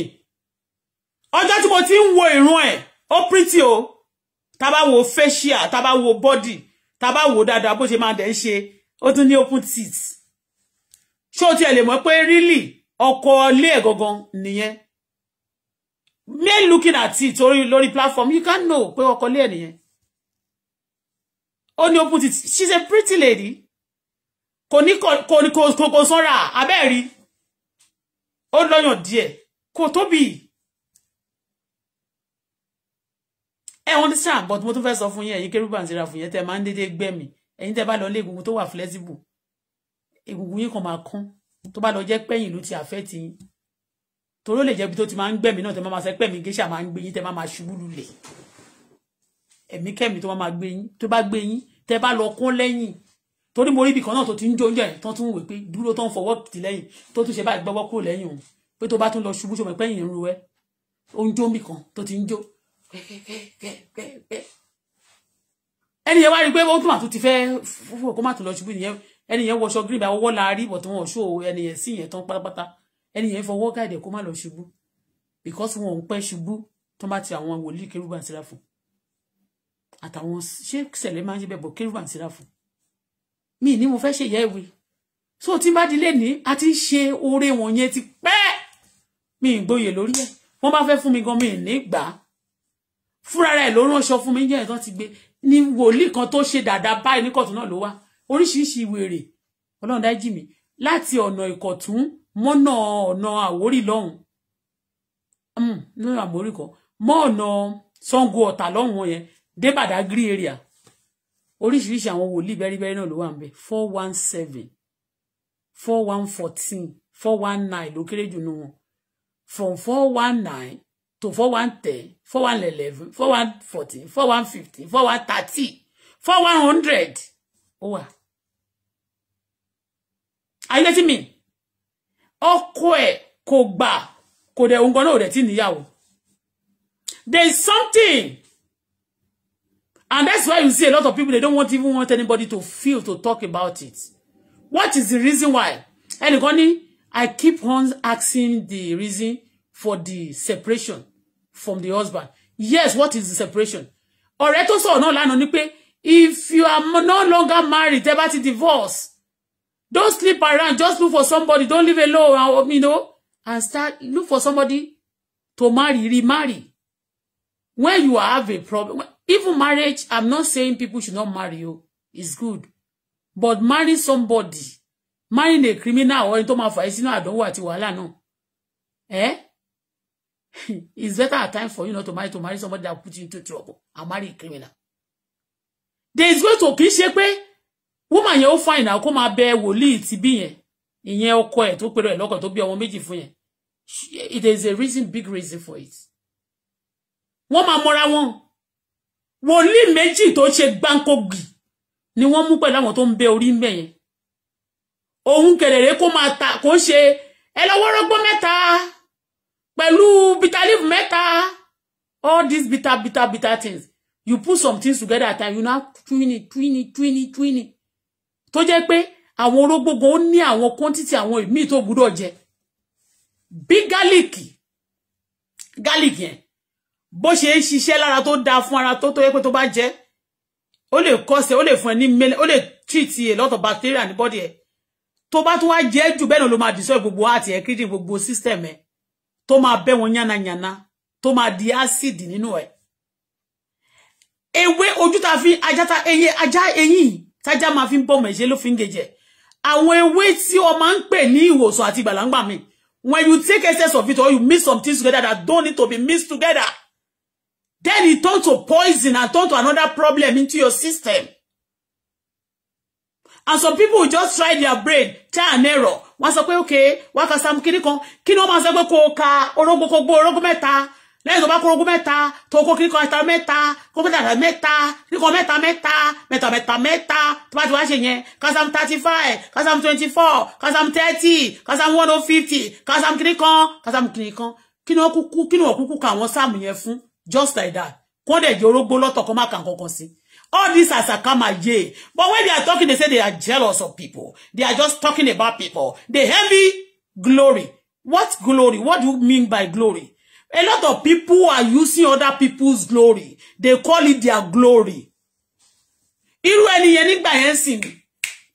Speaker 1: ọjọ́ tí mo ti ń wo ìrun ẹ̀ ó pretty o tá bá wo facial tá bá wo body tá bá wo dáadáa bó ṣe máa dẹ̀ ń ṣe ó tún open teeth ṣó tiẹ̀ lè mọ̀ pé really ọkọ ilé ẹ̀ gangan nìyẹn men looking at it torí lórí platform you can know pé ọkọ ilé ẹ̀ O ni open teeth she's a pretty lady kò ní kò kò sọ́ra abẹ́ẹ̀rí ó lọ́yàn díẹ̀ kò tóbi ẹ understand but mo tún fẹ́ sọ fún yín ẹ̀yin kérúbà ń sera fún yín tẹ́ máa ń dédé gbẹ̀mí ẹ̀yin tẹ́ bá lọ lé egungun tó wà flexible egungun yín kan máa kán tó bá lọ jẹ́ pẹ́yìn ló ti affect yín torí ó lè jẹ́ ibi tó ti máa ń gbẹ̀mí náà tẹ́ máa sẹ́ pẹ̀mí géṣà máa ń gbé yín tẹ́ máa máa ṣubú lulẹ̀ ẹ̀mí kẹ́mi tó máa gbé yín tó bá gbé yín tẹ́ bá lọ kún lẹ́yìn torí mo rí ibì kan náà tó ti ń jó ẹni yẹn wá rí i pé ó tún àtúntì fẹ́ fúfú kó má tún lọ ṣubú nìyẹn ẹni yẹn wọṣọ green bá ọwọ́ la rí bọ̀ tí wọ́n ṣó ẹni yẹn sí yẹn tán pátápátá ẹni yẹn fọwọ́ káàdì kó má lọ ṣubú because wọn ò pẹ́ ṣubú tán bá ti àwọn wòlíì kérúbù àti ráfù àtàwọn ṣé sẹ̀lẹ̀ máa ń ṣe bẹ́ẹ̀ bọ̀ kérúbù àti ráfù mi ní mo fẹ́ ṣe ìyá ìwé so tí n bá dilé ní a ti ń ṣe oore wọn yẹn ti pẹ́ mi ì gboyè lórí ẹ̀ wọ́n bá fẹ́ fún mi gan mi ì ní gbàá fúnra rẹ̀ ló ránṣọ fún mi jẹ́ ẹ̀tọ́ ti gbé ní wòlíì kan tó ṣe dáadáa báyìí ní kọ̀tún náà ló wá oríṣiríṣi wèrè ọlọ́run dájí mi láti ọ̀nà ìkọ̀tún mọ́nà ọ̀nà àwórì lọ́hùn hmm, nínú àmórí kan mọ́ ọ̀nà Ṣàngó Ọ̀tà lọ́hùn yẹn dé Badagry area oríṣiríṣi àwọn wòlíì bẹ́rìbẹ́rì náà ló wà ń bẹ̀ four one seven four one fourteen four one nine ló kéré jù nù wọn from four one nine to 4110, 4111, 4114, 4115, 4130, 4100. Ó wà. Are you getting me? Ọkọ ẹ̀ kò gbà kò dẹ̀ òun gan-an ò dẹ̀ tí níyàwó. There is something and that's why you see a lot of people they don't want even want anybody to feel to talk about it. What is the reason why? Ẹnìkan I keep on asking the reason for the separation from the husband yes what is the separation ọ̀rẹ́ tó no, náà lánàá ni pé if you are no longer married tẹ́ bá ti divorce don't sleep around just look for somebody don't live alone uh, you know and start look for somebody to marry remarry when you have a problem even marriage i'm not saying people should not marry you it's good but marry somebody marrying a criminal or into my face. máa fà ẹ́ sínú àdánwò àti wàhálà náà eh it's better a time for you not to marry to marry somebody that will put you into trouble and marry a criminal there is going to be shape ṣe woman yẹn ó fine now kó máa bẹ wòlíì ti bí yẹn ìyẹn ọkọ ẹ̀ tó péré ẹ̀ lọ́kọ tó bí ọmọ méjì It is a reason big reason for it Woman wọ́n máa mọ́ra wọn to check tó ṣe gbáǹkógì ni wọ́n mú pẹ̀lú àwọn tó ń bẹ orí mẹ́yẹn òun kẹrẹ̀rẹ̀ kó máa ta she. ṣe ẹ lọ́wọ́rọ́gbọ́n meta pẹ̀lú bitter leaf mẹ́ta all these bitter bitter bitter things you put some things together at time you now twin it twin it twin it twin it tó jẹ́ pé àwọn orógbógun ó ní àwọn quantity àwọn ìmíì tó gbúdọ̀ jẹ bí gálíìkì gálíìkì yẹn bó ṣe ń ṣiṣẹ́ lára tó dáa fún ara tó tó yẹ pé tó bá jẹ ó lè kọ́sẹ̀ ó lè fún ẹ ní mẹ́lẹ̀ ó lè treat a lot of bacteria ní body ẹ̀ tó bá tún wá jẹ́ jù bẹ́ẹ̀ náà ló máa destroy gbogbo heart ẹ̀ kidney gbogbo system ẹ̀ tó máa bẹ́ wọn yánnayànna tó máa di ásìdì nínú ẹ̀ Ewe oju ta fi ajata ta eyín ajá eyín tájá máa fi ń bọ̀mọ̀ ẹ̀ṣẹ́ ló fi ń gèjẹ̀ àwọn ewé tí o máa ń pè ní ìwòsàn àti mi when you take excess of it or you mix some things together that don't need to be mixed together then it turns to poison and turns to another problem into your system and some people just try their brain try and error wọ́n sọ pé okay wọ́n ka sam kiri kan kí ni wọ́n máa sọ pé kó o ka orógbó kó gbó orógbó mẹ́ta lẹ́yìn tó bá kó orógbó mẹ́ta tó kó kiri kan ẹ̀ta mẹ́ta kó mẹ́ta mẹ́ta kiri kan mẹ́ta mẹ́ta mẹ́ta mẹ́ta mẹ́ta tó bá ti wá ṣe yẹn kasam thirty five kasam twenty four kasam thirty kasam one hundred fifty kasam kiri kan kasam kiri kan kí ni wọ́n kúkú kí ni wọ́n kúkú ka àwọn sáàmù yẹn fún just like that kó dẹ̀ jẹ́ orógbó lọ́tọ̀ kó má kà kankan sí i. All this has come are sakamaje. But when they are talking, they say they are jealous of people. They are just talking about people. The heavy glory. What glory? What do you mean by glory? A lot of people are using other people's glory. They call it their glory. Irú ẹni yẹn nígbà yẹn sìn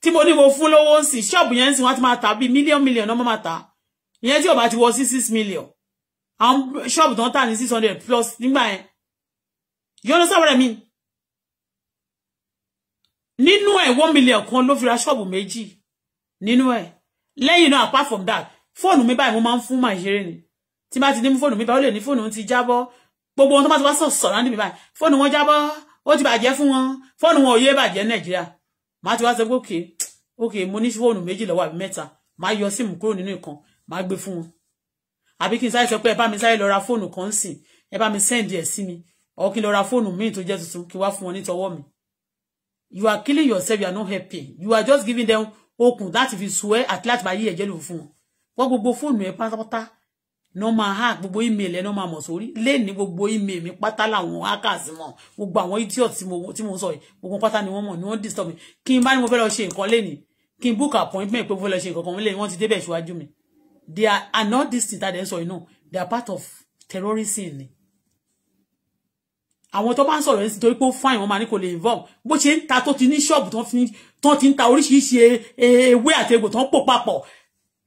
Speaker 1: tí mo ní mo fún lówó ń sìn ṣọ́ọ̀bù yẹn ń sìn wọ́n ti máa ta bíi mílíọ̀n mílíọ̀n náà máa ta ìyẹn tí ti wọ sí six million àwọn shop tó ń tà ní six hundred plus nígbà yẹn you understand what I mean? nínú ẹ̀ one million kan ló fi ra ṣọ́ọ̀bù méjì nínú ẹ̀ lẹ́yìn náà apart from that phone mi báyìí mo máa ń fún màá ṣeré ni tí bá ti ní fóònù mi báyìí ó lè ní fóònù ti jábọ́ gbogbo wọn tó bá ti wá sọ sọ̀rọ̀ ní mi báyìí fóònù wọn jábọ́ ó ti bàjẹ́ fún wọn fóònù wọn ò yé bàjẹ́ nàìjíríà màá ti wá sọ Okay. òkè òkè mo ní fóònù méjì lọ́wọ́ àbí mẹ́ta màá yọ síìmù kúrò nínú ìkan màá gbé fún wọn àbí kí n sáré sọ pé ẹ bá mi sáré lọ ra phone. kan sìn ẹ bá mi sẹ́ǹdì ẹ̀ sí mi ọ̀ kí n lọ ra fóònù míì tó jẹ́ tuntun kí wá fún wọn nítọwọ́ mi you are killing yourself you are not helping you are just giving them okùn That if you swear at last by yí ẹ̀jẹ̀ lò fún wọn wọ́n gbogbo fóònù ẹ̀ pátápátá ní wọ́n máa hack gbogbo email me, ní wọ́n máa mọ̀ sórí lẹ́ẹ̀ni gbogbo email mi pátá làwọn hackers mọ̀ gbogbo àwọn idiot tí mo sọ yìí gbogbo pátá ni wọ́n ni wọ́n disturb mi kí n bá ní mo fẹ́ lọ ṣe nǹkan lẹ́ni kí n book appointment pé mo fẹ́ lọ ṣe nǹkan kan lẹ́ni wọ́n ti they are not this thing that they sọ yìí náà they are part of terrorism ni àwọn tó bá ń sọ̀rọ̀ yẹn sì torí pé ó fáìn wọn máa ní kò lè involve bó ṣe ń ta tó ti ní ṣọ́ọ̀bù tán ti ń ta oríṣiríṣi e, e, ewé àti egbò tán pò papọ̀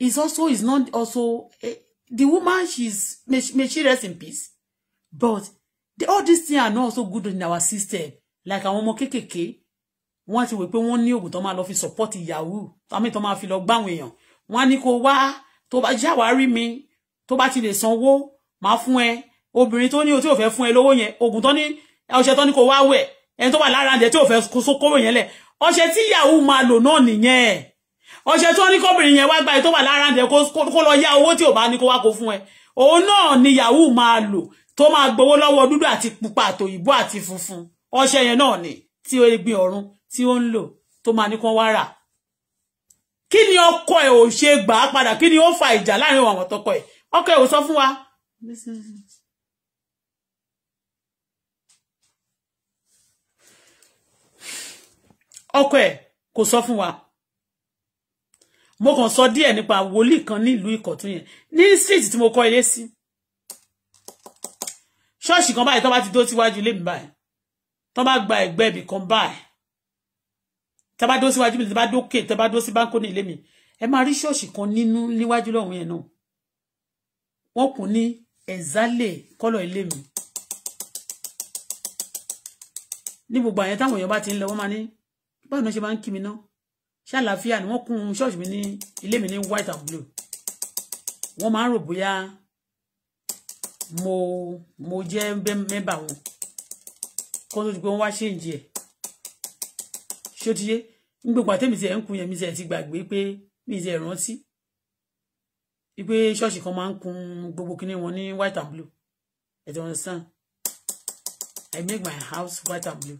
Speaker 1: is also is not also e, the woman she's may she, may she rest in peace but all these things are not also good in our system like àwọn ọmọ kéékèèké wọ́n ti wò pé wọ́n ní oògùn tó máa lọ fi support yahoo tàbí tó máa fi lọ gbáwọn èèyàn wọ́n á ní kó wá tó bá jáwárí mi tó bá ti lè sanwó máa fún ẹ obìnrin tó ní o tí ò fẹ́ fún ẹ lówó yẹn oògùn tó ní ọṣẹ tó ní kó wá wẹ̀ ẹni tó wà lára rẹ̀ tí ò fẹ́ kóró yẹn lẹ̀ ọṣẹ tí yahoo máa lò náà nìyẹn ọṣẹ tó ní kóbìnrin yẹn wá gba ẹ tó wà lára rẹ̀ kó lọ yá owó tí ò bá ní kó wá kó fún ẹ òun náà ni yahoo máa lò tó máa gbowó lọ́wọ́ dúdú àti pupa àtòyìnbó àti funfun ọṣẹ yẹn náà ni tí ó gbin ọ̀run tí ó ń lò tó máa ní kán wá rà kí ni ọkọ ẹ ò ṣe gbà á padà kí ni ó fa ìjà láàrin àwọn ẹ ọkọ ẹ ò sọ fún wa. ọkọ ẹ̀ kò sọ fún wa mo kàn sọ díẹ̀ nípa wòlíì kan nílùú Ìkọ̀tún yẹn ní street tí mo kọ́ ilé sí ṣọ́ọ̀ṣì kan báyìí tó bá ti dó síwájú ilé mi báyìí tó bá gba ẹ̀gbẹ́ ibì kan báyìí tó bá dó síwájú mi tó bá dókè tó bá dó sí báńkónì ilé mi ẹ máa rí ṣọ́ọ̀ṣì kan nínú níwájú lọ́hùn yẹn náà wọ́n kún ní ẹ̀zálè kọ́lọ̀ ilé mi ní gbogbo àyẹn táwọn èèyàn bá ti ń lọ wọ́n máa ní báwo ni wọ́n ṣe máa ń kí mi náà ṣàlàáfíà ni wọ́n kún ṣọ́ọ̀ṣì mi ní ilé mi ní white and blue wọ́n máa ń rò bóyá mo mo jẹ́ mẹ́bà wọn kó tó ti pé wọ́n wá ṣéǹjì ẹ̀ ṣé ó ti yé ń gbogbo àtẹ́mi tiẹ̀ ń kun yẹn mi tiẹ̀ ti gbàgbé pé mi tiẹ̀ rántí wípé ṣọ́ọ̀ṣì kan máa ń kun gbogbo kinní wọn ní white and blue ẹ ti understand I make my house white and blue.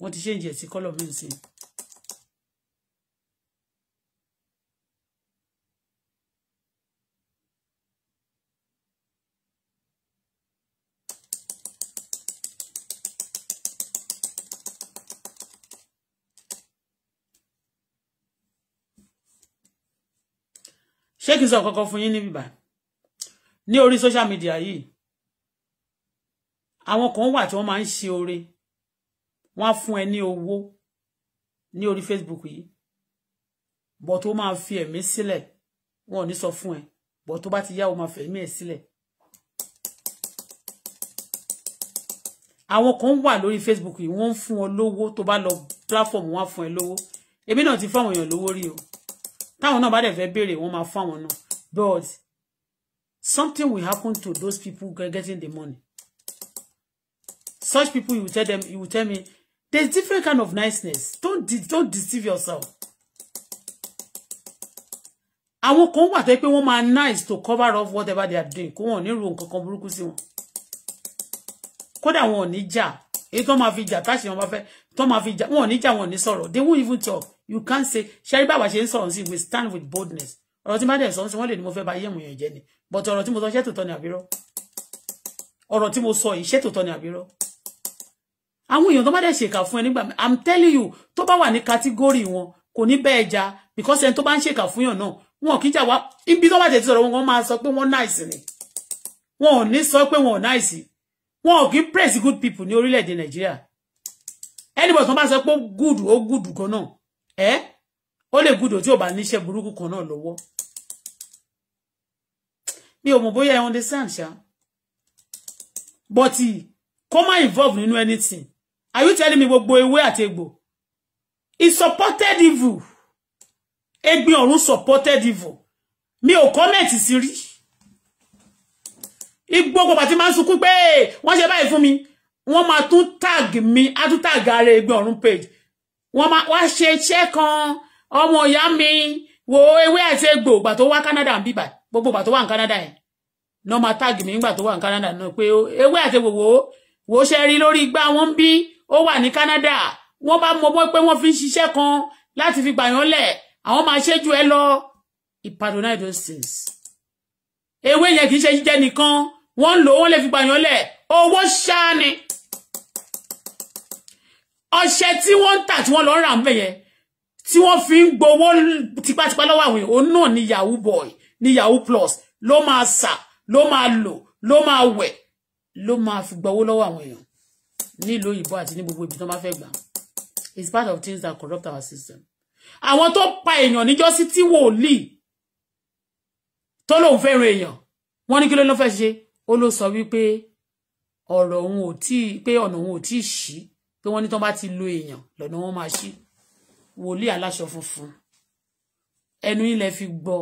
Speaker 1: wọ́n ti change ẹ̀ sí colour blue sí. ṣé kìí sọ kankan fún yín níbí bá ní orí social media yìí àwọn kan wà tí wọ́n máa ń ṣe oore wọ́n á fún ẹ ní owó ní orí Facebook yìí bọ̀ tó máa fi ẹ̀mí sílẹ̀ wọn ò ní sọ fún ẹ bọ̀ tó bá ti yá o máa fẹ̀mí ẹ̀ sílẹ̀. àwọn kan wà lórí Facebook yìí wọ́n ń fún ọ lówó tó bá lọ platform wọn á fún ẹ lówó èmi náà ti fún àwọn èèyàn lówó rí o táwọn náà bá dẹ̀ fẹ́ béèrè wọ́n máa fún àwọn náà but something will happen to those people getting the money such people you tell them you tell me There's different kind of niceness. Don't de don't deceive yourself. I won't come tó yẹ pé wọ́n máa nice to cover up whatever they are doing. Kó wọn ò ní ro nǹkan kan burúkú sí wọn. Kódà wọn ò ní jà. Èyí tó máa fi jà táṣì wọn bá fẹ́. Tó máa fi jà wọn ò ní jà wọn ò ní sọ̀rọ̀. They won't even talk. You can't say ṣẹ́rí bàbá ṣe ń sọ̀rọ̀ sí we stand with boldness. Ọ̀rọ̀ tí má dẹ̀ sọ ń sọ wọ́n lè ní mo fẹ́ ba ayé ìmùyàn jẹ́ ni. But ọ̀rọ̀ tí mo sọ ṣé tòótọ́ ni àbírọ́. Ọ̀rọ̀ tí mo sọ yìí ṣé tòótọ́ ni àbírọ́ àwọn èèyàn tó bá dẹ̀ ṣèkà fún ẹ nígbà i'm telling you tó bá wà ní kátígórì wọn kò ní bẹ́ẹ̀ ja because ẹni tó bá ń ṣèkà fún yàn náà wọn kì í jà wá ibi tó bá tẹ̀ ti sọ̀rọ̀ wọn máa sọ pé wọ́n nice ni wọn ò ní sọ pé wọn ò nice wọn ò kì í praise good people ní orílẹ̀-èdè nàìjíríà anybody tó bá sọ pé good ó good gan náà ẹ ó lè good tí ò bá níṣẹ́ burúkú kan náà lọ́wọ́ mi ò mọ̀ bóyá ẹ understand ṣá but kó má involve nínú anything Are you telling me gbogbo ewé àti egbò? He supported evil. Ẹ̀gbin ọ̀run supported evil. Mi ò comment sí rí. Igbogbo pàtí máa ń sunkún pé wọ́n ṣe báyìí fún mi. Wọ́n máa tún tag mi, á tún tag ara ẹ̀gbin ọ̀run page. Wọ́n máa wá ṣe check on, ọmọ ìyá mi wo ewé àti egbò ìgbà to wá Canada ń bíbà gbogbo ìgbà to wà ní Canada yẹn náà máa tag mi nígbà to wà ní Canada no pé ewé àti egbò wo wo ṣe rí lórí igbá wọn ń ó wà ní Canada wọ́n bá mọ pé wọ́n fi ń ṣiṣẹ́ kan láti fi gbàyàn lẹ̀ àwọn máa ṣẹ́jú ẹ lọ he pardoned those things ewé yẹn kì í ṣe jíjẹ nìkan wọ́n ń lò wọ́n lè fi gbàyàn lẹ̀ owó ṣáá ni ọṣẹ tí wọ́n ń tà tí wọ́n lọ ń rà ń bẹ̀ yẹn tí wọ́n fi ń gbowó tipátipá lọ́wọ́ àwọn èèyàn náà ni yahoo boy ni yahoo plus ló máa sà ló máa lò ló máa wẹ̀ ló máa fi gbowó lọ́wọ́ àwọn èèyàn nílùú òyìnbó àti ní gbogbo ibi tó máa fẹ́ gbà it's part of things that corrupt our system àwọn tó pa èèyàn níjọ́sí tí wòlíì tó lóun fẹ́ ran èèyàn wọ́n ní kí ló ló fẹ́ ṣe ó ló sọ wípé ọ̀rọ̀ òun ò tí pé ọ̀nà òun ò tí ṣí pé wọ́n ní tán bá ti lo èèyàn lọ́nà wọn máa ṣí wòlíì aláṣọ funfun ẹnu ilẹ̀ fi gbọ́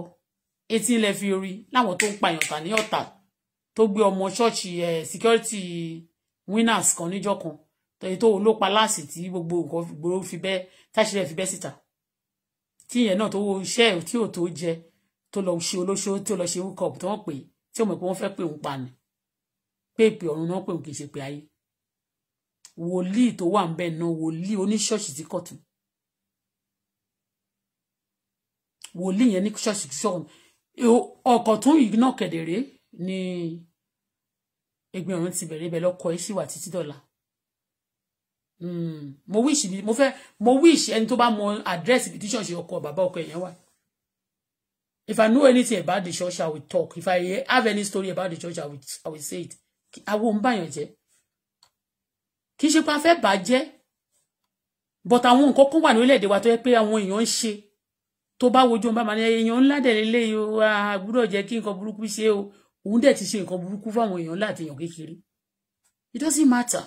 Speaker 1: etí ilẹ̀ fi rí láwọn tó ń pa èèyàn ta ní tó gbé ọmọ ṣọ́ọ̀ṣì eh, security winners kan níjọ́ kan tẹ̀yìn tó ló pa láàsì tí gbogbo nǹkan gbòòrò fi bẹ́ táṣìlẹ̀ fi bẹ́ síta tí ìyẹn náà tó wo iṣẹ́ tí ò tó jẹ tó lọ ṣe olóṣó tó lọ ṣe hookup tí wọ́n pè tí ó mọ̀ pé wọ́n fẹ́ pè òun pa ni pé ìpè ọ̀run náà pè o kì í ṣe pé ayé wòlíì tó wà ń bẹ̀ náà wòlíì oníṣọ́ọ̀ṣì tí kọ̀tún wòlíì yẹn ní ṣọ́ọ̀ṣì ṣọ́ọ̀n ọkọ̀ tún yìí náà kedere ni ẹgbẹ́ ọ̀run ti bẹ̀rẹ̀ ibẹ̀ lọ́kọ ẹ̀ ṣì wà títí dọ̀la hmm, mo wish bi mo fẹ́ mo wish ẹni tó bá mọ address ibi tí ṣọ́ọ̀ṣì ọkọ bàbá ọkọ ẹ̀yẹn wà if i know anything about the church i will talk if i have any story about the church i will, I will say it awo ń bàyàn jẹ́ kì í ṣe pé fẹ́ bàjẹ́ but àwọn nǹkan kan wà ní orílẹ̀-èdè wa tó yẹ pé àwọn èèyàn ń ṣe tó bá wojú ọba màá ní èèyàn ńlá dẹ̀ lélẹ́yìí o àgbúrò jẹ́ kí nǹkan burúkú ṣe o òun dẹ̀ ti ṣe nǹkan burúkú fáwọn èèyàn láti èèyàn kékeré it doesn't matter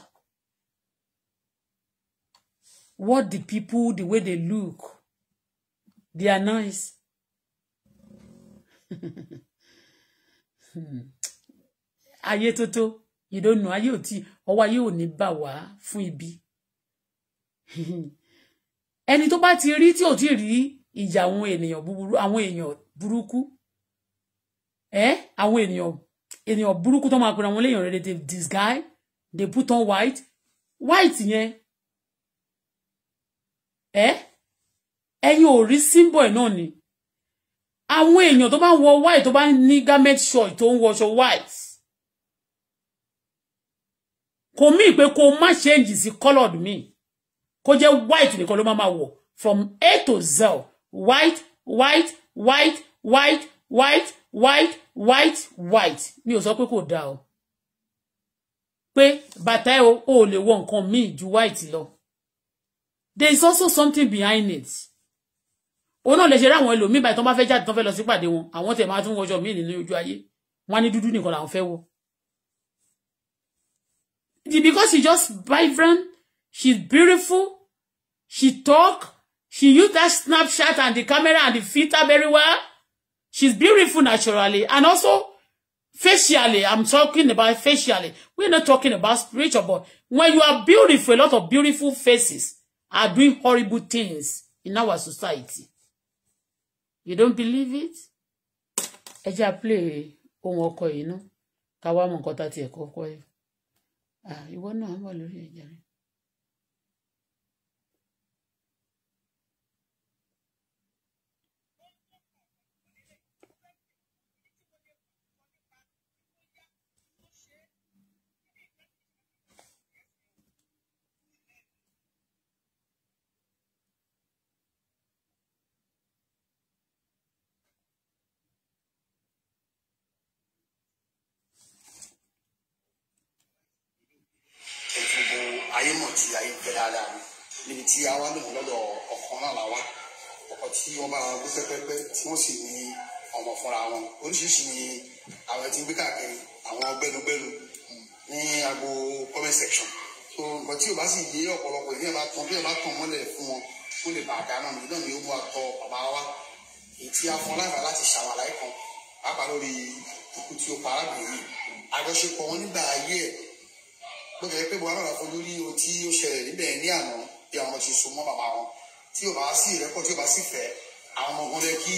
Speaker 1: what the people the way they look they are nice hmm. ayé tótó ìdónú ayé ò tí ọwọ́ ayé ò ní bà wá fún ibi ẹni tó bá ti rí tí ò ti rí ìjà àwọn ènìyàn búburú àwọn èèyàn burúkú Eh, àwọn ènìyàn ènìyàn burúkú tó máa pera wọn léèyàn rere they disguise they put on white white yẹn Eh, ẹ̀yin ò rí symbol náà ni àwọn èèyàn tó bá ń white tó bá ń ní garment short tó ń wọṣọ white kò mí pé kó má change sí colored mi kó jẹ́ white nìkan ló máa máa wọ̀ from A to Z white white white white white white white white mi ò sọ pé kò dáa o Pe bata o o le wọ nǹkan míì ju white lo. there is also something behind it òun náà lè ṣe ráwọn ẹlòmíì báyìí tó bá fẹ́ jáde tó fẹ́ lọ sípàdé wọn àwọn tẹ̀ máa tún wọṣọ míì nínú ojú ayé wọn á ní dúdú nìkan làwọn fe wo. The, because she just vibrant, she's beautiful, she talk, she use that Snapchat and the camera and the filter very well. She's beautiful naturally and also facially. I'm talking about facially. We're not talking about spiritual, but when you are beautiful, a lot of beautiful faces are doing horrible things in our society. You don't believe it? I jẹ́ play on ọkọ yìí ná. Ká wá mọ̀ nǹkan tá ti ẹ̀kọ́ kọ́ ẹ̀. Ah, ìwọ náà ń bọ̀ lórí
Speaker 2: ayé mọ̀ tí ayé ń fẹ́ dáadáa níbi tí àwa náà lọ́dọ̀ ọ̀kan náà làwa ọkọ̀ tí wọ́n bá wọn gbé pẹ́pẹ́pẹ́ tí wọ́n sì ní ọmọ fúnra wọn oríṣiríṣi ni àwọn ti ń gbé káàkiri àwọn gbẹnugbẹnu hmm, ní agbo comment section so nǹkan tí o bá sì yé ọ̀pọ̀lọpọ̀ ìdí ẹ̀ bá tán bí ẹ̀ bá tán mọ́lẹ̀ fún wọn ó lè bàa dáná mi náà ni ó mú àtọ bàbá wa èyí tí a fún láǹfà láti ṣàwàlà ẹ̀kan pàápàá lórí ikú tí ó pa arábìnrin àjọṣepọ̀ wọn nígbà ayé ẹ̀ bó jẹ́ pé buhari àlàfo lórí ohun tí ó ṣẹlẹ̀ níbẹ̀ ní àná bí àwọn ṣe so mọ́ bàbá wọn tí ò bá sí ìrẹ́pọ̀ tí ò bá sì fẹ́ àwọn ọmọ ọgbọ́n rẹ kí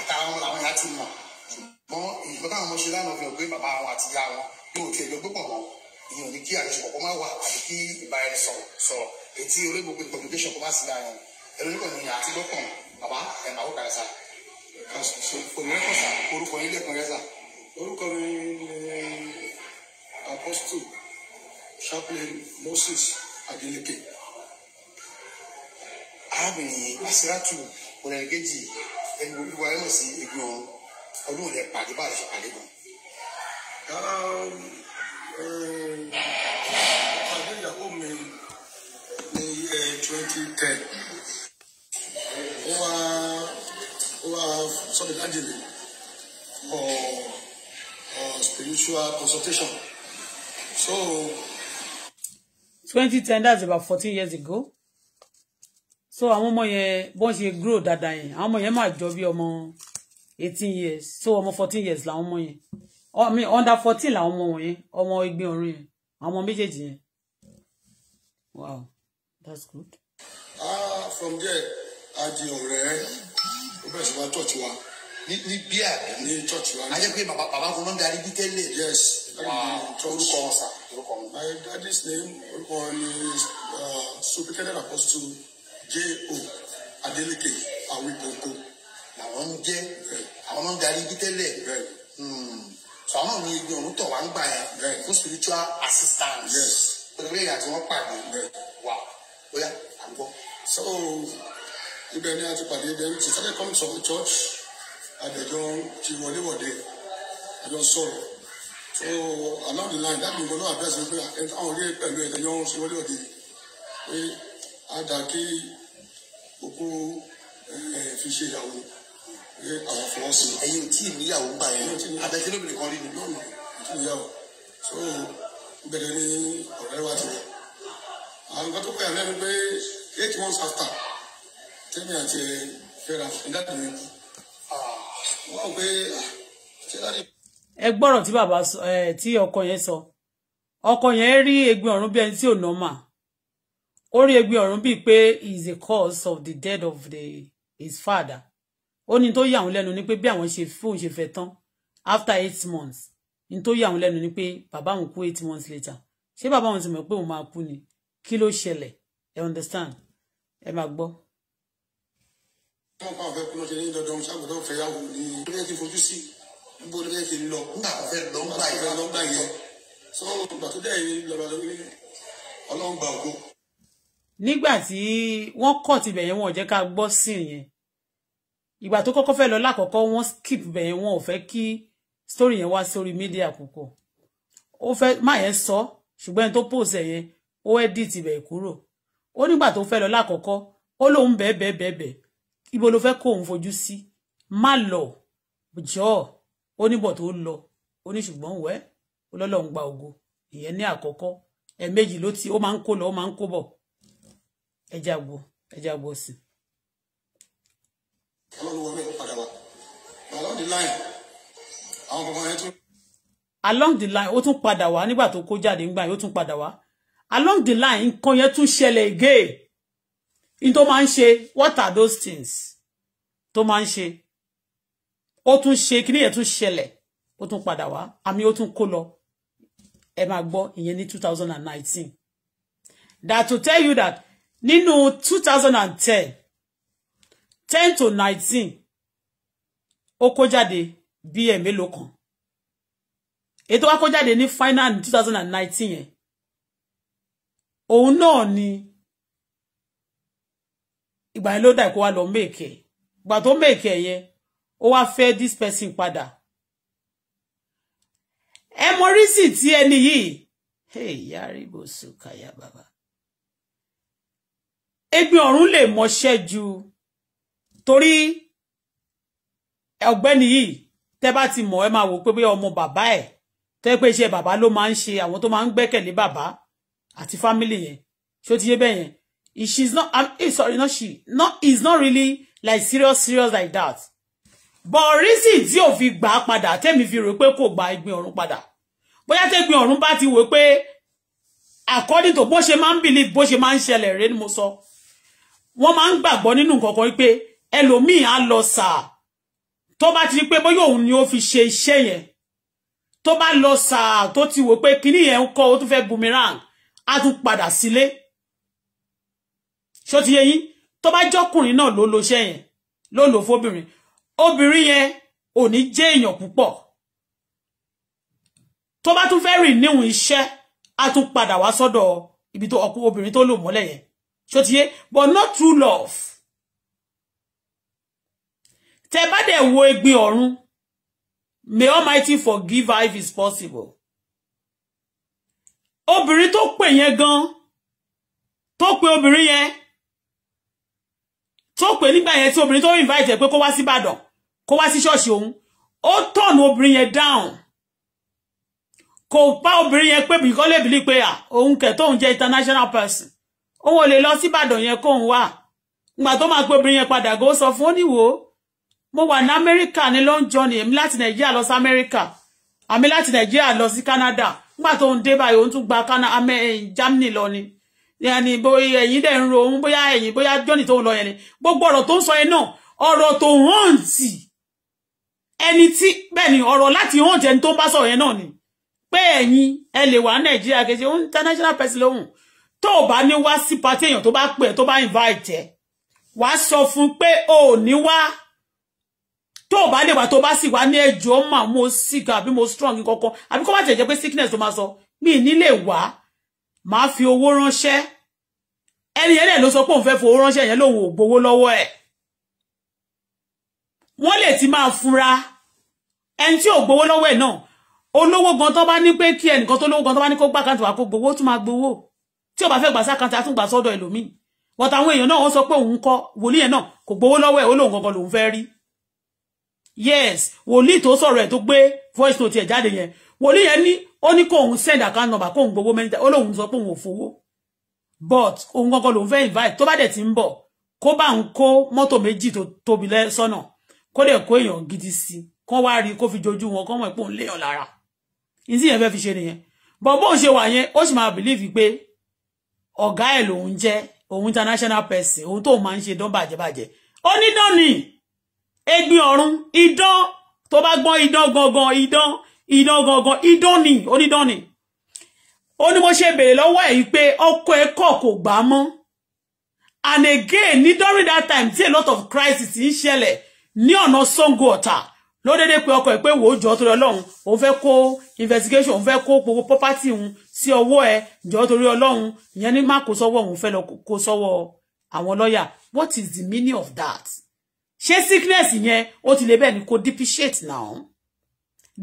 Speaker 2: àtàwọn làwọn yà ti mọ̀ ṣùgbọ́n ìgbọ́n táwọn ọmọ ṣe lánàá fi hàn pé bàbá wọn àti ìyá wọn yóò tiẹ̀ jọ gbẹ́pọ̀ wọn ìyàn ní kí àjọṣepọ̀ kó má wà àti kí ìbáraẹnisọ̀rọ̀ sọ̀rọ̀ etí olóògbé pé communication kó má sí láàrin ẹ̀rọ nípa ìyàn àti gbọ́pọ̀ bàbá ẹ̀ máa wò kàrẹ́ sá. òmìnira kọ̀sà orúkọ yín lẹ́kàn rẹ́ sá. orúkọ mi ni apostle chaplain moses adeleke arábìnrin asiratu ọ̀rẹ́gẹ́jì ẹni olúwa ẹ̀ mọ̀ sí egbò ọdún rẹ̀ pàdé bá rẹ̀ pàdé gan. pàdé ìyàwó mi ní eh, twenty ten ó wá ó wá sọ́dọ̀ dájèlè for spiritual consultation. So
Speaker 1: 2010 that's about 14 years ago. So àwọn ọmọ yẹn bọ́n ṣe grow dáadáa yẹn àwọn ọmọ yẹn job jọ bí ọmọ 18 years so ọmọ 14 years làwọn ọmọ yẹn oh, I mean under 14 làwọn ọmọ wọ̀nyẹn ọmọ Ìgbín Ọ̀run yẹn àwọn ọmọ méjèèjì yẹn. Wow, that's good.
Speaker 2: Ah, from there, Adi ọ̀rẹ́, ó bẹ̀rẹ̀ sí máa tọ̀ tiwa. Ní bí àbí. You tọ̀ tiwa. Ajẹ́ pé bàbá kan náà darí bí tẹ́lẹ̀. Yes orúkọ my daddy's name orúkọ ni uh, Superintendent Apostle J.O. Adeleke Awikonko. làwọn ń on àwọn máa ń darí ibi tẹ́lẹ̀ sọ̀rọ̀ hmm. ní ibi òun tọ̀ wá ń gbà yẹn fún spiritual assistance orí ìyá tí wọ́n pàdé Wow. Oh yeah. ń gbọ́. so you've been here to pàdé Then she started coming to the church I don't. àdẹ̀jọ́ ti I don't sọ̀rọ̀ so along the line that dábìlì gbọ́dọ̀ address mi pé àwọn orí pẹ̀lú ẹ̀jẹ̀ yọ̀ ń ṣe wọlé òde pé àdá kí òkú fi ṣe ìyàwó pé àwọn fọwọ́ sí. ẹ̀yin tí ì níyàwó gbà yẹn abẹ́tí lóbìnrin kan rí ni. lónìí tí níyàwó so bẹ̀rẹ̀ ní ọ̀rẹ́ wa ti wọ̀ àwọn nǹkan tó pẹ̀lú ẹni pé eight months after tẹ́mi àti ẹ̀ fẹ́ra ìdádìmí kú ah, wọ́n pé ah, ṣé
Speaker 1: dáadé ẹ gbọ́rọ̀ tí bàbá tí ọkọ yẹn sọ ọkọ yẹn rí egbin ọ̀run bí ẹni tí ò normal ó rí egbin ọ̀run bíi pé he is the cause of the death of the, his father ó ní tó yà wọ́n lẹ́nu ni pé bí àwọn ṣe fóun ṣe fẹ́ tán after eight months ní tó yà wọ́n lẹ́nu ni pé bàbá òun kú eight months later ṣé bàbá òun ti mọ̀ pé òun máa kú ni kí ló ṣẹlẹ̀ ẹ understand ẹ máa gbọ́.
Speaker 2: wọ́n pa ọ̀fẹ́ kúnlọ́ṣẹ́ ní dandan ṣàgbọ́dọ̀ fẹ́yàwó ní ilé ti fojú sí i níbo ló fẹ́ ṣe lọ nígbà tó fẹ́ lọ ńgbà yẹn lọ ńgbà yẹn so ìgbà tó dẹ̀ lọ́ba lórí ọlọ́run gba ògo.
Speaker 1: nígbà tí wọ́n kọ̀ tibẹ̀ yẹn wọn jẹ́ ká gbọ́ sí yẹn ìgbà tó kọ́kọ́ fẹ́ lọ lákọ̀ọ́kọ́ wọ́n skip bẹ̀ yẹn wọn ò fẹ́ kí story yẹn wá sórí mídíà púpọ̀ ó fẹ́ má yẹn sọ ṣùgbọ́n ẹni tó post ẹ̀ yẹn ó edit ibẹ̀ kúrò ó nígbà tó fẹ́ lọ lákọ̀ọ́kọ́ ó lóun bẹ́ẹ̀ bẹ́ẹ̀ bẹ́ẹ̀ bẹ́ẹ̀ ibo ló fẹ́ kó òun fojú sí má lọ jọ̀ọ́ ó níbọ̀ tó lọ ó ní ṣùgbọ́n wẹ́ ọlọ́lọ́run gba ògo ìyẹn ní àkọ́kọ́ ẹ̀ẹ̀mejì ló ti ó máa ń kó lọ ó máa ń kó bọ̀ ẹja gbo ẹja gbo sí. along the line ó tún padà wá nígbà tó kó jáde nígbà yìí ó tún padà wá along the line nǹkan yẹn tún ṣẹlẹ̀ again in tó máa ń ṣe what are those things tó máa ń ṣe ó tún ṣe kíní yẹn tún ṣẹlẹ̀ ó tún padà wá àmì ó tún kó lọ ẹ máa gbọ́ ìyẹn ní two that to tell you that nínú two thousand and to 19, ó kó jáde bí ẹ̀ mélòó kan ètò wa kó jáde ní final two thousand and nineteen yẹn ni ìgbà yẹn ló dà kó wa lọ mẹ́ẹ̀kẹ́ ìgbà tó mẹ́ẹ̀kẹ́ yẹn ó wá fẹ́ this person padà ẹ mọ rísì tí ẹni yìí hey yari bó so kàyà bàbá ẹgbin ọ̀run lè mọṣẹ́ ju torí ọ̀gbẹ́ni yìí tẹ́ bá ti mọ̀ ẹ máa wò pé bóyá ọmọ bàbá ẹ̀ tẹ́ pé iṣẹ́ bàbá ló máa ń ṣe àwọn tó máa ń gbẹ́kẹ̀lé bàbá àti fámìlì yẹn ṣó ti yé bẹ́ẹ̀ yẹn she's not eh, sorry not she not is not really like serious serious like that but reason tí ò fi gbà á padà tẹ́mi fi rò pé kò gba ìgbín ọ̀run padà bóyá tẹ́gbin ọ̀run bá ti wò pé according to bó ṣe máa ń believe bó ṣe máa ń ṣẹlẹ̀ rẹ ni mo sọ wọ́n máa ń gbàgbọ́ nínú nǹkan kan pé ẹlòmíì á lọ sàá tó bá ti rí pé bóyá òun ni ó fi ṣe iṣẹ́ yẹn tó bá lọ sàá tó ti wò pé kíní yẹn ń kọ́ ó tún fẹ́ boomerang á tún padà sílé ṣó ti yé yín tó bá jọ́kùnrin náà ló lo iṣẹ́ yẹn ló lò fóbìnrin obìnrin yẹn ò ní jẹ́ èèyàn púpọ̀ tó bá tún fẹ́ rìn níhun iṣẹ́ á tún padà wá sọ́dọ̀ ibi tó ọkùn obìnrin tó lò mọ́lẹ̀ yẹn ṣó ti yé but not true love tẹ bá dẹ̀ wo egbin ọ̀run may almighty forgive if it's possible obìnrin tó pè yẹn gan tó pè obìnrin yẹn tó pè nígbà yẹn tí obìnrin tó invite ẹ pé kó wá sí Ìbàdàn kó wá sí ṣọ́ọ̀ṣì òun ó tọ̀nù obìnrin yẹn down kò bá obìnrin yẹn pé bìkọ́ lè bìlí pé à òun kẹ̀ tóun jẹ́ international person òun ò lè lọ síbàdàn yẹn kóun wà ìgbà tó máa pé obìnrin yẹn padà gò sọ fún ó mo wà ní amẹ́ríkà ní london ní èmi láti nàìjíríà lọ sí amẹ́ríkà àmì láti nàìjíríà lọ sí canada nígbà tó ń dé báyìí òun tún gba eh, germany lọ ni yẹni bóyá ẹ̀yin dẹ̀ ń ro òun bóyá ẹ̀yin bóyá johnny tó ń lọ yẹn ni gbogbo ọ̀rọ̀ tó ń sọ yẹn náà ọ̀rọ̀ tó hàn tì ẹni tí bẹ́ẹ̀ ni ọ̀rọ̀ láti hàn jẹ́ni tó ń bá sọ̀rọ̀ yẹn náà ni pé ẹ̀yin ẹ lè wà nàìjíríà kejì ó ń international person lóhùn tó o bá ní wá sí party èèyàn tó bá pè tó bá invite ẹ wàá sọ fún pé o ò ní wá tó o bá lè wá tó bá sì wá ní ẹjọ́ mà mo sick àbí mo strong kankan àbí kó má tẹ̀ pé sickness tó máa sọ mi ì ní lè wá màá fi owó ránṣẹ́ ẹni yẹn lè ló sọ pé òun fẹ́ fowó ránṣẹ́ yẹn lòun ò gbowó lọ́wọ́ ẹ̀ wọ́n lè ti máa fura ẹni tí ò gbowó lọ́wọ́ ẹ̀ náà olówó gan tó bá ní pé kí ẹnìkan tó lówó gan tó bá ní kó gbà kan tó wà kó gbowó tún máa gbowó tí ò bá fẹ́ gbà sákan tí a tún gbà sọ́dọ̀ ẹlòmíì wọ́n táwọn èèyàn náà wọ́n sọ pé òun kọ́ wòlíì yẹn náà kò gbowó lọ́wọ́ ẹ̀ ó lóun gangan lòun fẹ́ rí yes wòlíì tó sọ̀rọ̀ ẹ̀ tó gbé voice note ẹ̀ jáde yẹn wòlíì yẹn ní ó ní kóun send account number kóun gbowó mẹ́ta ó lóun sọ pé òun ò fowó but òun gangan lòun fẹ́ invite tó bá dẹ̀ ti ń bọ̀ kó bá ń kó mọ́tò méjì tó tóbi lẹ́sọ́nà kó dẹ̀ kó èèyàn gidi sí i kán wá rí i kó fi jojú wọn kán mọ̀ pé òun léèyàn lára ní tí yẹn fẹ́ fi ṣe nìyẹn bọ̀ bó ṣe wà yẹn ó sì máa bìlíìfì pé ọ̀gá ẹ̀ lòun jẹ́ òun international person òun tó máa ń ṣe dán bàjẹ́bàjẹ́ ó ní dán ni egbin ọ̀run idán tó bá gbọ́n idán gangan idán idán gangan idán ni onídán ni ó ní mo ṣe béèrè lọ́wọ́ ẹ̀ pé ọkọ ẹ̀ kọ̀ kò gbà mọ́ and again ní during that time tí a lot of crisis ń ṣẹlẹ̀ ní ọ̀nà Sango Ọ̀tà ló dédé pé ọkọ ẹ̀ pé wò ó jọ torí ọlọ́run òun fẹ́ investigation òun fẹ́ kó gbogbo property òun sí ọwọ́ ẹ̀ jọ torí ọlọ́run ìyẹn ní má kó sọ́wọ́ òun fẹ́ lọ kó sọ́wọ́ àwọn lọ́ọ̀yà what is the meaning of that She sickness yẹn ó ti lè bẹ́ẹ̀ ni kò depreciate now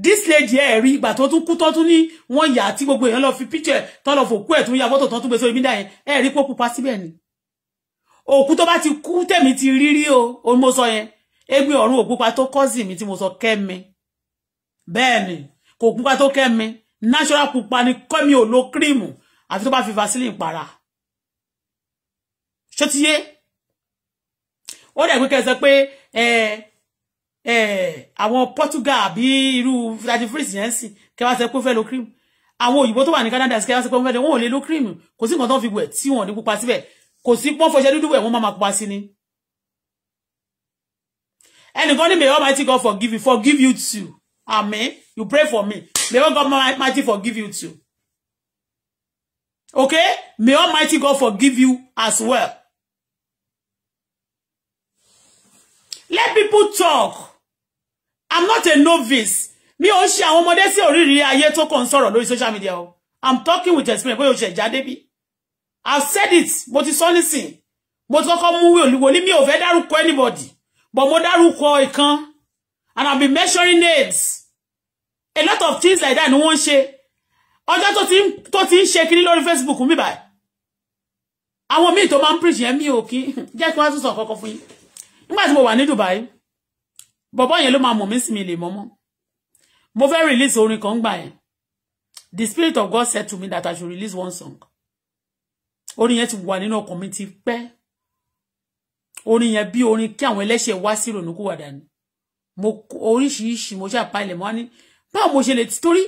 Speaker 1: this lady ẹ rí ìgbà tó tún kú tó tún ní wọn yà tí gbogbo èèyàn lọ fi picture tó lọ fòkú ẹ tún ya fọ́tò tó tún gbé sórí mídà yẹn ẹ rí pé ó pupa síbẹ̀ ni òkú tó bá ti kú tẹ̀mí ti rí rí o mo sọ yẹn Ègbé ọ̀run òpupa tó cousin mi tí mo sọ Kẹ́mi. Bẹ́ẹ̀ ni, kò pupa tó Kẹ́mi. Natural pupa ni Kẹ́mi ò lo cream àfi tó bá fi Vaseline para. Ṣé ti yé? Ó dẹ̀ pé kẹsàn pé àwọn Portugal àbí irú Fadi Fritz yẹn sì kẹwàá sẹ pé ó fẹ́ lo cream àwọn òyìnbó tó wà ní Canada sí kẹwàá pé wọ́n fẹ́ wọn ò lè lo cream kò sí nǹkan tó fi wẹ̀ tí wọ́n ní pupa síbẹ̀ kò sí pọ́n fọṣẹ dúdú wẹ̀ wọ́n máa pupa sí ni Anybody, may Almighty God forgive you forgive you too amen you pray for me may Almighty God forgive you too okay may Almighty God forgive you as well let people talk i'm not a novice mi ò ṣe àwọn ọmọdé sí oriri ayé tó kàn sọ̀rọ̀ lórí social media i'm talking with experience boyo i've said it mo ti sọ nísìn mo ti kọ́kọ́ mú woli woli mi ò fẹ́ dárúkọ anybody but mo dárúkọ ìkan and I'll be measuring nails a lot of things like that No one ń ṣe ọjọ́ tó ti tó ti ń ṣe Facebook mi báyìí àwọn míì tó máa ń preach yẹn mi ò kí jẹ́ kí wọ́n tún sọ kọ́kọ́ fún yín nígbà tí mo wà ní Dubai bọ̀bọ́ yẹn ló máa mọ̀ mí sí mi lè mọ́mọ́ mo fẹ́ release orin kan gbà yẹn the spirit of God said to me that I should release one song orin yẹn ti wà nínú ọkàn mi ti orin yẹn bí orin kí àwọn ẹlẹ́ṣẹ̀ wá sí ìrònúkúwàdà ni mo oríṣiríṣi mo ṣàpalẹ̀ mọ́ ní báwo mo ṣe lè torí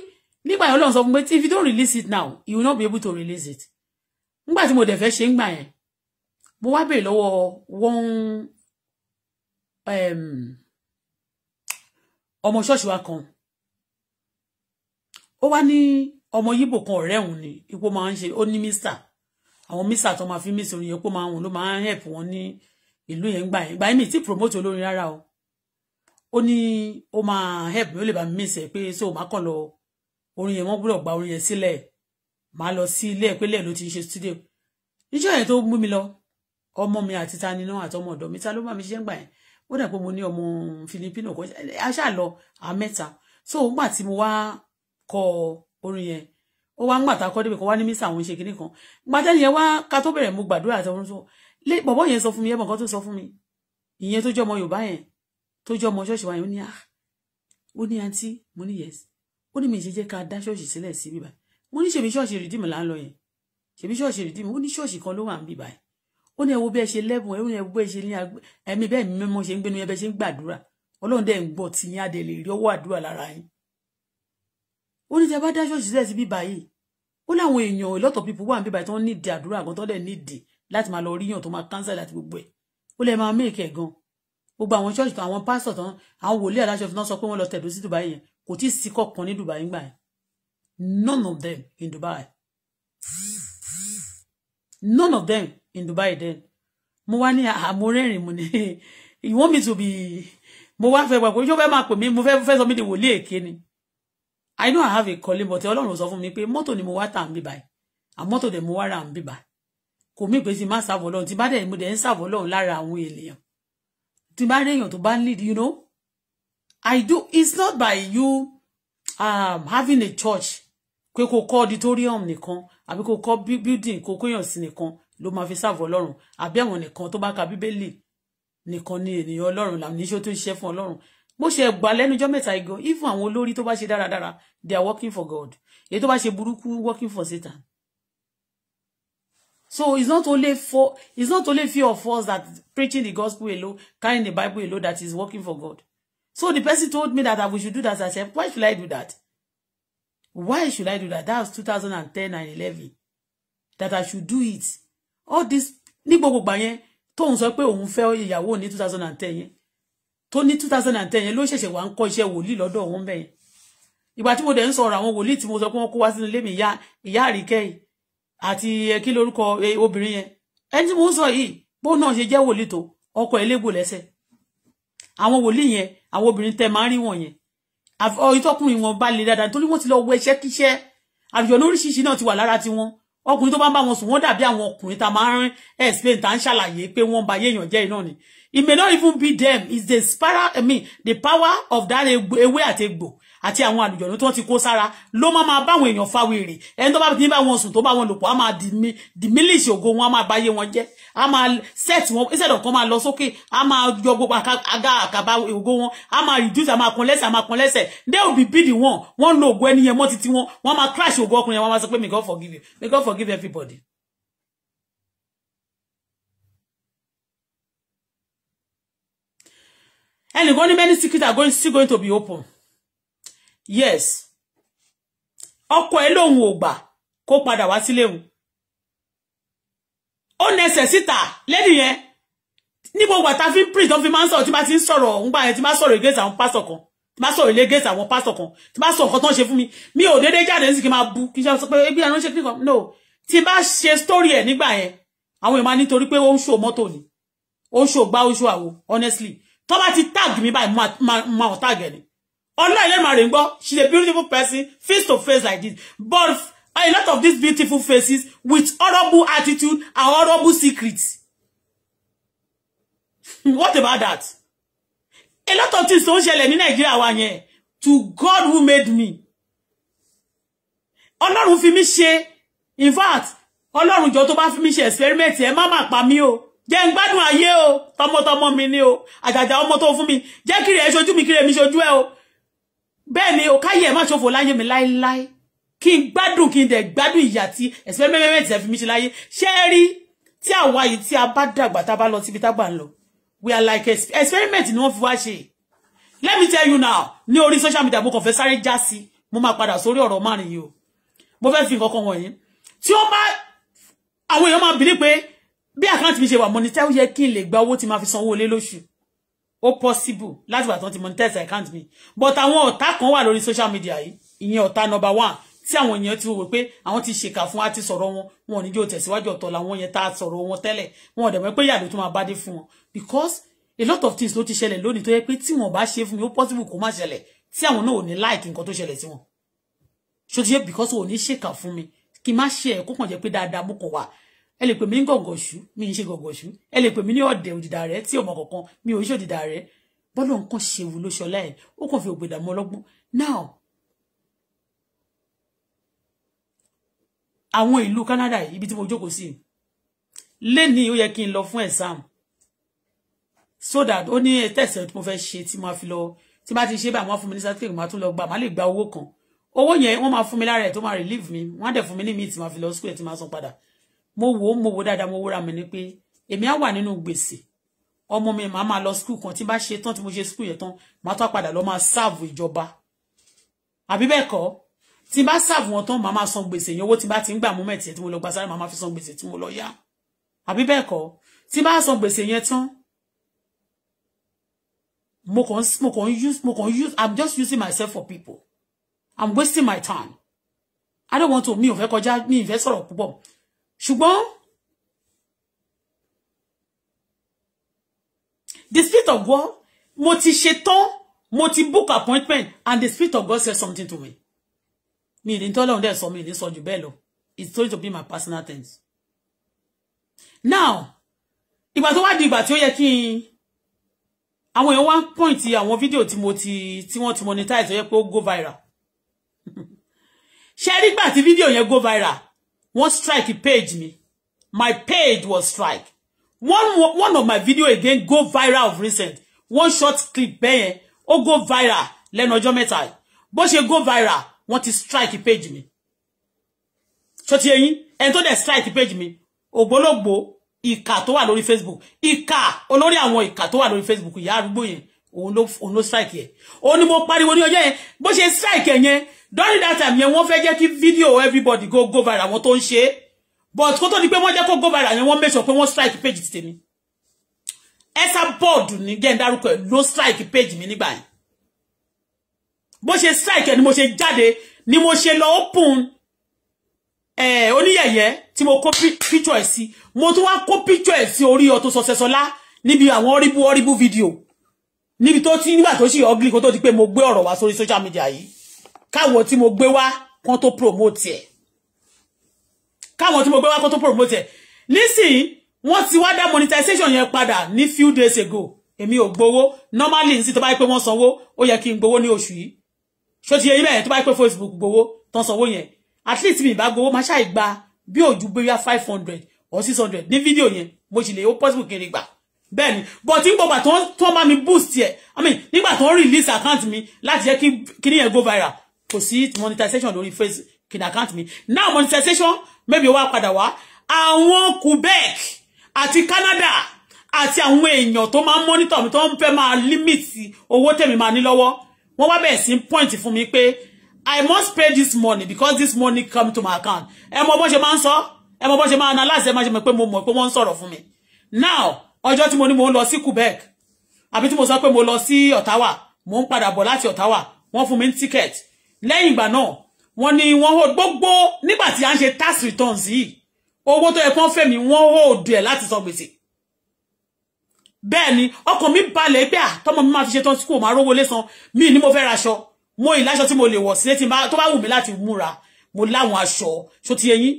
Speaker 1: nígbà yẹn Ọlọ́run sọ fún mi if you don't release it now you will not be able to release it ngbà tí mo dẹ̀ fẹ́ ṣe ngbà yẹn mo wá bèèrè lọ́wọ́ wọ́n ọmọ ṣọ́ọ̀ṣì wa kan ó wá ní ọmọ yíbò kan ọ̀rẹ́ òun ni ipò máa ń ṣe ó ní mísà àwọn mísà tó máa fi mísà orin yẹn pò máa ń ló máa ń help wọn ní ìlú yẹn gbà yẹn gbà yẹn mi ti promote olórin rárá o ó ní ó máa help mi ó lè bá mi mí sẹ pé so má kàn lọ orin yẹn wọ́n gbọ́dọ̀ gba orin yẹn sílẹ̀ máa lọ sí ilé ẹ̀ ló ti ń ṣe studio níjọ́ yẹn tó mú mi lọ ọmọ mi àti ta nínú àtọmọ ọ̀dọ̀ mi ta ló máa mi ṣiṣẹ́ ń gbà yẹn ó dà pé mo ní ọmọ filipino kan aṣá lọ àmẹ́ta so ngbà tí mo wá kọ orin yẹn ó wá ń gbà tá a kọ débi kan wá ní mísà àwọn ṣe kinní gbàtẹ́ni yẹn wá ká tó bẹ̀rẹ̀ mo gbàdúrà àtọwọ́n tó lé bọ̀bọ̀ yẹn sọ fún mi ẹ mọ̀ nǹkan tó sọ fún mi ìyẹn tó jẹ́ ọmọ Yorùbá yẹn tó jẹ́ ọmọ ṣọ́ọ̀ṣì wa yẹn ó ní à ah. ó ní mo ní yẹs ó ní mi ṣe jẹ́ ká dá ṣọ́ọ̀ṣì sílẹ̀ sí bíbá mo ní ṣèbí ṣọ́ọ̀ṣì rìdíìmù là ń lọ yẹn ṣèbí ṣọ́ọ̀ṣì rìdíìmù ó ní ṣọ́ọ̀ṣì kan ló wà ń bíbá yẹn ó ní ẹ wo bí ẹ ṣe lẹ́bùn ẹ ní ẹ wo bí ẹ ṣe ní ẹ̀mí bẹ́ẹ̀ mi mọ́ ṣe ń gbénu ẹ bẹ́ẹ̀ ṣe ń gbàdúrà ọlọ́run ti yín adẹ̀ lè rí ọwọ́ àdúrà lára yín ó ní tí a bá dá ṣọ́ọ̀ṣì sílẹ̀ sí bíbá yìí ó láwọn èèyàn a lot of people wa ń bíbá yìí need ń nídìí àdúrà gan need dẹ̀ láti máa lọ ríyàn tó máa cancel àti gbogbo ẹ̀ ó lè máa make ẹ̀ gan gbogbo àwọn church tó àwọn pastor tán àwọn wòlíì aláṣọ fi náà sọ pé wọ́n lọ tẹ̀dó sí Dubai yẹn kò tí ì sí kọ̀ọ̀kan ní Dubai ńgbà yẹn none of them in Dubai none of them in Dubai then mo wá ní àmórẹ́rìn ah, mo ní you want me to be mo wá fẹ́ gbàgbọ́ yóò fẹ́ máa pè mí mo fẹ́ fẹ́ sọ mí di wòlíì èké ni I know I have a calling but ọlọ́run sọ fún mi pé mọ́tò ni mo wá tà ń bíbáyìí àmọ́tò dẹ̀ mo wá rà ń bíbáyìí kò mí pé tí má sàvọ̀ ọlọ́run tí bá dẹ̀ mo dẹ̀ ń sàvọ̀ ọlọ́run lára àwọn ènìyàn tí bá rí èèyàn tó bá ń lead you know I do it's not by you um, having a church pé kò kọ́ auditorium nìkan àbí kò kọ́ building kò kóyàn sí nìkan ló máa fi sàvọ̀ ọlọ́run àbí àwọn nìkan tó bá ka bíbélì nìkan ni ènìyàn ọlọ́run làwọn oníṣẹ́ tó ń ṣiṣẹ́ fún ọlọ́run bó ṣe gbà lẹ́nujọ́ mẹ́ta igan even àwọn olórí tó bá ṣe dáradára they are working for God èyí tó bá ṣe burúkú working for Satan So it's not only for it's not only few of us that preaching the gospel alone, carrying the Bible alone that is working for God. So the person told me that we should do that. I said, why should I do that? Why should I do that? That was 2010 and 11. That I should do it. All this, ní gbogbo gbà yẹn, tó ń sọ ni 2010 yẹn. To ni 2010 yẹn ló ṣẹ̀ṣẹ̀ wá ń kọ́ iṣẹ́ wòlíì lọ́dọ̀ òun bẹ́yẹn. Ìgbà tí mo dẹ̀ ń sọ̀rọ̀ àwọn wòlíì tí mo sọ pé wọ́n kó wá sínú ilé mi ìyá àríkẹ́ yìí àti kí lorúkọ obìnrin yẹn ẹni tí mo ń sọ yìí bó náà ṣe jẹ́ wòlíì tó ọkọ elégbò lẹ́sẹ̀ àwọn wòlíì yẹn àwọn obìnrin tẹ máa ń rí wọn yẹn ìtọkùnrin wọn bá le dáadáa nítorí wọn ti lọ wọ iṣẹ́ kíṣẹ́ àjọyọ̀ lóríṣiríṣi náà ti wà lára tiwọn ọkùnrin tó bá ń bá wọn sùn wọn dàbí àwọn ọkùnrin tá máa ń explain tá ń ṣàlàyé pé wọn ba yéèyàn jẹ́ iná ni it may not even be them it's the spiral i mean the power of that e-, ewé àti egbò àti àwọn àlùjọ̀nù tó ti kó sára ló máa máa báwọn èèyàn fa wèrè ẹni tó bá ti bá wọn sùn tó bá wọn lò pọ̀ á máa dimilish ògo wọn á máa báyé wọn jẹ́ á máa set wọn instead of kan máa lọ sókè á máa yọ gbogbo àga àkàbà ògo wọn á máa reduce á máa kan lẹ́sẹ̀ á kan lẹ́sẹ̀ they will be bid wọn wọn lo ògo ẹni yẹn mọ́ títí wọn wọn máa crash ògo ọkùnrin yẹn wọn máa sọ pé may God forgive you may God forgive everybody. ẹnìkan ní many secrets are going still going to be open yes ọkọ ẹ̀ lòun ò gbà kó padà wá sílé òun ó nẹsẹ̀ síta lẹ́nu yẹn ní gbogbo àtà fi ń print tó fi máa ń sọ̀rọ̀ tí bá ti ń sọ̀rọ̀ òun báyẹn tí bá sọ̀rọ̀ against àwọn pásọ̀ kan tí bá sọ̀rọ̀ against àwọn pásọ̀ kan tí bá sọ nǹkan tó ń ṣe fún mi mi ò déédéé jáde nísìsiyìí máa bu kí n sọ pé ebi àná ṣe kíkan no tí bá ṣe story ẹ̀ nígbà yẹn àwọn èèyàn máa nítorí pé ó ń ṣò mọ́tò ni ó ń ṣò gbá ó àwo honestly tó bá ti tag mi báyìí máa tag ẹ̀ ni Online my Ngbo, she's a beautiful person, face to face like this. But a lot of these beautiful faces with horrible attitude and horrible secrets. What about that? A lot of things don't share. ṣẹlẹ̀ ní Nigeria wa yẹn. To God who made me. Ọlọ́run who mí ṣe. In fact, Ọlọ́run who tó bá fi mí experiment Mama má má pa mí o. Jẹ́ n gbádùn ayé o. Tọmọtọmọ mi ni o. Àjàjà ọmọ tó fún mi. kire mi kire mi ṣojú o bẹ́ẹ̀ ni o káyé ẹ̀ má ṣòfò láyé mi láéláé kí n gbádùn kí n dẹ̀ gbádùn ìyà tí ẹ̀sìn mẹ́mẹ́mẹ́ tẹ̀ fi mi ṣe láyé ṣé ẹ rí tí àwa yìí tí a bá dàgbà tá a bá lọ síbi tá a gbà ń lọ we are like experiment ni wọ́n fi wá ṣe let me tell you now ní orí social media mo kàn fẹ́ sáré já sí mo máa padà sórí ọ̀rọ̀ márùn-ún yìí o mo fẹ́ fi nǹkan kan wọ̀nyí tí ó bá àwọn èèyàn máa bìlí pé bí àkáǹtì mi ṣe wà mọ́nítẹ́ ó yẹ kí n lè gba owó tí máa fi sanwó ilé lóṣù ó possible láti wà tó ti monetize account mi but àwọn ọ̀tá kan wà lórí social media yìí ìyẹn ọ̀tá number one tí àwọn èèyàn ti wò pé àwọn ti ṣèkà fún wa ti sọ̀rọ̀ wọn wọn ò ní jẹ́ tẹ̀síwájú ọ̀tọ̀ làwọn yẹn tá a sọ̀rọ̀ wọn tẹ́lẹ̀ wọn ò dẹ̀ mọ̀ pé yàrá tó máa bá dé fún wọn because a lot of things ló ti ṣẹlẹ̀ lónìí tó yẹ pé tí wọn bá ṣe fún mi ó possible kó má ṣẹlẹ̀ tí àwọn náà ò ní like nǹkan tó ṣẹlẹ̀ sí wọn ṣó ti ṣe because ò ní ṣèkà fún mi kí n má ṣe ẹ̀ kó kàn jẹ́ pé dáadáa mú kàn wà ẹ lè pè mí ní gọ̀gọ̀ṣú mi ń ṣe gọ̀gọ̀ṣú ẹ lè pè mí ní ọ̀dẹ̀ òdìdà rẹ tí ọmọ kankan mi ò ṣe òdìdà rẹ bọ́lá nǹkan ṣe wù ló ṣọlá ẹ̀ ó kàn fi ògbèdà mọ́ ọlọ́gbọ́n now àwọn ìlú Canada ibi tí mo jókòó sí lénìí ó yẹ kí n lọ fún exam so that ó ní tẹ̀sẹ̀ tí mo fẹ́ ṣe tí mo fi lọ tí bá ti ṣe báyìí wọ́n fún mi ní owó yẹn wọ́n máa fún mi lára ẹ̀ tó máa relieve mi wọ́n á dẹ̀ fún mi ní míì máa fi lọ school ẹ̀ tí máa san padà mo wò mo wò dáadáa mo wúra mi ni pé èmi á wà nínú gbèsè ọmọ mi màá máa lọ skul kan tí bá ṣe tán tí mo ṣe skul yẹn tán màá tó padà lọ máa sáàvù ìjọba àbí bẹ́ẹ̀ kọ́ tí bá sáàvù wọn tán màá máa san gbèsè yẹn owó tí bá ti ń gbà mú mẹ́tì mo lọ gba sáré màá máa fi san gbèsè tí mo lọ yá àbí bẹ́ẹ̀ kọ́ tí bá san gbèsè yẹn tán mo kàn mo kàn use mo kàn use i'm just using myself for people i'm wasting my time i don't want to mi ò fẹ́ kọjá mi ò fẹ́ sọ̀rọ̀ ṣùgbọ́n the spirit of God mo ti ṣetán mo ti book appointment and the spirit of God said something to me mi ní tọ́lọ́run dẹ̀ sọ mi ní sọ jù bẹ́ẹ̀ lọ it's going to be my personal things now ìgbà tó wá di ìgbà tí ó yẹ kí n àwọn èèyàn wá ń point àwọn fídíò tí mo ti tí wọ́n ti monetize ó yẹ pé ó go viral ṣe rí gbà tí fídíò yẹn go viral One strike page me. my page was strike one one of my video again go viral of recent one short clip bẹ́yẹn oh go viral lẹ́nu ọjọ́ mẹ́ta bó ṣe go viral wọ́n ti strike page me. ṣó ti eyín ẹni tó dẹ̀ strike page me. mi ògbólógbò ìkà tó wà lórí Facebook ìkà olórí àwọn ìkà tó wà lórí Facebook ìyá arúgbó yẹn òun ló strike yẹn òun ni mo pariwo ní ọjọ́ yẹn bó ṣe strike yẹn during that time yẹn wọ́n fẹ́ jẹ́ kí video everybody go go viral àwọn tó ń ṣe but kó tó di pé wọ́n jẹ́ kó go viral yẹn wọ́n make sure pé wọ́n strike page ti tèmi ẹsà board ní gẹ́ń dárúkọ ló strike page mi nígbà yẹn bó ṣe strike ẹ ni mo ṣe jáde ni mo ṣe lọ open eh oníyẹ̀yẹ́ tí mo kó picture ẹ̀ sí mo tún wá kó picture ẹ̀ sí orí Auto Success Ola níbi àwọn horrible horrible video níbi tó ti nígbà tó sì ugly kó tó di pé mo gbé ọ̀rọ̀ wá sórí social media yìí káwọn tí mo gbé wá kán tó promote ẹ̀ káwọn tí mo gbé wá kán tó promote ẹ̀ nísìnyí wọ́n ti wá dá monetization yẹn padà ní few days ago èmi ò gbowó normally nsí tó bá yẹ pé wọ́n sanwó ó yẹ kí n gbowó ní oṣù yìí ṣó ti bẹ́ẹ̀ tó bá pé Facebook gbowó tán sanwó yẹn at least mi ìbá gbowó máa ṣáà gba bí òjú bóyá five hundred or six hundred ní fídíò yẹn mo sì lè ó possible kiri gbà bẹ́ẹ̀ ni but nígbà tó ń bá mi boost yẹ i mean nígbà tó ń release account mi láti jẹ́ kí kíní yẹn go viral kò sí monetization lórí face kin account mi now monetization maybe wá padà wá àwọn Quebec àti Canada àti àwọn èèyàn tó máa ń monitor mi tó ń fẹ́ máa limit owó tèmi máa ní lọ́wọ́ wọ́n wá bẹ̀rẹ̀ sí point fún mi pé I must pay this money because this money come to my account ẹ mọ bó ṣe máa ń sọ ẹ mọ bó ṣe máa analyze ẹ máa ṣe mọ̀ pé mo mọ̀ pé wọ́n ń sọ̀rọ̀ fún mi now ọjọ́ tí mo ní mo ń lọ sí Quebec àbí tí mo sọ pé mo lọ sí Ottawa mo ń padà bọ̀ láti Ottawa wọ́n fún mi ní ticket lẹ́yìn ìgbà náà wọ́n ní wọ́n hold gbogbo nígbà tí a ń ṣe tax returns yìí owó tó yẹ kán fẹ́ mi wọ́n hold ẹ̀ láti san gbèsè bẹ́ẹ̀ ni ọkàn mi balẹ̀ pé à ah, tọ́mọ mi máa fi ṣe tán tí kò máa rówó lé san mí ni mo fẹ́ raṣọ mo ì láṣọ tí mo lè wọ̀ sílé tó bá wù mí láti múra mo láwọn aṣọ tó ti eyín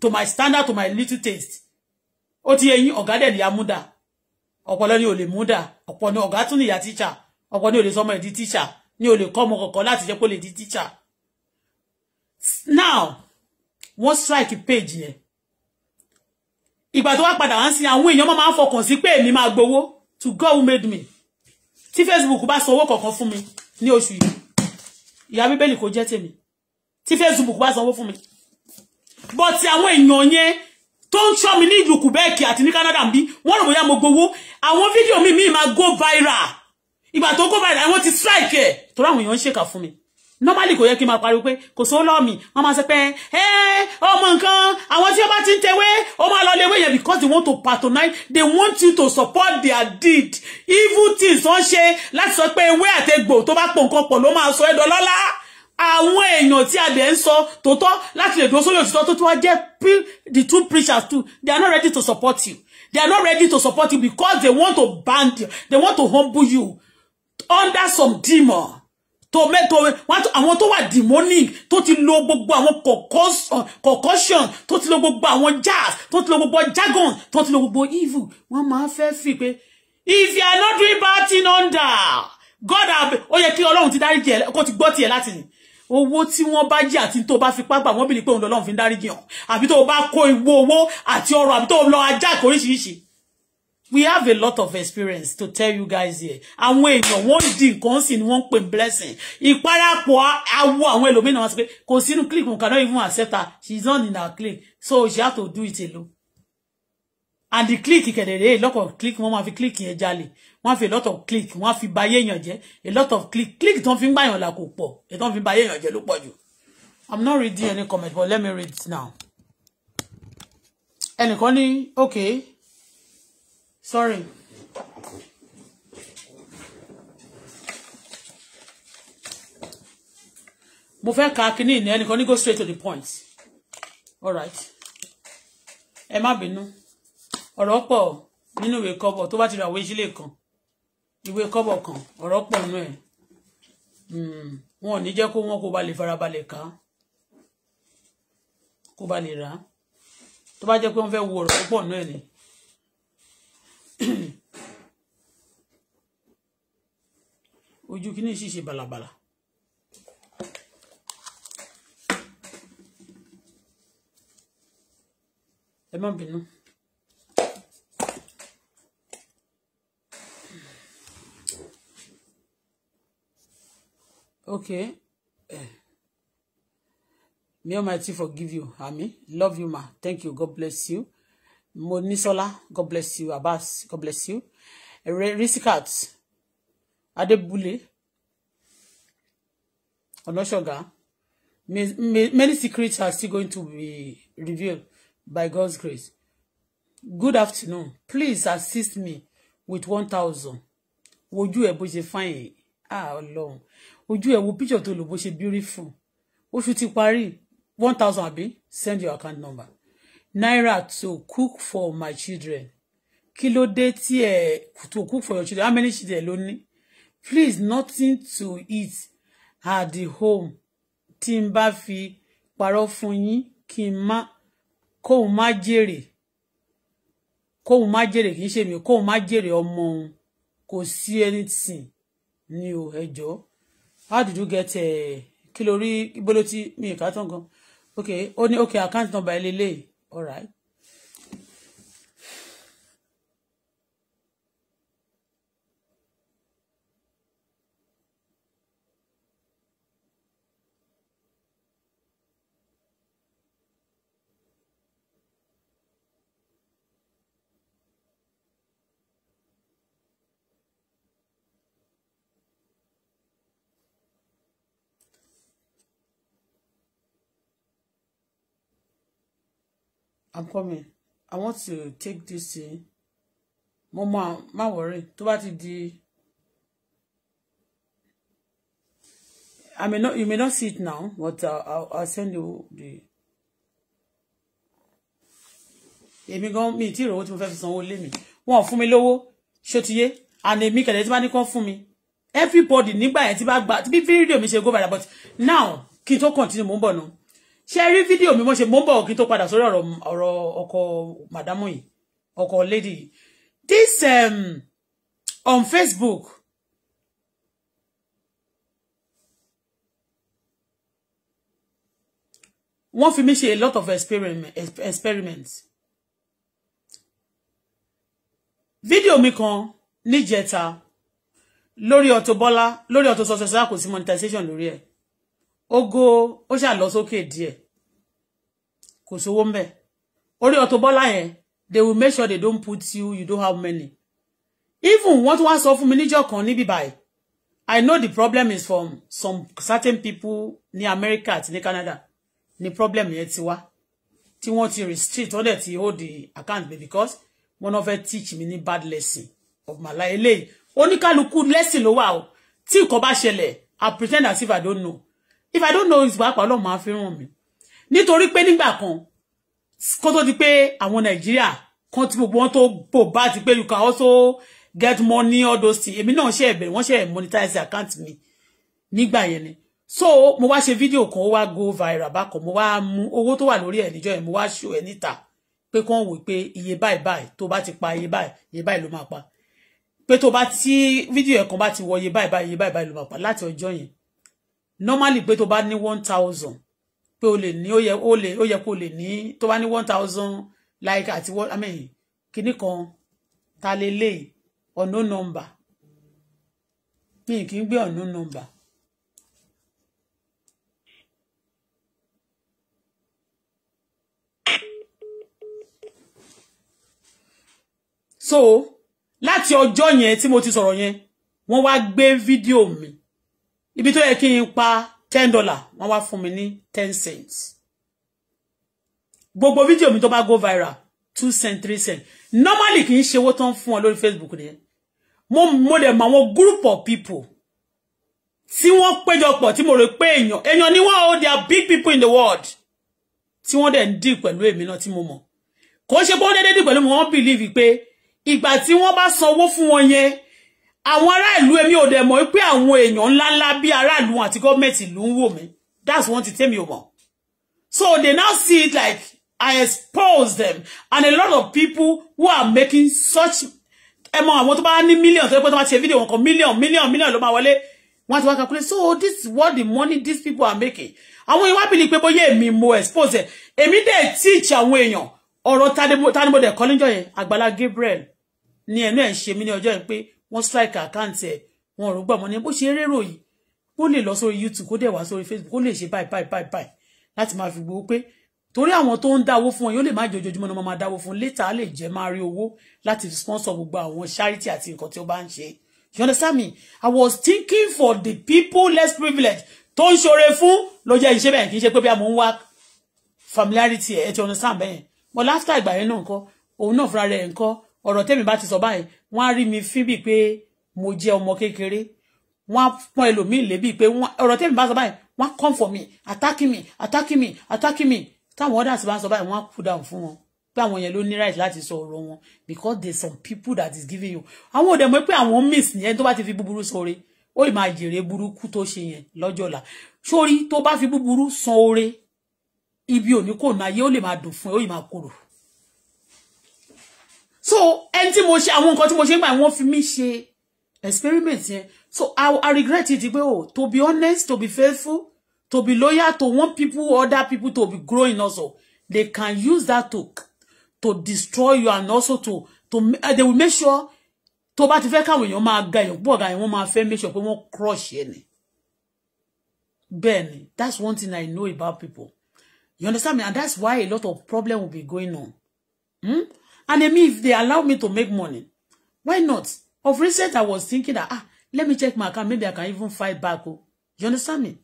Speaker 1: to my standard to my little taste ó ti eyín ọ̀gá dẹ̀ ní amúdà ọ̀pọ̀lọ́ ni ò lè múdà ọ̀pọ̀ ni ọ̀gá tún ní ìyá tíṣà ọ̀pọ̀ ni ò lè sọmọ ìdí tíṣà ní o lè kọ́ ọmọ kọ̀ọ̀kan láti jẹ́ pé o lè di teacher now wọ́n strike page yẹn ìgbà tó wá padà wá sí àwọn èèyàn máa ń fọkàn sí pé èmi máa gbowó to God who made me tí Facebook bá san owó kọ̀ọ̀kan fún mi ní oṣù yìí ìyá bíbélì kò jẹ́ tèmi tí Facebook bá san owó fún mi but àwọn èèyàn yẹn tó ń ṣọ́ mi ní ìlú Quebec àti ní Canada ń bí wọ́n rò bóyá mo gbowó àwọn fídíò mi mi máa go viral ìgbà tó kó báyìí wọ́n ti strike ẹ̀ torí àwọn èèyàn ń ṣèkà fún mi normally kò yẹ kí n máa pariwo pé kò sówó lọ́ọ̀ mi wọ́n máa sọ pé ẹ ọmọ nǹkan àwọn tí wọ́n bá ti ń tewé ó máa lọ léwé yẹn because they want to patronize they want you to support their deed evil things wọ́n ṣe láti sọ pé ewé àtẹgbò tó bá pò nǹkan pọ̀ ló máa sọ ẹ̀dọ̀ lọ́lá àwọn èèyàn tí a dẹ̀ ń sọ tòótọ́ láti lè dúró sórí òtítọ́ tó tún wá jẹ́ the two preachers too they are not ready to support you they are not ready to support you because they want to ban you they want to humble you under some demon to mẹ́tọ́ àwọn to wà demonic tó ti lo gbogbo àwọn concussion to ti lo gbogbo àwọn jazz to ti lo gbogbo jargon to ti lo gbogbo evil wọ́n máa fẹ́ fi pé if you are not doing bad thing under God have ó yẹ kí ọlọ́run ti dáríjì ẹ̀ kó ti gbọ́ tiẹ̀ láti ní owó tí wọ́n bá jí àti tó bá fi pápá wọ́n bìlì pé òun lọ́lọ́run fi ń dáríjì hàn àbí tó bá kó ìwó owó àti ọrọ̀ àbí tó lọ ajá ìkóríṣiríṣi we have a lot of experience to tell you guys here àwọn èèyàn wọ́n di nǹkan sì ni wọ́n ń pè blessing ìparapọ̀ awọ àwọn ẹlòmíràn wọ́n sọ pé kò sínú click, we cannot even accept her she is not in our click. so she had to do it alone and the clique kẹ̀dẹ̀rẹ̀ a lot of clique wọ́n máa fi clique yẹn jalè wọ́n fi a lot of click. wọ́n fi bayé èèyàn jẹ́ a lot of click. Click tó ń fi ń gbàyàn là kò pọ̀ èyí tó ń fi bayé èèyàn jẹ́ ló pọ̀ jù i'm not reading any comment but let me read it now ẹnìkan ní okay sorry. mo fẹ́ ka kínní ní ẹnìkan ní go straight to the point all right ẹ má bínú ọ̀rọ̀ pọ̀ nínú ìwé kọ́bọ̀ tó bá ti ra ìwé ìṣílẹ̀ kan ìwé kọ́bọ̀ kan ọ̀rọ̀ pọ̀ nù ẹ̀ hmm, wọn ò ní jẹ́ kó wọn kó ba lè farabalẹ̀ ká kó ba lè rà tó bá jẹ́ pé wọ́n fẹ́ wo ọ̀rọ̀ pọ̀ nù ẹ̀ ni. ojú kí ní ṣíṣe balabala. ẹ má bínú. okay eh. may almighty forgive you ami love you ma thank you god bless you Monisola, God bless you. Abbas, God bless you. Risikat, Adebule, Onoshoga. Many secrets are still going to be revealed by God's grace. Good afternoon. Please assist me with 1,000. Would you bó ṣe fine. Ah, Would you ẹ wo picture tó lò bó ṣe beautiful. Oṣù ti parí. 1,000 àbí? Send your account number naira to cook for my children kí ló dé tí ẹ to cook for your children how many children ló ní please nothing to eat at the home tí n bá fi parọ́ fún yín kí n má kóun má jèrè kóun má jèrè kì í ṣe mi kóun má jèrè ọmọ òun kò sí anything ní o ẹjọ́ how did you get eh, kí lórí ibo ló ti mi ìka tán gan okay ó ní okay account number eléyìí All right. I'm coming. I want to take this thing. Mama, ma worry. Tó bá ti I may not you may not see it now, but uh, I'll, I'll send you the. Èmi gan mi ti rówó tí mo fẹ́ fi sanwó lé mi. Wọ́n fún mi lówó. Ṣé o ti yé? Àná èmi kẹ̀lẹ́ tí bá ní kán fún mi. Everybody nígbà yẹn tí bá gba tí bí fídíò mi ṣe go viral but now kí n continue mò ń bọ̀ náà ṣe rí fídíò mi wọ́n ṣe mò ń bọ̀ kí n tó padà sórí ọ̀rọ̀ ọ̀rọ̀ màdámù yìí ọkọ lady this um, on Facebook wọ́n fi mí ṣe a lot of experiment, experiments fídíò mi kan níjẹta lórí Auto Bola lórí Auto Success kò sí monetization lórí ẹ̀. E ogo ó ṣà lọ sókè díẹ̀ kò sówó ń bẹ̀ orí Auto Bola yẹn they will make sure they don't put you you don't have many even what tún wá sọ fún mi níjọ́ kan níbí I know the problem is from some certain people ní America àti ní Canada ni problem yẹn ti wá tí wọ́n ti restrict wọ́n that ti hold the account be because one of her teach me ní bad lesson of my life eléyìí oníkálukú lesson ló wà o tí nǹkan bá ṣẹlẹ̀ I pretend as if I don't know if i don't know is pàápàá ọlọ́run máa fi ràn mí nítorí pé nígbà kan kó tó di pé àwọn nàìjíríà kan tí gbogbo wọn tó bò bá ti pé you can also get money all those things èmi náà ṣe ẹ̀bẹ̀ wọ́n ṣe monetize account mi nígbà yẹn ni so mo wá ṣe video. kan ó wá go viral bákan mo wá mú owó tó wà lórí ẹ̀ níjọ́ yẹn mo wá show ẹ̀ níta pé kán wò pé iye báyìí báyìí tó bá ti pa iye báyìí iye báyìí ló máa pa pé tó bá ti fídíò ẹ̀ kan bá ti wọ iye báyìí báyìí iye báyìí báyìí ló máa pa láti ọjọ́ yẹn normally pé tó bá ní one thousand pé o lè ní o yẹ ó lè ó yẹ kó o lè ní tó bá ní one thousand like àti what i mean Kini kan ta lè lè ọ̀nà nọ́mbà mi kì í gbé ọ̀nà so láti ọjọ́ yẹn tí mo ti sọ̀rọ̀ yẹn wọ́n wá gbé fídíò mi ibi tó yẹ kí n pa ten dollar wọ́n wá fún mi ní ten cents gbogbo fídíò mi tó bá go viral two cent three cent normally kì í ṣe owó tó fún wọn lórí Facebook nìyẹn mo mo dẹ̀ mọ àwọn group of people tí wọ́n péjọpọ̀ tí mo rò pé èèyàn èèyàn ni wọ́n ó they are big people in the world tí wọ́n dẹ̀ ń dì pẹ̀lú èmi náà tí mo mọ̀ kò ṣe bó dédé dì pẹ̀lú mi wọ́n bìlíìfì pé ìgbà tí wọ́n bá san owó fún wọn yẹn àwọn aráàlú èmi ò dẹ̀ mọ̀ pé àwọn èèyàn ńláńlá bí aráàlú àti gọ́ọ̀mẹ̀ntì ló ń wò mí that's one thing tẹ́mi ò mọ̀ so they now see it like I expose them and a lot of people who are making such ẹ mọ̀ àwọn tó bá ní million tó yẹ pé tó bá ṣe fídíò wọn kan million million million ló máa wọlé wọn ti wá calculate so this is what the money these people are making àwọn yẹn wá bìlì pé bóyá èmi mo expose ẹ èmi dẹ̀ teach àwọn èèyàn ọ̀rọ̀ tanimodẹ kọ́lẹ́jọ́ yẹn Àgbàlá Gabriel ni ẹnu ẹ̀ ń ṣe mí ní ọjọ́ yẹn pé wọ́n strike account ẹ̀ wọn ò rò gbà mọ́ ni bó ṣe rérò yìí kó lè lọ sórí youtube kó dẹ̀ wá sórí facebook kó lè ṣe báyìí báyìí báyìí báyìí láti máa fi gbowó pé torí àwọn tó ń dáwó fún ọ yóò lè má jẹ ojoojúmọ́ ni wọ́n máa dáwó fún létà á lè jẹ́ máa rí owó láti sponsor gbogbo àwọn charity àti nǹkan tí ó bá ń ṣe you understand me i was thinking for the people less privileged tó ń ṣoore fún ló jẹ́ ìṣe bẹ́ẹ̀ kì í ṣe pé bí a mọ̀ ń wá familiarity ẹ̀ ẹ̀ ti understand bẹ́ẹ̀ but after ìgbà yẹn náà nǹkan òun náà fúnra rẹ̀ nǹkan ọ̀rọ̀ tèmi bá ti sọ báyìí wọ́n á rí mi fín bíi pé mo jẹ́ ọmọ kékeré wọ́n á pọ́n ẹlòmíì lé bíi pé ọ̀rọ̀ tèmi bá sọ báyìí wọ́n á come for me attacking me attacking me attacking me táwọn others bá sọ báyìí wọ́n á cool down fún wọn pé àwọn yẹn ló ní right láti sọ ọ̀rọ̀ wọn because there's some people that is giving you àwọn ò dẹ̀ mọ̀ pé àwọn miss yẹn tó bá ti fi búburú sọre ó ì máa jèrè burúkú tó ṣe yẹn lọ́jọ́ ọ̀la sórí tó bá fi búburú san oore ibi òní kò náà yé ó lè máa dùn fún ẹ ó ì máa korò so ẹni tí mo ṣe àwọn nǹkan tí mo ṣe ń fi mí ṣe experiment yẹn so I, I regret it pé oh to be honest to be faithful to be loyal to want people other people to be growing also they can use that to to destroy you and also to to uh, they will make sure to bá ti fẹ́ káwọn èèyàn máa ga èèyàn púpọ̀ ga èèyàn wọ́n máa make sure pé wọ́n crush ẹ̀ ni bẹ́ẹ̀ that's one thing I know about people you understand me and that's why a lot of problem will be going on. Hmm? And I mean, if they allow me to make money, why not? Of recent, I was thinking that, ah, let me check my account. Maybe I can even fight back. Oh. You understand me?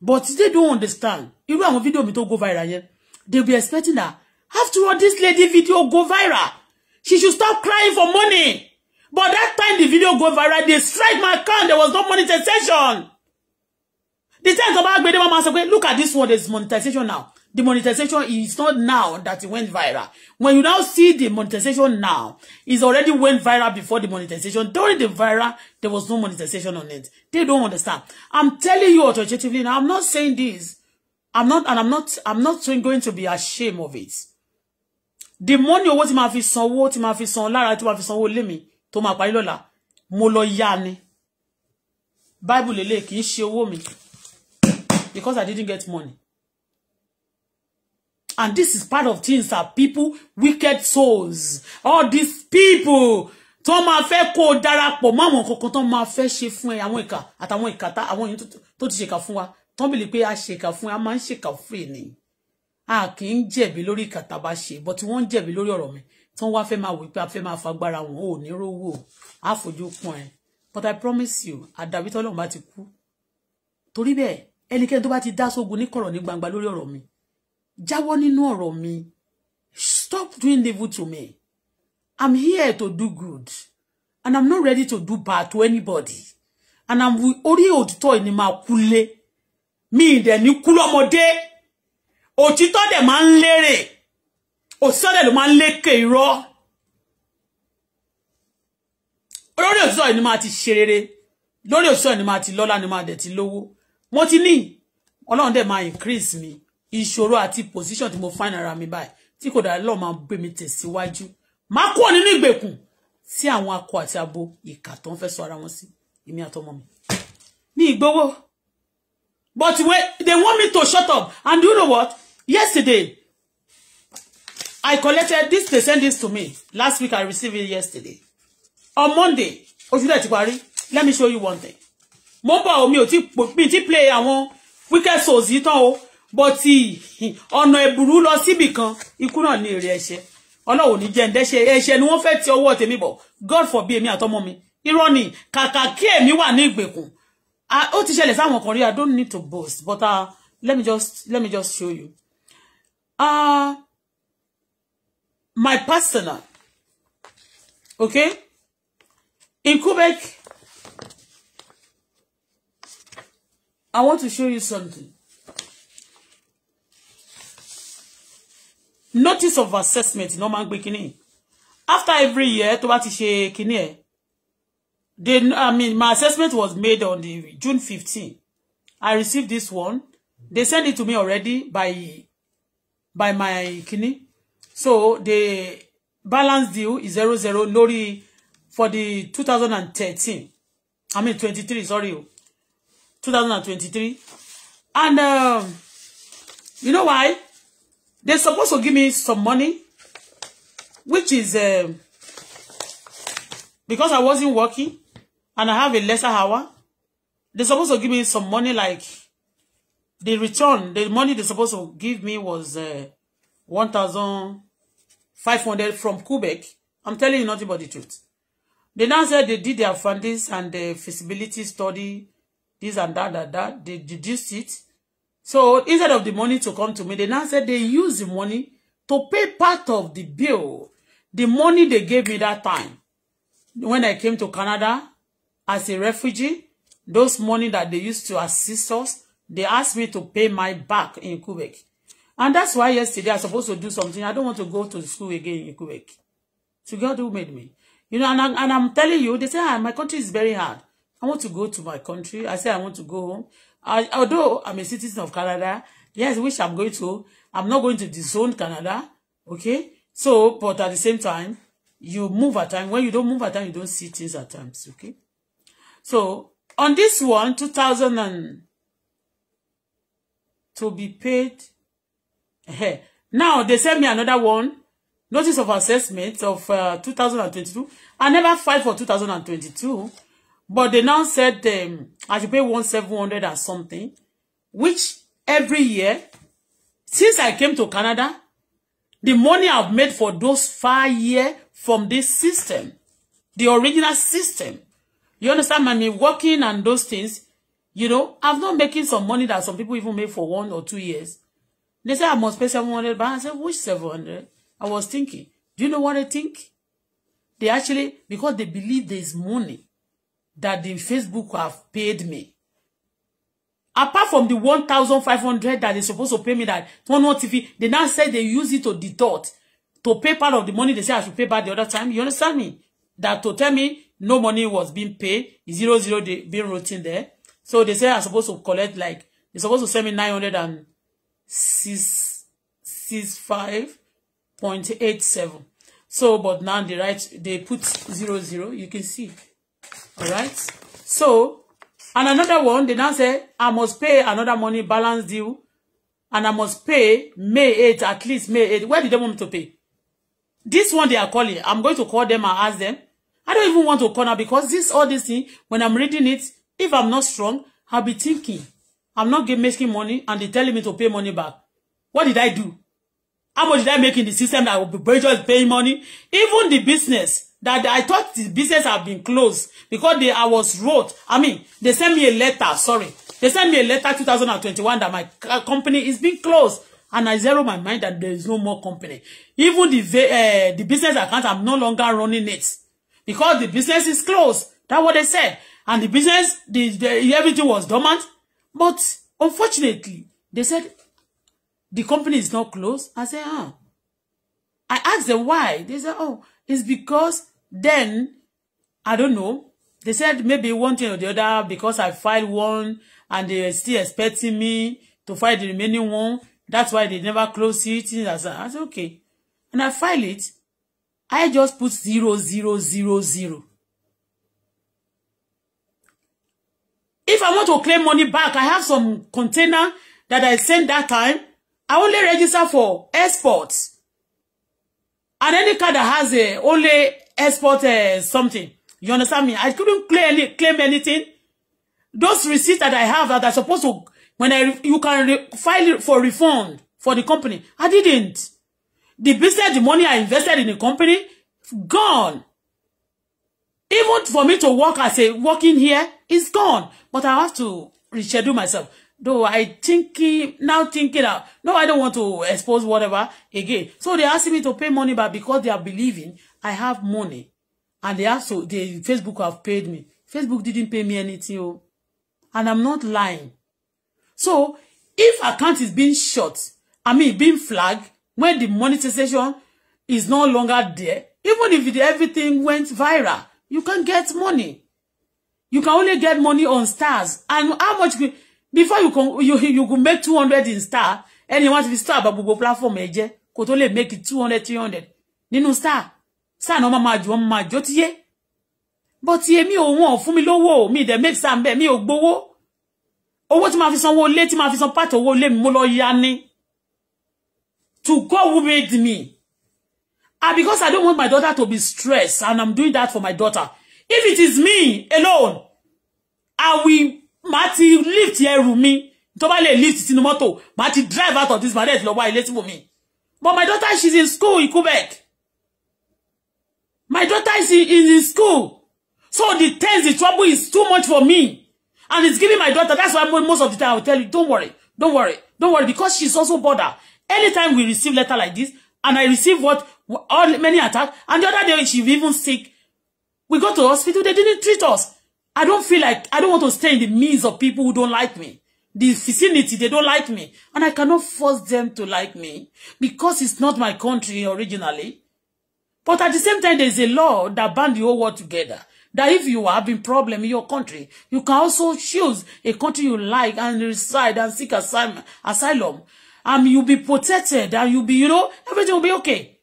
Speaker 1: But they don't understand. Irú àwọn video mi to go viral yẹn. They'll be expecting that, after all, this lady video go viral. She should stop crying for money. But that time the video go viral, they strike my account. There was no monetization. The time about back, they were look at this one, there's monetization now. The monetization is not now that it went viral. When you now see the monetization now, it's already went viral before the monetization. During the viral, there was no monetization on it. They don't understand. I'm telling you authoritatively now, I'm not saying this. I'm not, and I'm not, I'm not going to be ashamed of it. The money owó tí ma fi sanwó, tí ma fi san lára, tí ma fi sanwó lé mi, tó ma parí lọ́la, mo lọ yá ni. Bible lele kì she ṣe owó because I didn't get money. And this is part of things that people, wicked souls, all these people, tó máa fẹ́ kó o darapọ̀ mọ́ àwọn kankan tó máa fẹ́ ṣe fún ẹ àwọn ìkà àtàwọn ìkà àwọn èèyàn tó ti ṣèkà fún wa tó ń bèèrè pé a ṣèkà fún ẹ a máa ń ṣèkà fún ẹ ni a kì í jẹ̀bi lórí ìkà tá a bá ṣe bọ́ wọ́n ń jẹ̀bi lórí ọ̀rọ̀ mi tí wọ́n wá fẹ́ máa wò pé a fẹ́ máa fagbára wọn ò ní rówó a fojú kún ẹ but I promise you àdàbí tọ́lọ́run bá ti kú torí bẹ́ẹ̀ ẹnikẹ́ni tó bá ti dá sógun ní kọ̀rọ̀ ní gbangba lórí ọ̀rọ̀ mi jáwọ́ nínú ọ̀rọ̀ mi stop doing evil to me i'm here to do good and i'm not ready to do bad to anybody and i'm orí òtítọ́ ìní máa kú lé mi ìdẹ̀ ní kú lọ́mọdé òtítọ́ dẹ̀ máa ń lérè òtítọ́ dẹ̀ ló máa ń lékè irọ́ lórí òtítọ́ ìní máa ti ṣe rere lórí òtítọ́ ìní máa ti lọ́lá ni máa dẹ̀ ti lówó mo ti ní ọlọ́run dẹ̀ máa increase mi ìṣòro àti position tí mo find ara mi báyìí tí kò dára lọ́ọ̀ máa gbé mi tẹ̀síwájú má kúrò nínú ìgbèkùn sí àwọn akọ àti abo ìkà tó ń fẹ́ sọ ara wọn sí èmi àtọmọ mi ní ìgbowó but wait, they want me to shut up and you know what yesterday I collected this they sent this to me last week I received it yesterday on Monday oṣù dẹ̀ ti parí let me show you one thing mo bá omi ò tí play àwọn wicked souls yìí tán o bọ́tì ọ̀nà ẹ̀bùrú lọ síbì kan ikú náà ní èrè ẹ̀ṣẹ̀ ọlọ́wọ́ ní jẹ́ ǹdẹ́ṣẹ̀ ẹ̀ṣẹ̀ ni wọ́n fẹ́ ti ọwọ́ tèmi bọ̀ god for bí èmi àtọmọ mi irọ́ ni kàkà kí èmi wà ní ìgbèkùn ó ti ṣẹlẹ̀ sáwọn kan rí i don't need to boast but uh, let me just let me just show you uh, my personal okay in Quebec I want to show you something notice of assessment no man máa ń after every year to bá ti ṣe kínní ẹ̀ i mean my assessment was made on the June fifteen i received this one they send it to me already by by my kínní so the balance due is zero zero lórí for the two thousand and thirteen i mean twenty-three sorry o two thousand and twenty-three and um, you know why They supposed to give me some money, which is uh, because I wasn't working and I have a lesser hour. They supposed to give me some money like the return, the money They supposed to give me was uh, hundred from Quebec. I'm telling you nothing but the truth. They now said they did their findings and the feasibility study, this and that, that, that. They deduced it. So instead of the money to come to me, they now said they use the money to pay part of the bill. The money they gave me that time when I came to Canada as a refugee, those money that they used to assist us, they asked me to pay my back in Quebec. And that's why yesterday I was supposed to do something. I don't want to go to the school again in Quebec. So God who made me. You know, and, I, and I'm telling you, they say, ah, my country is very hard. I want to go to my country. I say, I want to go home. I, although I'm a citizen of Canada, yes, which I'm going to, I'm not going to disown Canada, okay? So, but at the same time, you move at time. When you don't move at time, you don't see things at times, okay? So, on this one, 2000 and to be paid. Eh, eh. now, they sent me another one, notice of assessment of uh, 2022. I never filed for 2022. But they now said um, I should pay one seven hundred or something, which every year, since I came to Canada, the money I've made for those five years from this system, the original system, you understand, I mean, working and those things, you know, I'm not making some money that some people even make for one or two years. They say I must pay 700, but I said, which 700? I was thinking, do you know what I think? They actually, because they believe there's money that the Facebook have paid me. Apart from the 1,500 that they supposed to pay me that one more TV, they now said they use it to deduct, to pay part of the money they say I should pay back the other time. You understand me? That to tell me no money was being paid, zero, zero, they been rotating there. So they say I'm supposed to collect like, they're supposed to send me nine hundred and six six five point eight seven. So, but now they write, they put zero, zero, you can see all right so and another one they now say i must pay another money balance due and i must pay may 8 at least may 8 where did they want me to pay this one they are calling i'm going to call them and ask them i don't even want to call now because this all this thing when i'm reading it if i'm not strong i'll be thinking i'm not making money and they're telling me to pay money back what did i do how much did i make in the system that i will be just paying money even the business that I thought the business have been closed because they I was wrote. I mean, they sent me a letter. Sorry, they sent me a letter 2021 that my company is being closed, and I zero my mind that there is no more company. Even the uh, the business account, I'm no longer running it because the business is closed. That's what they said, and the business, the, the everything was dormant. But unfortunately, they said the company is not closed. I said, ah. I asked them why. They said, oh, it's because Then, I don't know. They said maybe one thing or the other because I filed one and they were still expecting me to file the remaining one. That's why they never close it. I said, okay. And I filed it. I just put zero, zero, zero, zero. If I want to claim money back, I have some container that I sent that time. I only register for export. And any card that has a, only export uh, something. You understand me? I couldn't clearly claim anything. Those receipts that I have that are supposed to, when I, you can file for refund for the company. I didn't. The business, the money I invested in the company, gone. Even for me to work as a working here, it's gone. But I have to reschedule myself. Though I think now thinking out, no, I don't want to expose whatever again. So they asking me to pay money back because they are believing I have money and they also they Facebook have paid me. Facebook didn't pay me anything o oh. and I'm not lying. So if account is being shut, I mean being flagged when the monetization is no longer there, even if everything went viral, you can get money. You can only get money on stars and how much before you can you you can make 200 in star and you want to be star but gbogbo platform ẹ eh, jẹ́ kó tó lè make it 200 300 nínú star sáà náà máa jù wọn máa jó tíyé bó ti èmi ò wọn fún mi lówó mi dẹ̀ make sáà bẹ́ẹ̀ mi ò gbowó owó tí máa fi sanwó lé tí máa fi san part owó lé mi mo lọ ya ni to God who made me ah because I don't want my daughter to be stressed and I'm doing that for my daughter if it is me alone I will máa ti lift ẹrù mi tó bá lè lift sínú mọ́tò máa ti drive out of this marriage lọ wá ilé tí mo mi but my daughter she's in school in Quebec My daughter is in, is in school. So the test, the trouble is too much for me. And it's giving my daughter. That's why most of the time I will tell you, don't worry, don't worry, don't worry. Because she's also bothered. Anytime we receive letter like this, and I receive what, all many attacks, and the other day she even sick. We go to the hospital, they didn't treat us. I don't feel like, I don't want to stay in the midst of people who don't like me. The vicinity, they don't like me. And I cannot force them to like me. Because it's not my country originally. But at the same time, there's a law that band the whole world together. That if you are having problem in your country, you can also choose a country you like and reside and seek asylum, asylum. And you'll be protected and you'll be, you know, everything will be okay.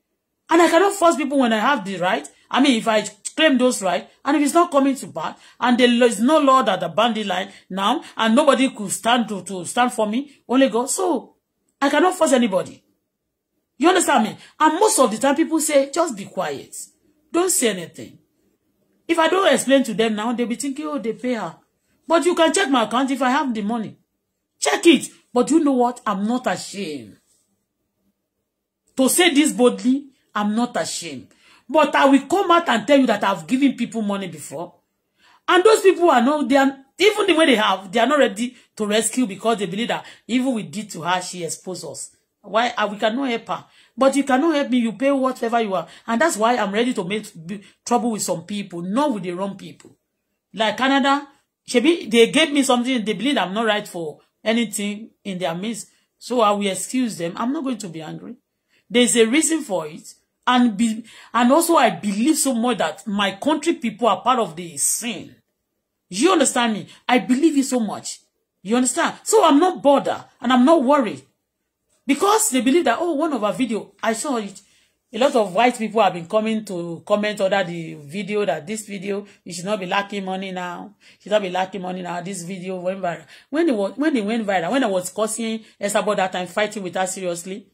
Speaker 1: And I cannot force people when I have the right. I mean, if I claim those rights, and if it's not coming to pass, and there is no law that the boundary line now, and nobody could stand to, to stand for me, only God. So, I cannot force anybody. You understand me? And most of the time, people say, just be quiet. Don't say anything. If I don't explain to them now, they'll be thinking, oh, they pay her. But you can check my account if I have the money. Check it. But you know what? I'm not ashamed. To say this boldly, I'm not ashamed. But I will come out and tell you that I've given people money before. And those people are not, they are, even the way they have, they are not ready to rescue because they believe that even we did to her, she exposed us. Why I, uh, we cannot help her. But you cannot help me. You pay whatever you are. And that's why I'm ready to make trouble with some people, not with the wrong people. Like Canada, be they gave me something. They believe I'm not right for anything in their midst. So I will excuse them. I'm not going to be angry. There's a reason for it. And be, and also I believe so much that my country people are part of the sin. You understand me? I believe you so much. You understand? So I'm not bothered and I'm not worried. because they believe that oh one of our video I saw it a lot of white people have been coming to comment under the video that this video you should not be lacking money now you should not be lacking money now this video went viral when they were when they went viral when I was causing Esabod that time fighting with her seriously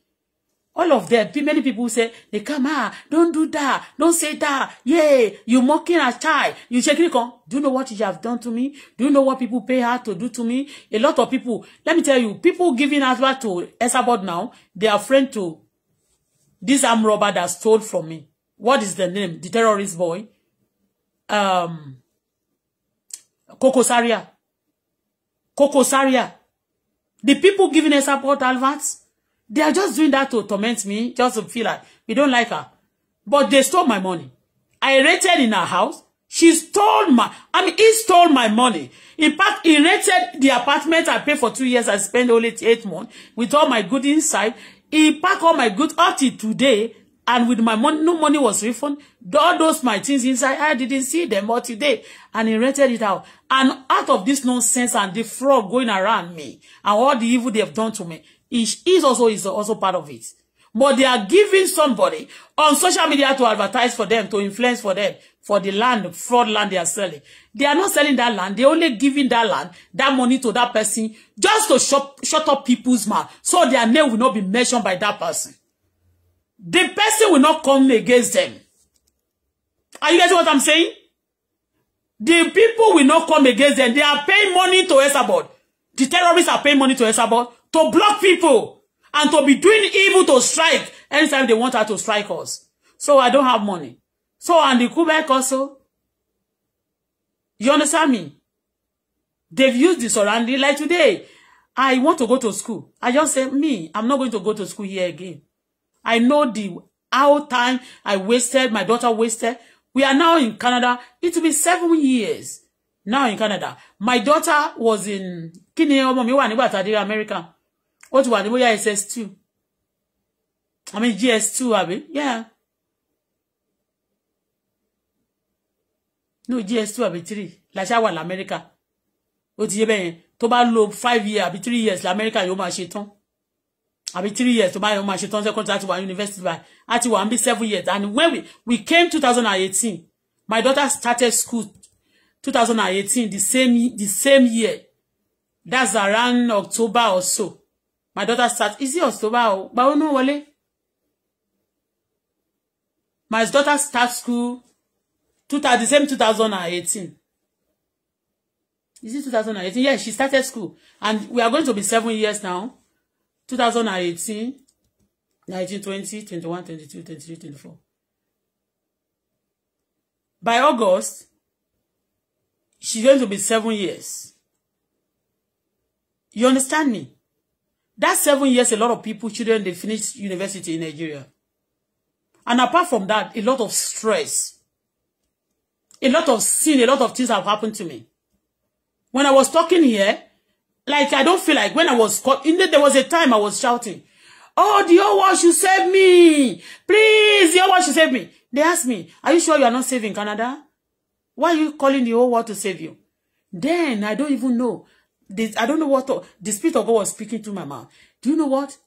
Speaker 1: all of them many people say they come out. don't do that don't say that yeah you mocking a child you shaking it on do you know what you have done to me do you know what people pay her to do to me a lot of people let me tell you people giving as well to Esabod now they are friend to this arm robber that stole from me what is the name the terrorist boy um Kokosaria. Kokosaria. the people giving Esabod advance." They are just doing that to torment me, just to feel like we don't like her. But they stole my money. I rented in her house. She stole my, I mean, he stole my money. In fact, he rented the apartment I paid for two years. I spent only eight months with all my good inside. He packed all my good out today. And with my money, no money was refund. All those my things inside, I didn't see them all today. And he rented it out. And out of this nonsense and the fraud going around me and all the evil they have done to me, is, is also is also part of it. But they are giving somebody on social media to advertise for them, to influence for them, for the land, fraud land they are selling. They are not selling that land. They only giving that land, that money to that person, just to shut shut up people's mouth. So their name will not be mentioned by that person. The person will not come against them. Are you guys what I'm saying? The people will not come against them. They are paying money to Hezbollah. The terrorists are paying money to Hezbollah to block people and to be doing evil to strike anytime they want her to strike us. So I don't have money. So and the Quebec also. You understand me? They've used the surrounding. Like today, I want to go to school. I just said, me, I'm not going to go to school here again. I know the how time I wasted, my daughter wasted. We are now in Canada. It will be seven years now in Canada. My daughter was in Kí ni ọmọ mi wà America ó ti wà ní bóyá ss2 i mean gs2 àbí yeah no gs2 àbí 3 làṣà wà lamẹ́ríkà ó ti yé bẹ́ẹ̀ yẹn tó bá lò five years àbí three years America, yóò máa ṣe tán àbí three years to bá yóò máa ṣe tán second láti wà university by àti wà ń bí seven years and when we we came two thousand and eighteen my daughter started school two thousand and eighteen the same the same year that's around October or so my daughter start is it October wow? Oh, but ó náà wọlé my daughter start school two thousand the same two thousand and eighteen is it two thousand and eighteen yes she started school and we are going to be seven years now two thousand and eighteen nineteen twenty twenty-one twenty-two twenty-three twenty-four by August she's going to be seven years you understand me That seven years, a lot of people, children, they finish university in Nigeria. And apart from that, a lot of stress, a lot of sin, a lot of things have happened to me. When I was talking here, like I don't feel like when I was caught, in the, there was a time I was shouting, Oh, the old one should save me. Please, the old one should save me. They asked me, Are you sure you are not saving Canada? Why are you calling the old world to save you? Then I don't even know this, I don't know what to, the Spirit of God was speaking through my mouth. Do you know what?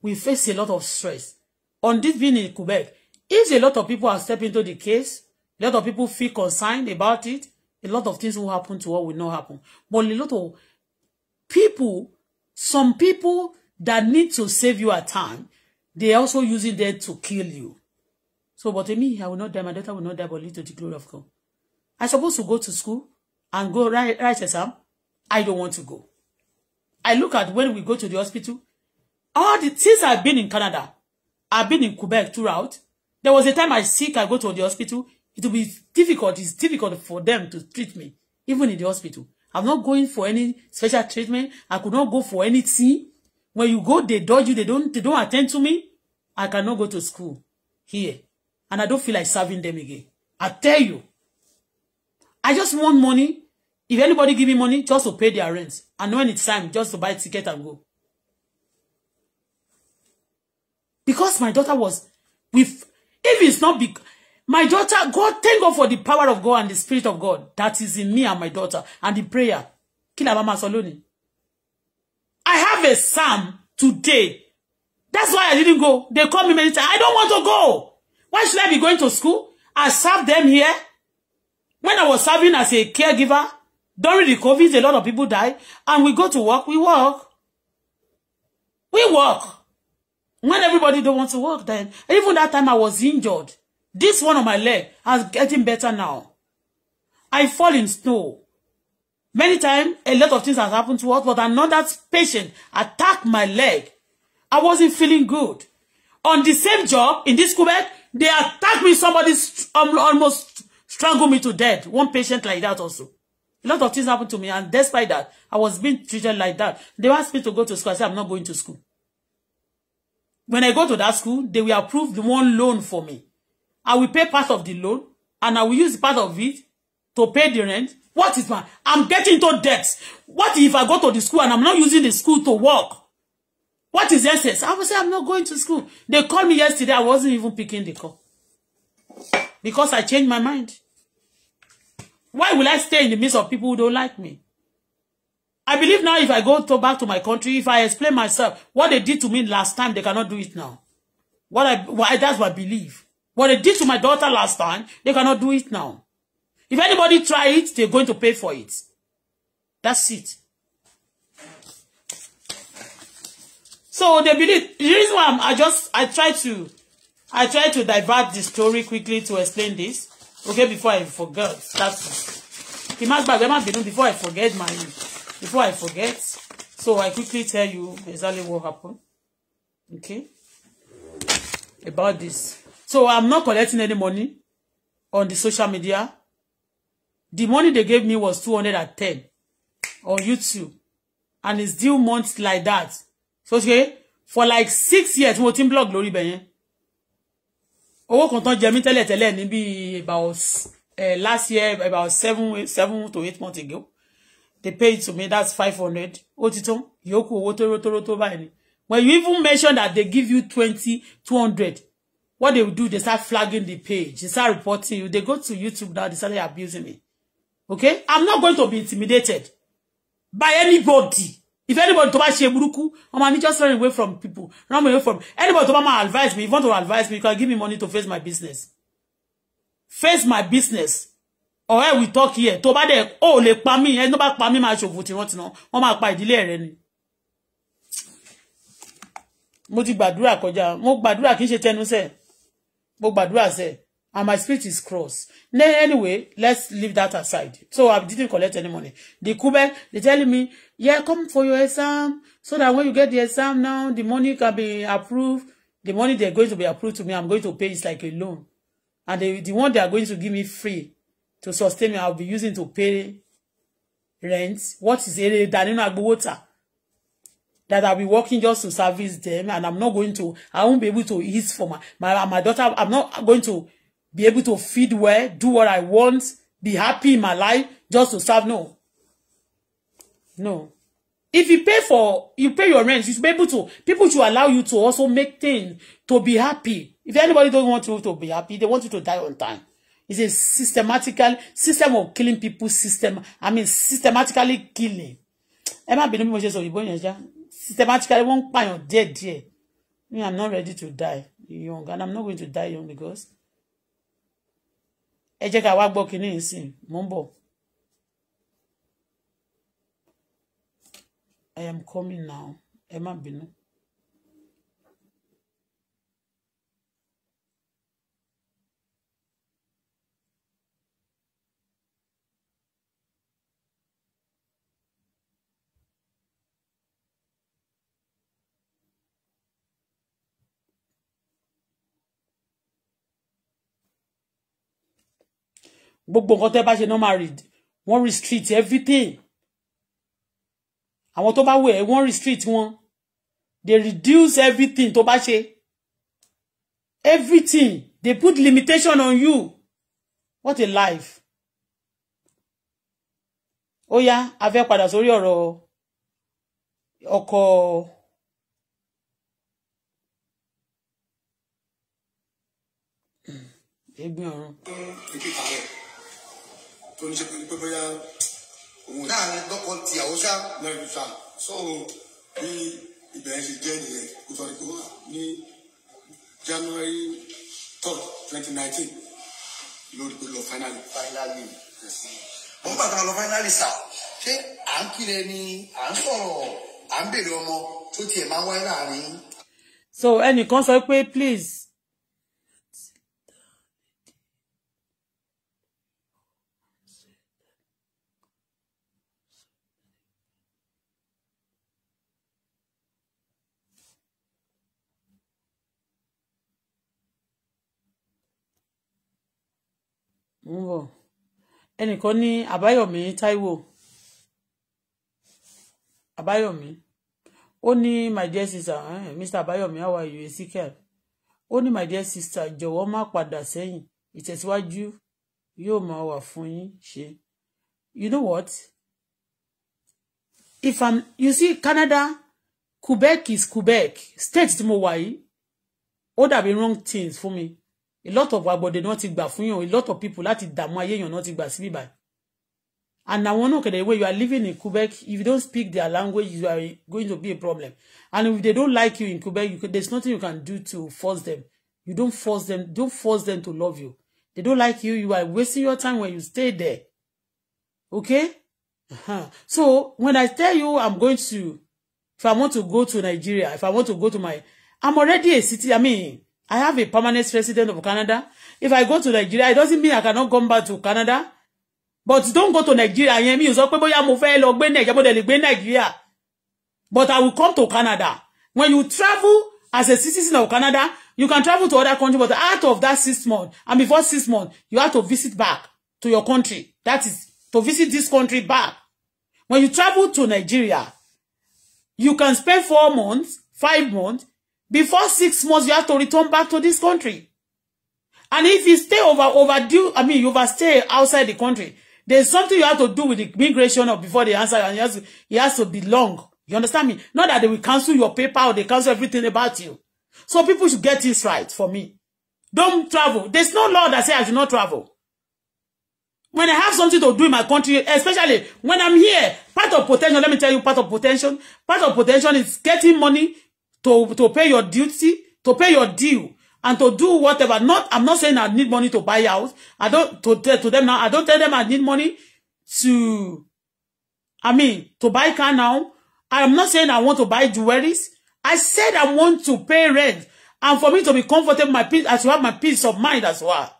Speaker 1: We face a lot of stress. On this being in Quebec, if a lot of people are stepping into the case, a lot of people feel concerned about it, a lot of things will happen to what will not happen. But a lot of people, some people that need to save you at time, they also use it there to kill you. So, but to me, I will not die. My daughter will not die, but lead to the glory of God. I supposed to go to school and go write, write exam. I don't want to go. I look at when we go to the hospital, all the since I've been in Canada, I've been in Quebec throughout. There was a time I sick, I go to the hospital. It will be difficult. It's difficult for them to treat me, even in the hospital. I'm not going for any special treatment. I could not go for anything. When you go, they dodge you. They don't, they don't attend to me. I cannot go to school here. And I don't feel like serving them again. I tell you. I just want money If anybody give me money, just to pay their rent. And when it's time, just to buy a ticket and go. Because my daughter was with, if it's not because, my daughter, God, thank God for the power of God and the spirit of God that is in me and my daughter and the prayer. Kí la bá I have a psalm today. That's why I didn't go. They call me many times. I don't want to go. Why should I be going to school? I served them here. When I was serving as a caregiver, During the COVID, a lot of people die. And we go to work, we work. We work. When everybody don't want to work, then even that time I was injured. This one on my leg is getting better now. I fall in snow. Many times, a lot of things has happened to us, but another patient attacked my leg. I wasn't feeling good. On the same job, in this Quebec, they attacked me, somebody um, almost strangled me to death. One patient like that also. A lot of things happened to me, and despite that, I was being treated like that. They asked me to go to school. I said, I'm not going to school. When I go to that school, they will approve the one loan for me. I will pay part of the loan, and I will use part of it to pay the rent. What is my? I'm getting into debt. What if I go to the school and I'm not using the school to work? What is essence? I will say I'm not going to school. They called me yesterday. I wasn't even picking the call. Because I changed my mind. Why will I stay in the midst of people who don't like me? I believe now if I go to back to my country, if I explain myself, what they did to me last time, they cannot do it now. What I, what I that's what I believe. What they did to my daughter last time, they cannot do it now. If anybody try it, they're going to pay for it. That's it. So they believe the reason why I'm, I just I try to I try to divert the story quickly to explain this okay before I forget start kí má gbàgbé má bínú before I forget my before I forget so I quickly tell you exactly what happened okay about this so I'm not collecting any money on the social media the money they gave me was 210 on YouTube and it's due months like that so okay for like six years mo ti ń blog lórí ibẹ̀ owó kan tán jẹ mí tẹ́lẹ̀tẹ́lẹ̀ ní bíi about uh, last year about seven seven to eight months ago they paid to me that's five hundred ó ti tán ìyókù owó tórótóró tó báyìí ni when you even mention that they give you twenty two hundred what they will do they start flagging the page they start reporting you they go to YouTube now they start abusing me okay I'm not going to be intimidated by anybody if anybody to buy ṣe I'm o just run away from people run away from anybody to buy my advice. me if you want to advise me you can give me money to face my business face my business or else we talk here tó bá dé o lè pa mí ẹni tó bá pa mí ma ṣòfò tí wọ́n ti ná wọ́n ma pa ìdílé rẹ̀ ni mo ti gbàdúrà kọjá mo gbàdúrà kì í ṣe mo gbàdúrà sẹ and my spirit is cross. Then anyway, let's leave that aside. So I didn't collect any money. They come back. they telling me yeah come for your exam so that when you get the exam now the money can be approved the money they're going to be approved to me I'm going to pay it's like a loan and the the one they are going to give me free to sustain me I'll be using to pay rent what is it that èrè ìdánínú agbowóta that I'll be working just to service them and I'm not going to I won't be able to eat for my my, my daughter I'm not going to be able to feed well do what I want be happy in my life just to serve no no if you pay for you pay your rent you should be able to people should allow you to also make things to be happy if anybody don't want you to be happy they want you to die on time it's a systematical system of killing people system i mean systematically killing ẹ má bínú bí mo ṣe sọ òyìnbó yẹn ṣá systematically wọ́n ń pààyàn díẹ̀díẹ̀ me i'm not ready to die young and i'm not going to die young because ẹ jẹ́ ká wá gbọ́ kinní I am coming now. Emma, má bínú. gbogbo nǹkan tẹ́ bá ṣe normal restrict everything àwọn tó bá wẹ̀ ẹ́ wọ́n restrict wọn they reduce everything tó bá ṣe everything they put limitation on you what a life ó yá a fẹ́ padà sórí ọ̀rọ̀ ọkọ̀ ẹgbẹ́ ọ̀run
Speaker 2: láàrin lọ́kọ tìyàwó ṣá lẹ́nu ṣá sọ̀rọ̀ ní ìbẹ̀rẹ̀ ṣe jẹ́ nìyẹn kó sọ pé wà ní January third twenty nineteen lórí pé lọ finally. finally wọ́n bàtà lọ finally sá ṣé à ń kiri ẹni à ń sọ̀rọ̀ à ń béèrè ọmọ tó tiẹ̀ máa ń wáyé láàrin.
Speaker 1: so ẹnìkan sọ pé please ń bọ̀ ẹnìkan ní àbáyọ̀mí táíwò àbáyọ̀mí ó ní my dear sister eh, mr àbáyọ̀mí how are you ezekiel ó ní my dear sister jọ̀wọ́ má padà sẹ́yìn ìtẹ̀síwájú yóò máa wà fún yín ṣe you know what if i'm you see canada quebec is quebec state tí mo wà yìí ó dàbí wrong things fún mi a lot of agbọ̀dẹ náà ti gbà fún yàn a lot of people láti dààmú ayé yàn náà ti gbà síbí báyìí and one okay. The way you are living in Quebec if you don't speak their language you are going to be a problem and if they don't like you in Quebec you can, there's nothing you can do to force them you don't force them don't force them to love you they don't like you you are wasting your time when you stay there okay uh-huh. so when I tell you I'm going to if I want to go to Nigeria if I want to go to my I'm already a city I mean I have a permanent resident of Canada. If I go to Nigeria, it doesn't mean I cannot come back to Canada. But don't go to Nigeria. Yẹn mi ò sọ pé bóyá mo fẹ́ lọ gbé Nigeria, mo dẹ̀ Nigeria. But I will come to Canada. When you travel as a citizen of Canada, you can travel to other countries. but out of that six months, and before six months, you have to visit back to your country. That is, to visit this country back. When you travel to Nigeria, you can spend four months, five months, Before six months, you have to return back to this country. And if you stay over overdue, I mean, you overstay outside the country, there's something you have to do with the immigration or before they answer, and he has, to, has to be long. You understand me? Not that they will cancel your paper or they cancel everything about you. So people should get this right for me. Don't travel. There's no law that says I should not travel. When I have something to do in my country, especially when I'm here, part of potential, let me tell you, part of potential, part of potential is getting money, to to pay your duty, to pay your deal, and to do whatever. Not, I'm not saying I need money to buy house. I don't to tell to them now. I don't tell them I need money to. I mean, to buy car now. I am not saying I want to buy jewelries. I said I want to pay rent, and for me to be comfortable, my peace, I should have my peace of mind as well.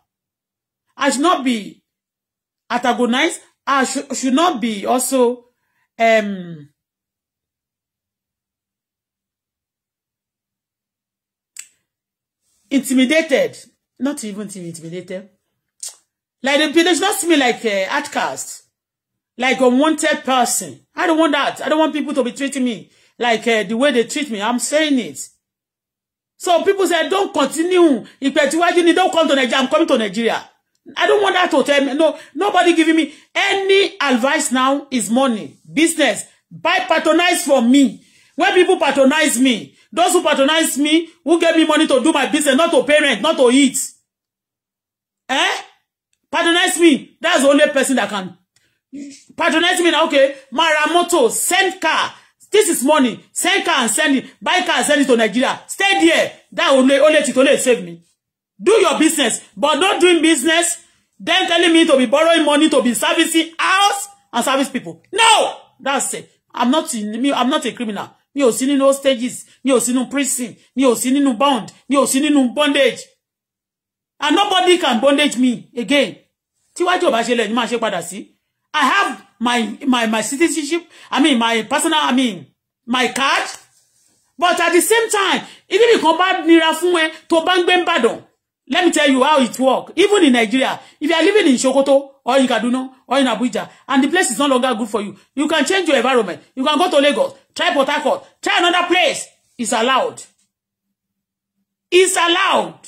Speaker 1: I should not be antagonized. I should, should not be also um intimidated, not even intimidated. Like the people not me like uh, outcast, like a wanted person. I don't want that. I don't want people to be treating me like uh, the way they treat me. I'm saying it. So people say, don't continue. If don't come to Nigeria, I'm coming to Nigeria. I don't want that to tell me. No, nobody giving me any advice now is money, business. Buy patronize for me. When people patronize me, Those who patronize me, who gave me money to do my business, not to parent, not to eat. Eh? Patronize me. That's the only person that can. Patronize me now, okay. Maramoto, send car. This is money. Send car and send it. Buy car and send it to Nigeria. Stay there. That only, only it only save me. Do your business. But not doing business. Then telling me to be borrowing money to be servicing house and service people. No! That's it. I'm not, in. I'm not a criminal mi ò sí nínú stages. mi ò sí nínú prison mi ò sí nínú bond mi ò sí nínú bondage and nobody can bondage me again tí wájú ọba ṣe lẹ ni máa ṣe padà sí i have my my my citizenship i mean my personal i mean my card but at the same time even if nìkan bá nira fún ẹ to bá ń gbé nìbàdàn let me tell you how it work even in nigeria if you are living in sokoto or in kaduna or in abuja and the place is no longer good for you you can change your environment you can go to lagos try Port Harcourt, try another place. It's allowed. It's allowed.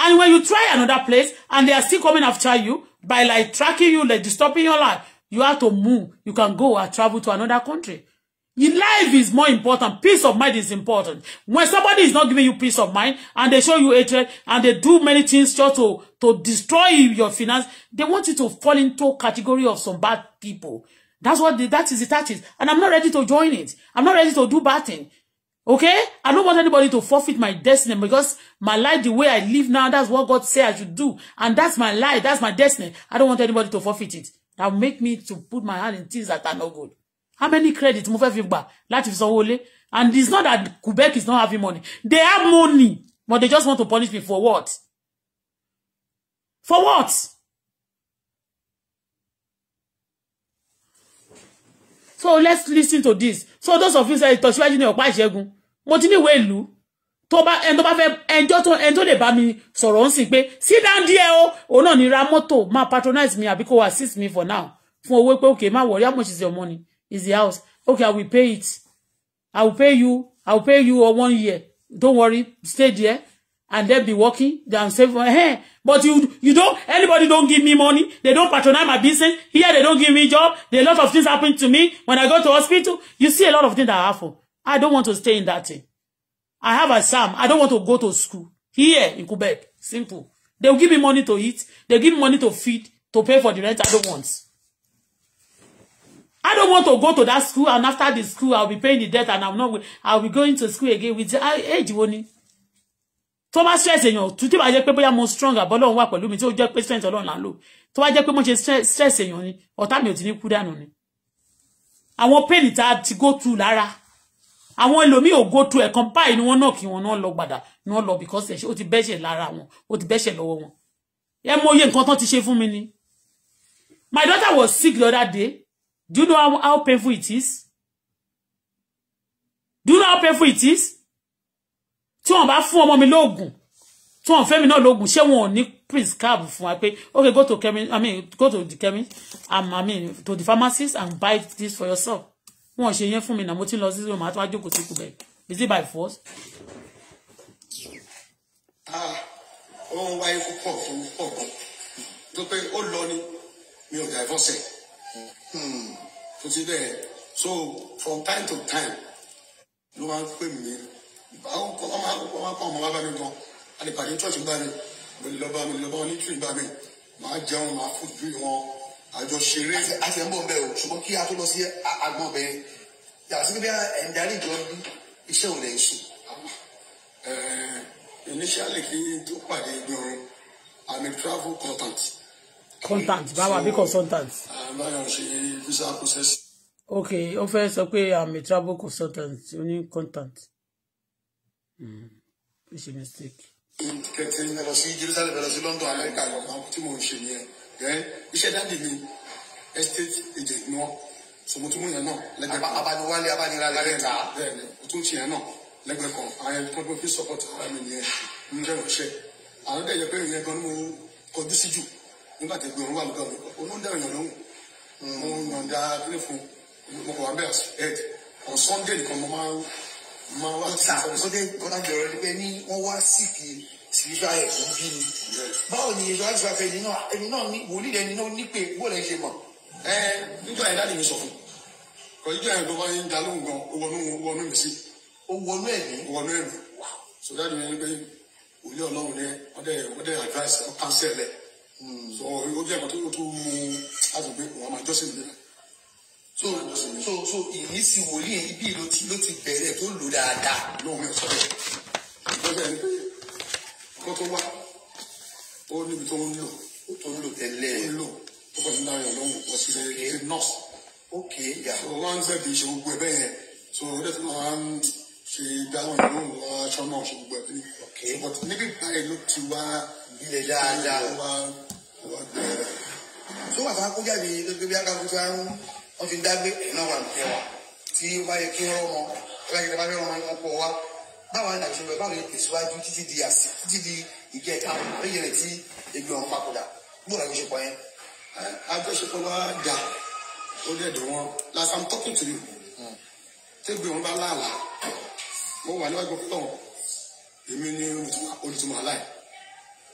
Speaker 1: And when you try another place and they are still coming after you by like tracking you, like disturbing your life, you have to move. You can go and travel to another country. Your life is more important. Peace of mind is important. When somebody is not giving you peace of mind and they show you hatred and they do many things just to, to destroy your finance, they want you to fall into a category of some bad people. That's what the, that is attached, And I'm not ready to join it. I'm not ready to do bad thing. Okay? I don't want anybody to forfeit my destiny because my life, the way I live now, that's what God said I should do. And that's my life. That's my destiny. I don't want anybody to forfeit it. That will make me to put my hand in things that are not good. How many credits mo fẹ́ fi gbà láti And it's not that Quebec is not having money. They have money, but they just want to punish me for what? For what? so let's listen to this so those of you say ìtọ̀síwájú ní ọ̀pá ìṣẹ́gun mo ti ní ìwé ìlú tó bá ẹni tó bá fẹ́ ẹnjọ́ tó ẹni tó lè bá mi sọ̀rọ̀ ń sìn sit down there o òun náà ni ra mọ́tò máa patronize me àbí kó assist me for now fún owó pé okay ma worry how much is your money is the house okay i will pay it i will pay you i will pay you for one year don't worry stay there and they be working and save for hey eh, but you you don't anybody don't give me money they don't patronize my business here they don't give me job there a lot of things happen to me when i go to hospital you see a lot of things that happen i don't want to stay in that thing i have a sam i don't want to go to school here in quebec simple they'll give me money to eat they give me money to feed to pay for the rent i don't want I don't want to go to that school and after the school I'll be paying the debt and I'm not I'll be going to school again with the age ah, eh, wo tó bá stress èèyàn tó tí bá jẹ́ pé bóyá mo strong àbọ́lọ́run wà pẹ̀lú mi tí ó jẹ́ pé strength ọlọ́run là ń lò tó bá jẹ́ pé mo ṣe stress èèyàn ni ọ̀tá mi ò ti ní kú dànù ni àwọn pain tá a ti go through Lara. àwọn ẹlòmíì ò go through ẹ̀kan báyìí ni wọ́n náà kí wọn náà lọ gbàdà ni wọ́n lọ because ó ti bẹ́ṣẹ̀ lára wọn ó ti bẹ́ṣẹ̀ lọ́wọ́ wọn ẹ mọ iye nǹkan tán ti ṣe fún mi ni my daughter was sick the other day do you know how, how painful it is do you know how painful it is tí wọ́n bá fún ọmọ mi lóògùn tí wọ́n fẹ́ mi náà lóògùn ṣé wọn ò ní prescribe fún wa pé okay go to chemist i mean go to the chemist um, i mean to the pharmacist and buy this for yourself wọn ò ṣe yẹn fún mi náà mo ti lọ sí ìwọ̀n àti wá jókòó sí kùbẹ̀ is it by force.
Speaker 2: ohun ah, wáyé púpọ̀ fún pọ̀ tó pé ó lọ ni mi ò divorce hmm, tó ti bẹ́ẹ̀ so from time to time ló máa ń pè mí àwọn kọ wọn máa wọn máa kọ ọmọ wa bá mi gan alìpàdé church gbà mí mo lọ bá mi lọ bá wọn ní tù gbà mí màá jẹun màá fún bí wọn àjọṣeré. a ti ń bọ̀ bẹ́ẹ̀ o ṣùgbọ́n kí a tó lọ sí agbọ̀n ọbẹ̀ yẹn bí ẹ̀ ń bí iṣẹ́ òun lè ṣe. initially kí tó pàdé ibi orin i'm a travel consultant.
Speaker 1: Consultant? báwa bí consultant.
Speaker 2: báyọ̀ ṣe visa process.
Speaker 1: ok ó fẹ́ sọ pé i'm a travel consultant oní contant ṣe mistake.
Speaker 2: kẹtì ń lọ sí Jerusalem lọ sí London America lọ àwọn tí mò ń ṣe nìyẹn then iṣẹ́ dáàdì mi estate agent ni wọn sọmọtúmù yẹn náà lẹ́gbẹ̀ẹ́ kan abaniwálé abanirálẹ ta bẹ́ẹ̀ ni o tún ti yẹn náà lẹ́gbẹ̀ẹ́ kan àwọn ẹni tó fi support ara mi nìyẹn ń jẹ ọṣẹ àwọn dẹjẹ pé ìyẹn gan ni mo kọjú sí jù nígbà tí gbọràn wà lọgàá mi olóńdà ìyàn lóhùn mo yànda kílẹ̀ fún mo kọ̀ wá bẹ́ẹ̀ on Sunday máa wá sí ọ̀sọ́dẹ̀ bọ́dà bẹ̀rẹ̀ nípa ẹni wọ́n wá sí kí spiritual ẹ̀ kò bí ni. báwo ni èso àti ìfàfẹ́ ẹni náà ẹni náà ní wòlíì ẹni náà ní pé bó lè ṣe mọ̀. ẹ nígbà yẹn láti mi sọ fún kò nígbà yẹn gbọ́dọ̀ yẹn da lóhùn gan wọnú wọnú mi sí. o wọnú ẹ̀mí. wọnú ẹ̀mí so dáàdi mi ní pé wòlíì ọlọ́run ní ọdẹ ọdẹ advice ọ cancel ẹ̀ hmm. so ó jẹ́ ìkọ́tún tó mú àtúgbé wọn máa jọ́sìn nílẹ̀ so so so ìmísí wòlíì ibi ló ti ló ti bẹ̀rẹ̀ tó lò dáadáa. lóun yẹn sọ̀rọ̀ ìgbésẹ̀ ni pé kó tó wá ó níbi tó ń lò ó tó ń lò tẹ́lẹ̀ ń lò ó kàn ń darí ọlọ́run ó sì lè nọ́ọ̀sì. ok yà. so wọ́n ń sẹ́bi ìṣe gbogbo ẹ̀ bẹ́ẹ̀ yẹn so ó dẹ́ tó máa ń ṣe dáhùn ìlú aṣọ náà ṣe gbogbo ẹ̀ bí. ok but níbi báyìí ló ti wá ilẹ̀ dáadáa. ó wá gbẹ̀rẹ̀. tó wà fún akójáde lọ́gbẹ́bí akáfíńtì wọ́n ti dágbé ẹ̀yin wà ní kẹwàá tí ó bá yẹ kí wọ́n rọ́mọ ọlọ́yẹ bá fẹ́ rọ́mọ ní ọkọ̀ wa báwa ni àti báwo ni tẹ̀síwájú títí di àsì títí di ìjẹta lẹ́yìn rẹ̀ tí ebi ọ̀hún papòdà gbọ́dọ̀ àjọṣepọ̀ yẹn. àjọṣepọ̀ wa dà ó dẹ̀ dùn wọn last I'm talking to you tẹ́gbẹ̀ẹ́ wọn bá láàlà mo wà níwájú pọ̀ èmi ni olùtumọ̀ aláì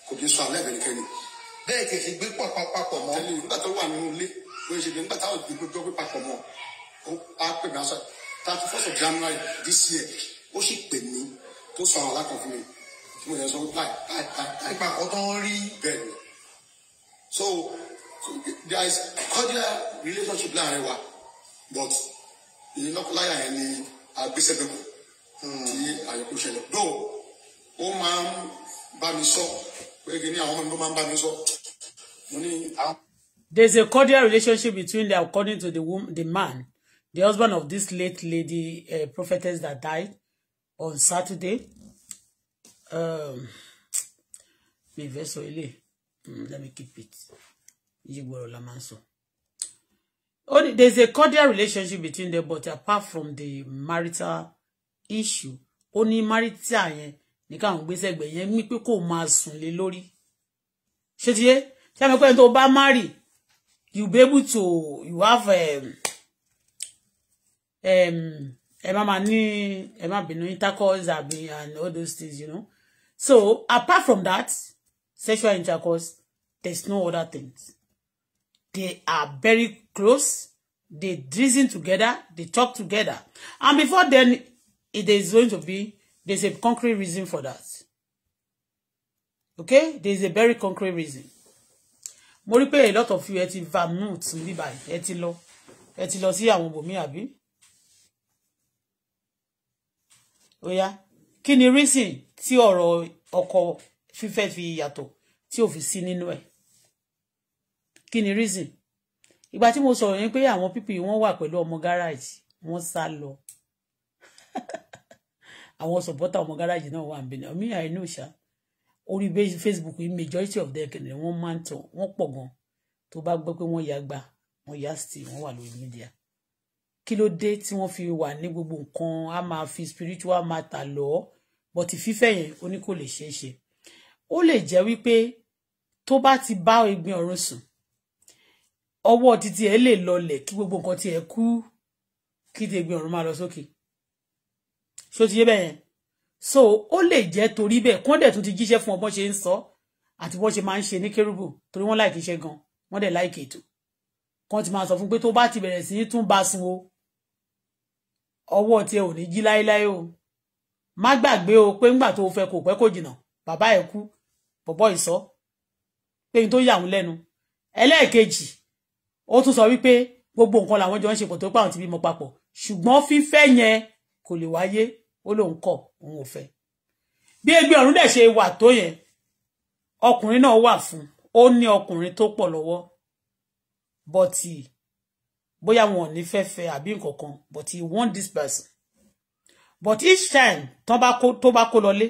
Speaker 2: kò kí n sọ alẹ́ bẹ̀rẹ̀ kẹ́ni. bẹ́ẹ̀ kì í ṣe gbé pọ̀ papọ̀ mọ́. nígbà tó wà nínú ilé bó ṣe lè nígbà táwọn ìgbìmọ̀ jọ pé papọ̀ mọ́ a pè mí aṣọ thirty first of January this year ó sì pè mí tó sọ àwọn alákan fún mi tí mo yẹ sọ báyìí báyìí báyìí. nípa àkọ́ tó ń rí bẹ́ẹ̀ so there is cordial relationship láàrin wa but ìlọ́kùnláyà yẹn ni agbésẹ́bẹ̀kù hmm. tí àyọkú ṣẹlẹ̀ dó ó máa ń bá mi sọ pé kí ni àwọn ọmọ mi ló máa ń bá mi sọ mo ní àwọn.
Speaker 1: There's a cordial relationship between the, according to the woman, the man, the husband of this late lady uh, prophetess that died on Saturday. Um, hmm, let me keep it. Only there's a cordial relationship between them, but apart from the marital issue, only marital yẹn ní káwọn gbèsè gbẹ yẹn mí pé kò máa sùn lé lórí. Ṣé ti yé? Ṣé àmì pé tó bá marry? you be able to you have um, um Emma Mani, Emma Binu intercourse Abby and all those things, you know. So apart from that, sexual intercourse, there's no other things. They are very close. They reason together. They talk together. And before then, it is going to be, there's a concrete reason for that. Okay? There's a very concrete reason mo rí pé a lot of you ẹ ti vamut bíbá ẹ ti lọ ẹ ti lọ sí àwọn bòmí àbí oya kí ni reason tí ọ̀rọ̀ ọkọ fífẹ́ fi yàtọ̀ tí ò fi sí nínú ẹ̀ kí ni reason ìgbà tí mo sọ̀rọ̀ yẹn pé àwọn pípì wọ́n wà pẹ̀lú ọmọ gáràjì wọ́n sá lọ àwọn sọ̀pọ́tà ọmọ gáràjì náà wà nbẹ̀ni ọmọ ìyá inú ìṣá orí Facebook majority of them kẹ̀lẹ́ wọ́n máa ń tàn wọ́n pọ̀ gan tó bá gbọ́ pé wọ́n ya gba wọ́n ya sí wọ́n wà lórí media kí ló dé tí wọ́n fi wà ní gbogbo nǹkan a máa fi spiritual matter lọ but fífẹ́ yẹn ó ní kò lè ṣeé ṣe ó lè jẹ́ wípé tó bá ti bá ẹ̀gbin ọ̀run sùn ọwọ́ títí ẹ lè lọlẹ̀ kí gbogbo nǹkan tí ẹ kú kí ti ẹ̀gbin ọ̀run máa lọ sókè ṣó ti yé bẹ́ẹ̀ yẹn so ó lè jẹ́ torí bẹ́ẹ̀ kán dẹ̀ tún ti jíṣẹ́ fún ọbọ̀n ṣe ń sọ àti bọ́n ṣe máa ń ṣe ní kérúbù torí wọ́n láìkí iṣẹ́ gan wọ́n dẹ̀ láìkí ètò kan ti máa sọ fún pé tó bá ti bẹ̀rẹ̀ sí tún bá sun o ọwọ́ tiẹ̀ ò ní jí láéláé o má gbàgbé o pé ńgbà tó o fẹ́ kò pẹ́ kò jìnnà bàbá ẹ̀ kú bọ̀bọ́ ìsọ pé n tó yà wọ́n lẹ́nu ẹlẹ́ẹ̀kejì ó tún sọ wípé gbogbo nǹkan làwọn jọ ń ṣe pọ̀ tó pàwọn ti bímọ papọ̀ ṣùgbọ́n fífẹ́ yẹn kò lè wáyé ó lóun kọ̀ òun ò fẹ́ bí ẹgbẹ́ ọ̀run dẹ̀ ṣe wà tó yẹn ọkùnrin náà wà fún ó ní ọkùnrin tó pọ̀ lọ́wọ́ bọ́tì bóyá wọn ní fẹ́ àbí nǹkankan but he want this person but each time tó bá kó tó bá kó lọlé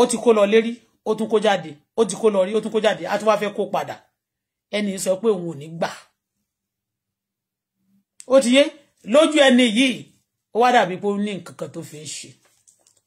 Speaker 1: ó ti kó lọlé rí ó tún kó jáde ó ti kó lọ rí ó tún kó jáde á tún wá fẹ́ kó padà ẹni sọ pé òun ò ní gbà ó ti yé lójú ẹni yìí ó wá dàbí pé ó ní nǹkan kan tó fi ń ṣe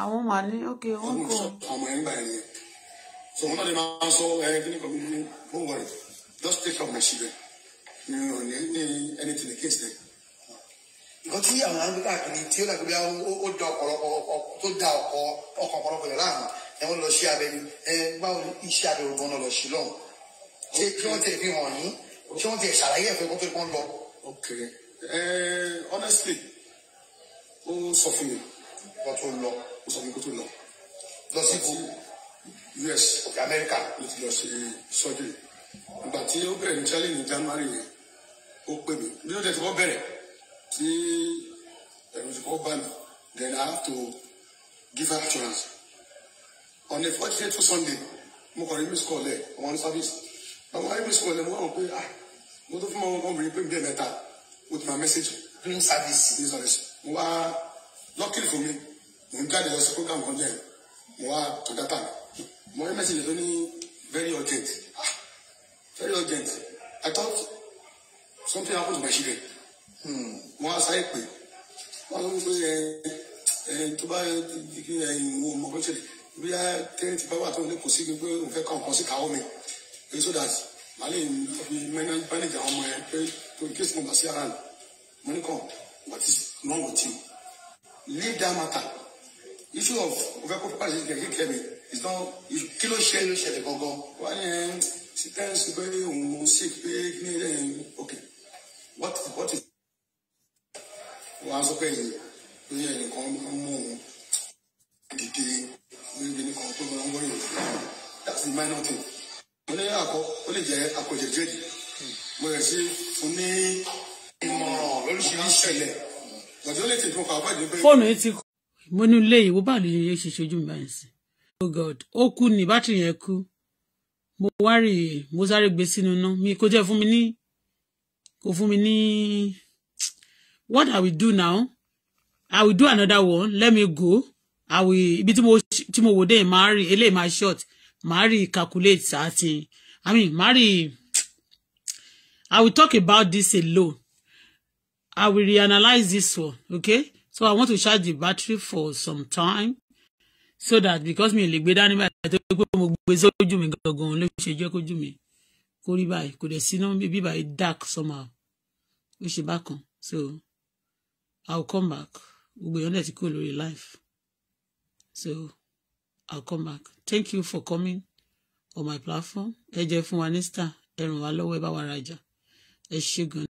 Speaker 1: àwọn mà ní ok wọn kò.
Speaker 2: ọmọ ẹ̀ ń gbà yẹn so wọn náà lè sọ ẹ kí ni kò no worry just take care of my children mi ò ní ní anything against them. nǹkan tí àwọn arúgbó káàkiri tí ó dàgbé ó da ọ̀pọ̀lọpọ̀ tó da ọ̀pọ̀ ọkọ̀ ọ̀pọ̀lọpọ̀ yẹn láàmú ẹ wọ́n lọ sí abẹ ni ẹ báwo iṣẹ́ abẹ ògbọ́n náà lọ sí lọ́hùn ṣé kí wọ́n tẹ̀ fi hàn yín ṣé wọ́n tẹ̀ ṣàlàyé ẹ̀fẹ́ kó tó kán lọ. okay uh, honestly ó sọ fún mi wọ́n tó lọ ó sọ fún mi kó tó lọ lọ sí US òkè Amẹ́ríkà ló ti lọ ṣe sọ́jú ìgbà tí ó bẹ̀rẹ̀ ní challenge ní January yẹn ó pè mí nínú tẹ̀sí wọ́n bẹ̀rẹ̀ tí ẹ̀rù ti then I have to give her chance on a fortunate Sunday mo kàn rí miss call ẹ̀ wọn service àwọn ayé miss call ẹ̀ mo rò pé ah mo tó fún ọmọ ọmọbìnrin pé mi bẹ́ẹ̀ mẹ́ta with my message. service. mo wá luckily for me mo ń jáde lọ sí program kan jẹ́ mo wá tó dátà mi mo rí mẹ́sàgì tó ní very urgent ah, very urgent I thought something happened to my children hmm, mo wá sáré pé wọ́n ló ń gbé ẹ ẹ tó bá ẹ eh, ìwọ ọmọ kan ṣẹlẹ̀ bí a tẹ́lẹ̀ ti bá wà tó ní kò sí pé òun fẹ́ kọ́ nǹkan sí káwọ́ mi èyí eh, so that màá lè fi mẹ́nẹ́jà ọmọ ẹ pé tó in case mo bá sí ara nù mo ní kàn what is wrong with you leave that matter issue of òfẹ́ kó pàṣẹ kẹ̀kẹ́ kẹ̀mí is not kí ló ṣe ló ṣẹlẹ̀ gangan wà ní ẹ̀ sí tẹ́ǹsì pé òun sì pé ní ẹ̀ ok what what is wọ́n á sọ pé yìí lórí ẹnìkan ń mú òun dìde lórí ẹnìkan tó máa ń wọ́n yìí that's the minor thing mo ní àkọ ó lè jẹ́ àkọjẹ̀jẹ̀ yìí mo rẹ̀ sí fún ní ìmọ̀ràn lóríṣiríṣi ìṣẹ̀lẹ̀ gbàdúrà lè tètè fún kàwé pàdé pé.
Speaker 1: fóònù yìí ti kú mo ní ilé ìwọ báwo lè ṣe ṣojú mi báyìí sí oh god ó kú ní bátìrì yẹn kú mo wá rè mo sáré gbé sínú iná mi kò jẹ́ fún mi ní kò fún mi ní what i will do now i will do another one let me go i will ibi tí mo tí mo wò dé màá rí eléyìí máa short màá rí calculate àti i mean màá rí i will talk about this alone i will reanalyze this one okay so i want to charge the battery for some time so that because mi ò lè gbé dání to tó gbé mo gbé sójú mi gangan ló ṣe jẹ́ kójú mi kó rí báyìí kò dẹ̀ sí náà bí báyìí dark somehow ó ṣe bákan so I'll come back gbogbo èèyàn dẹ̀ ti kúrò lórí life so I'll come back thank you for coming on my platform ẹ jẹ́ fún wa ní star ẹ ràn wá lọ́wọ́ ẹ bá wa rajà ẹ ṣé gan.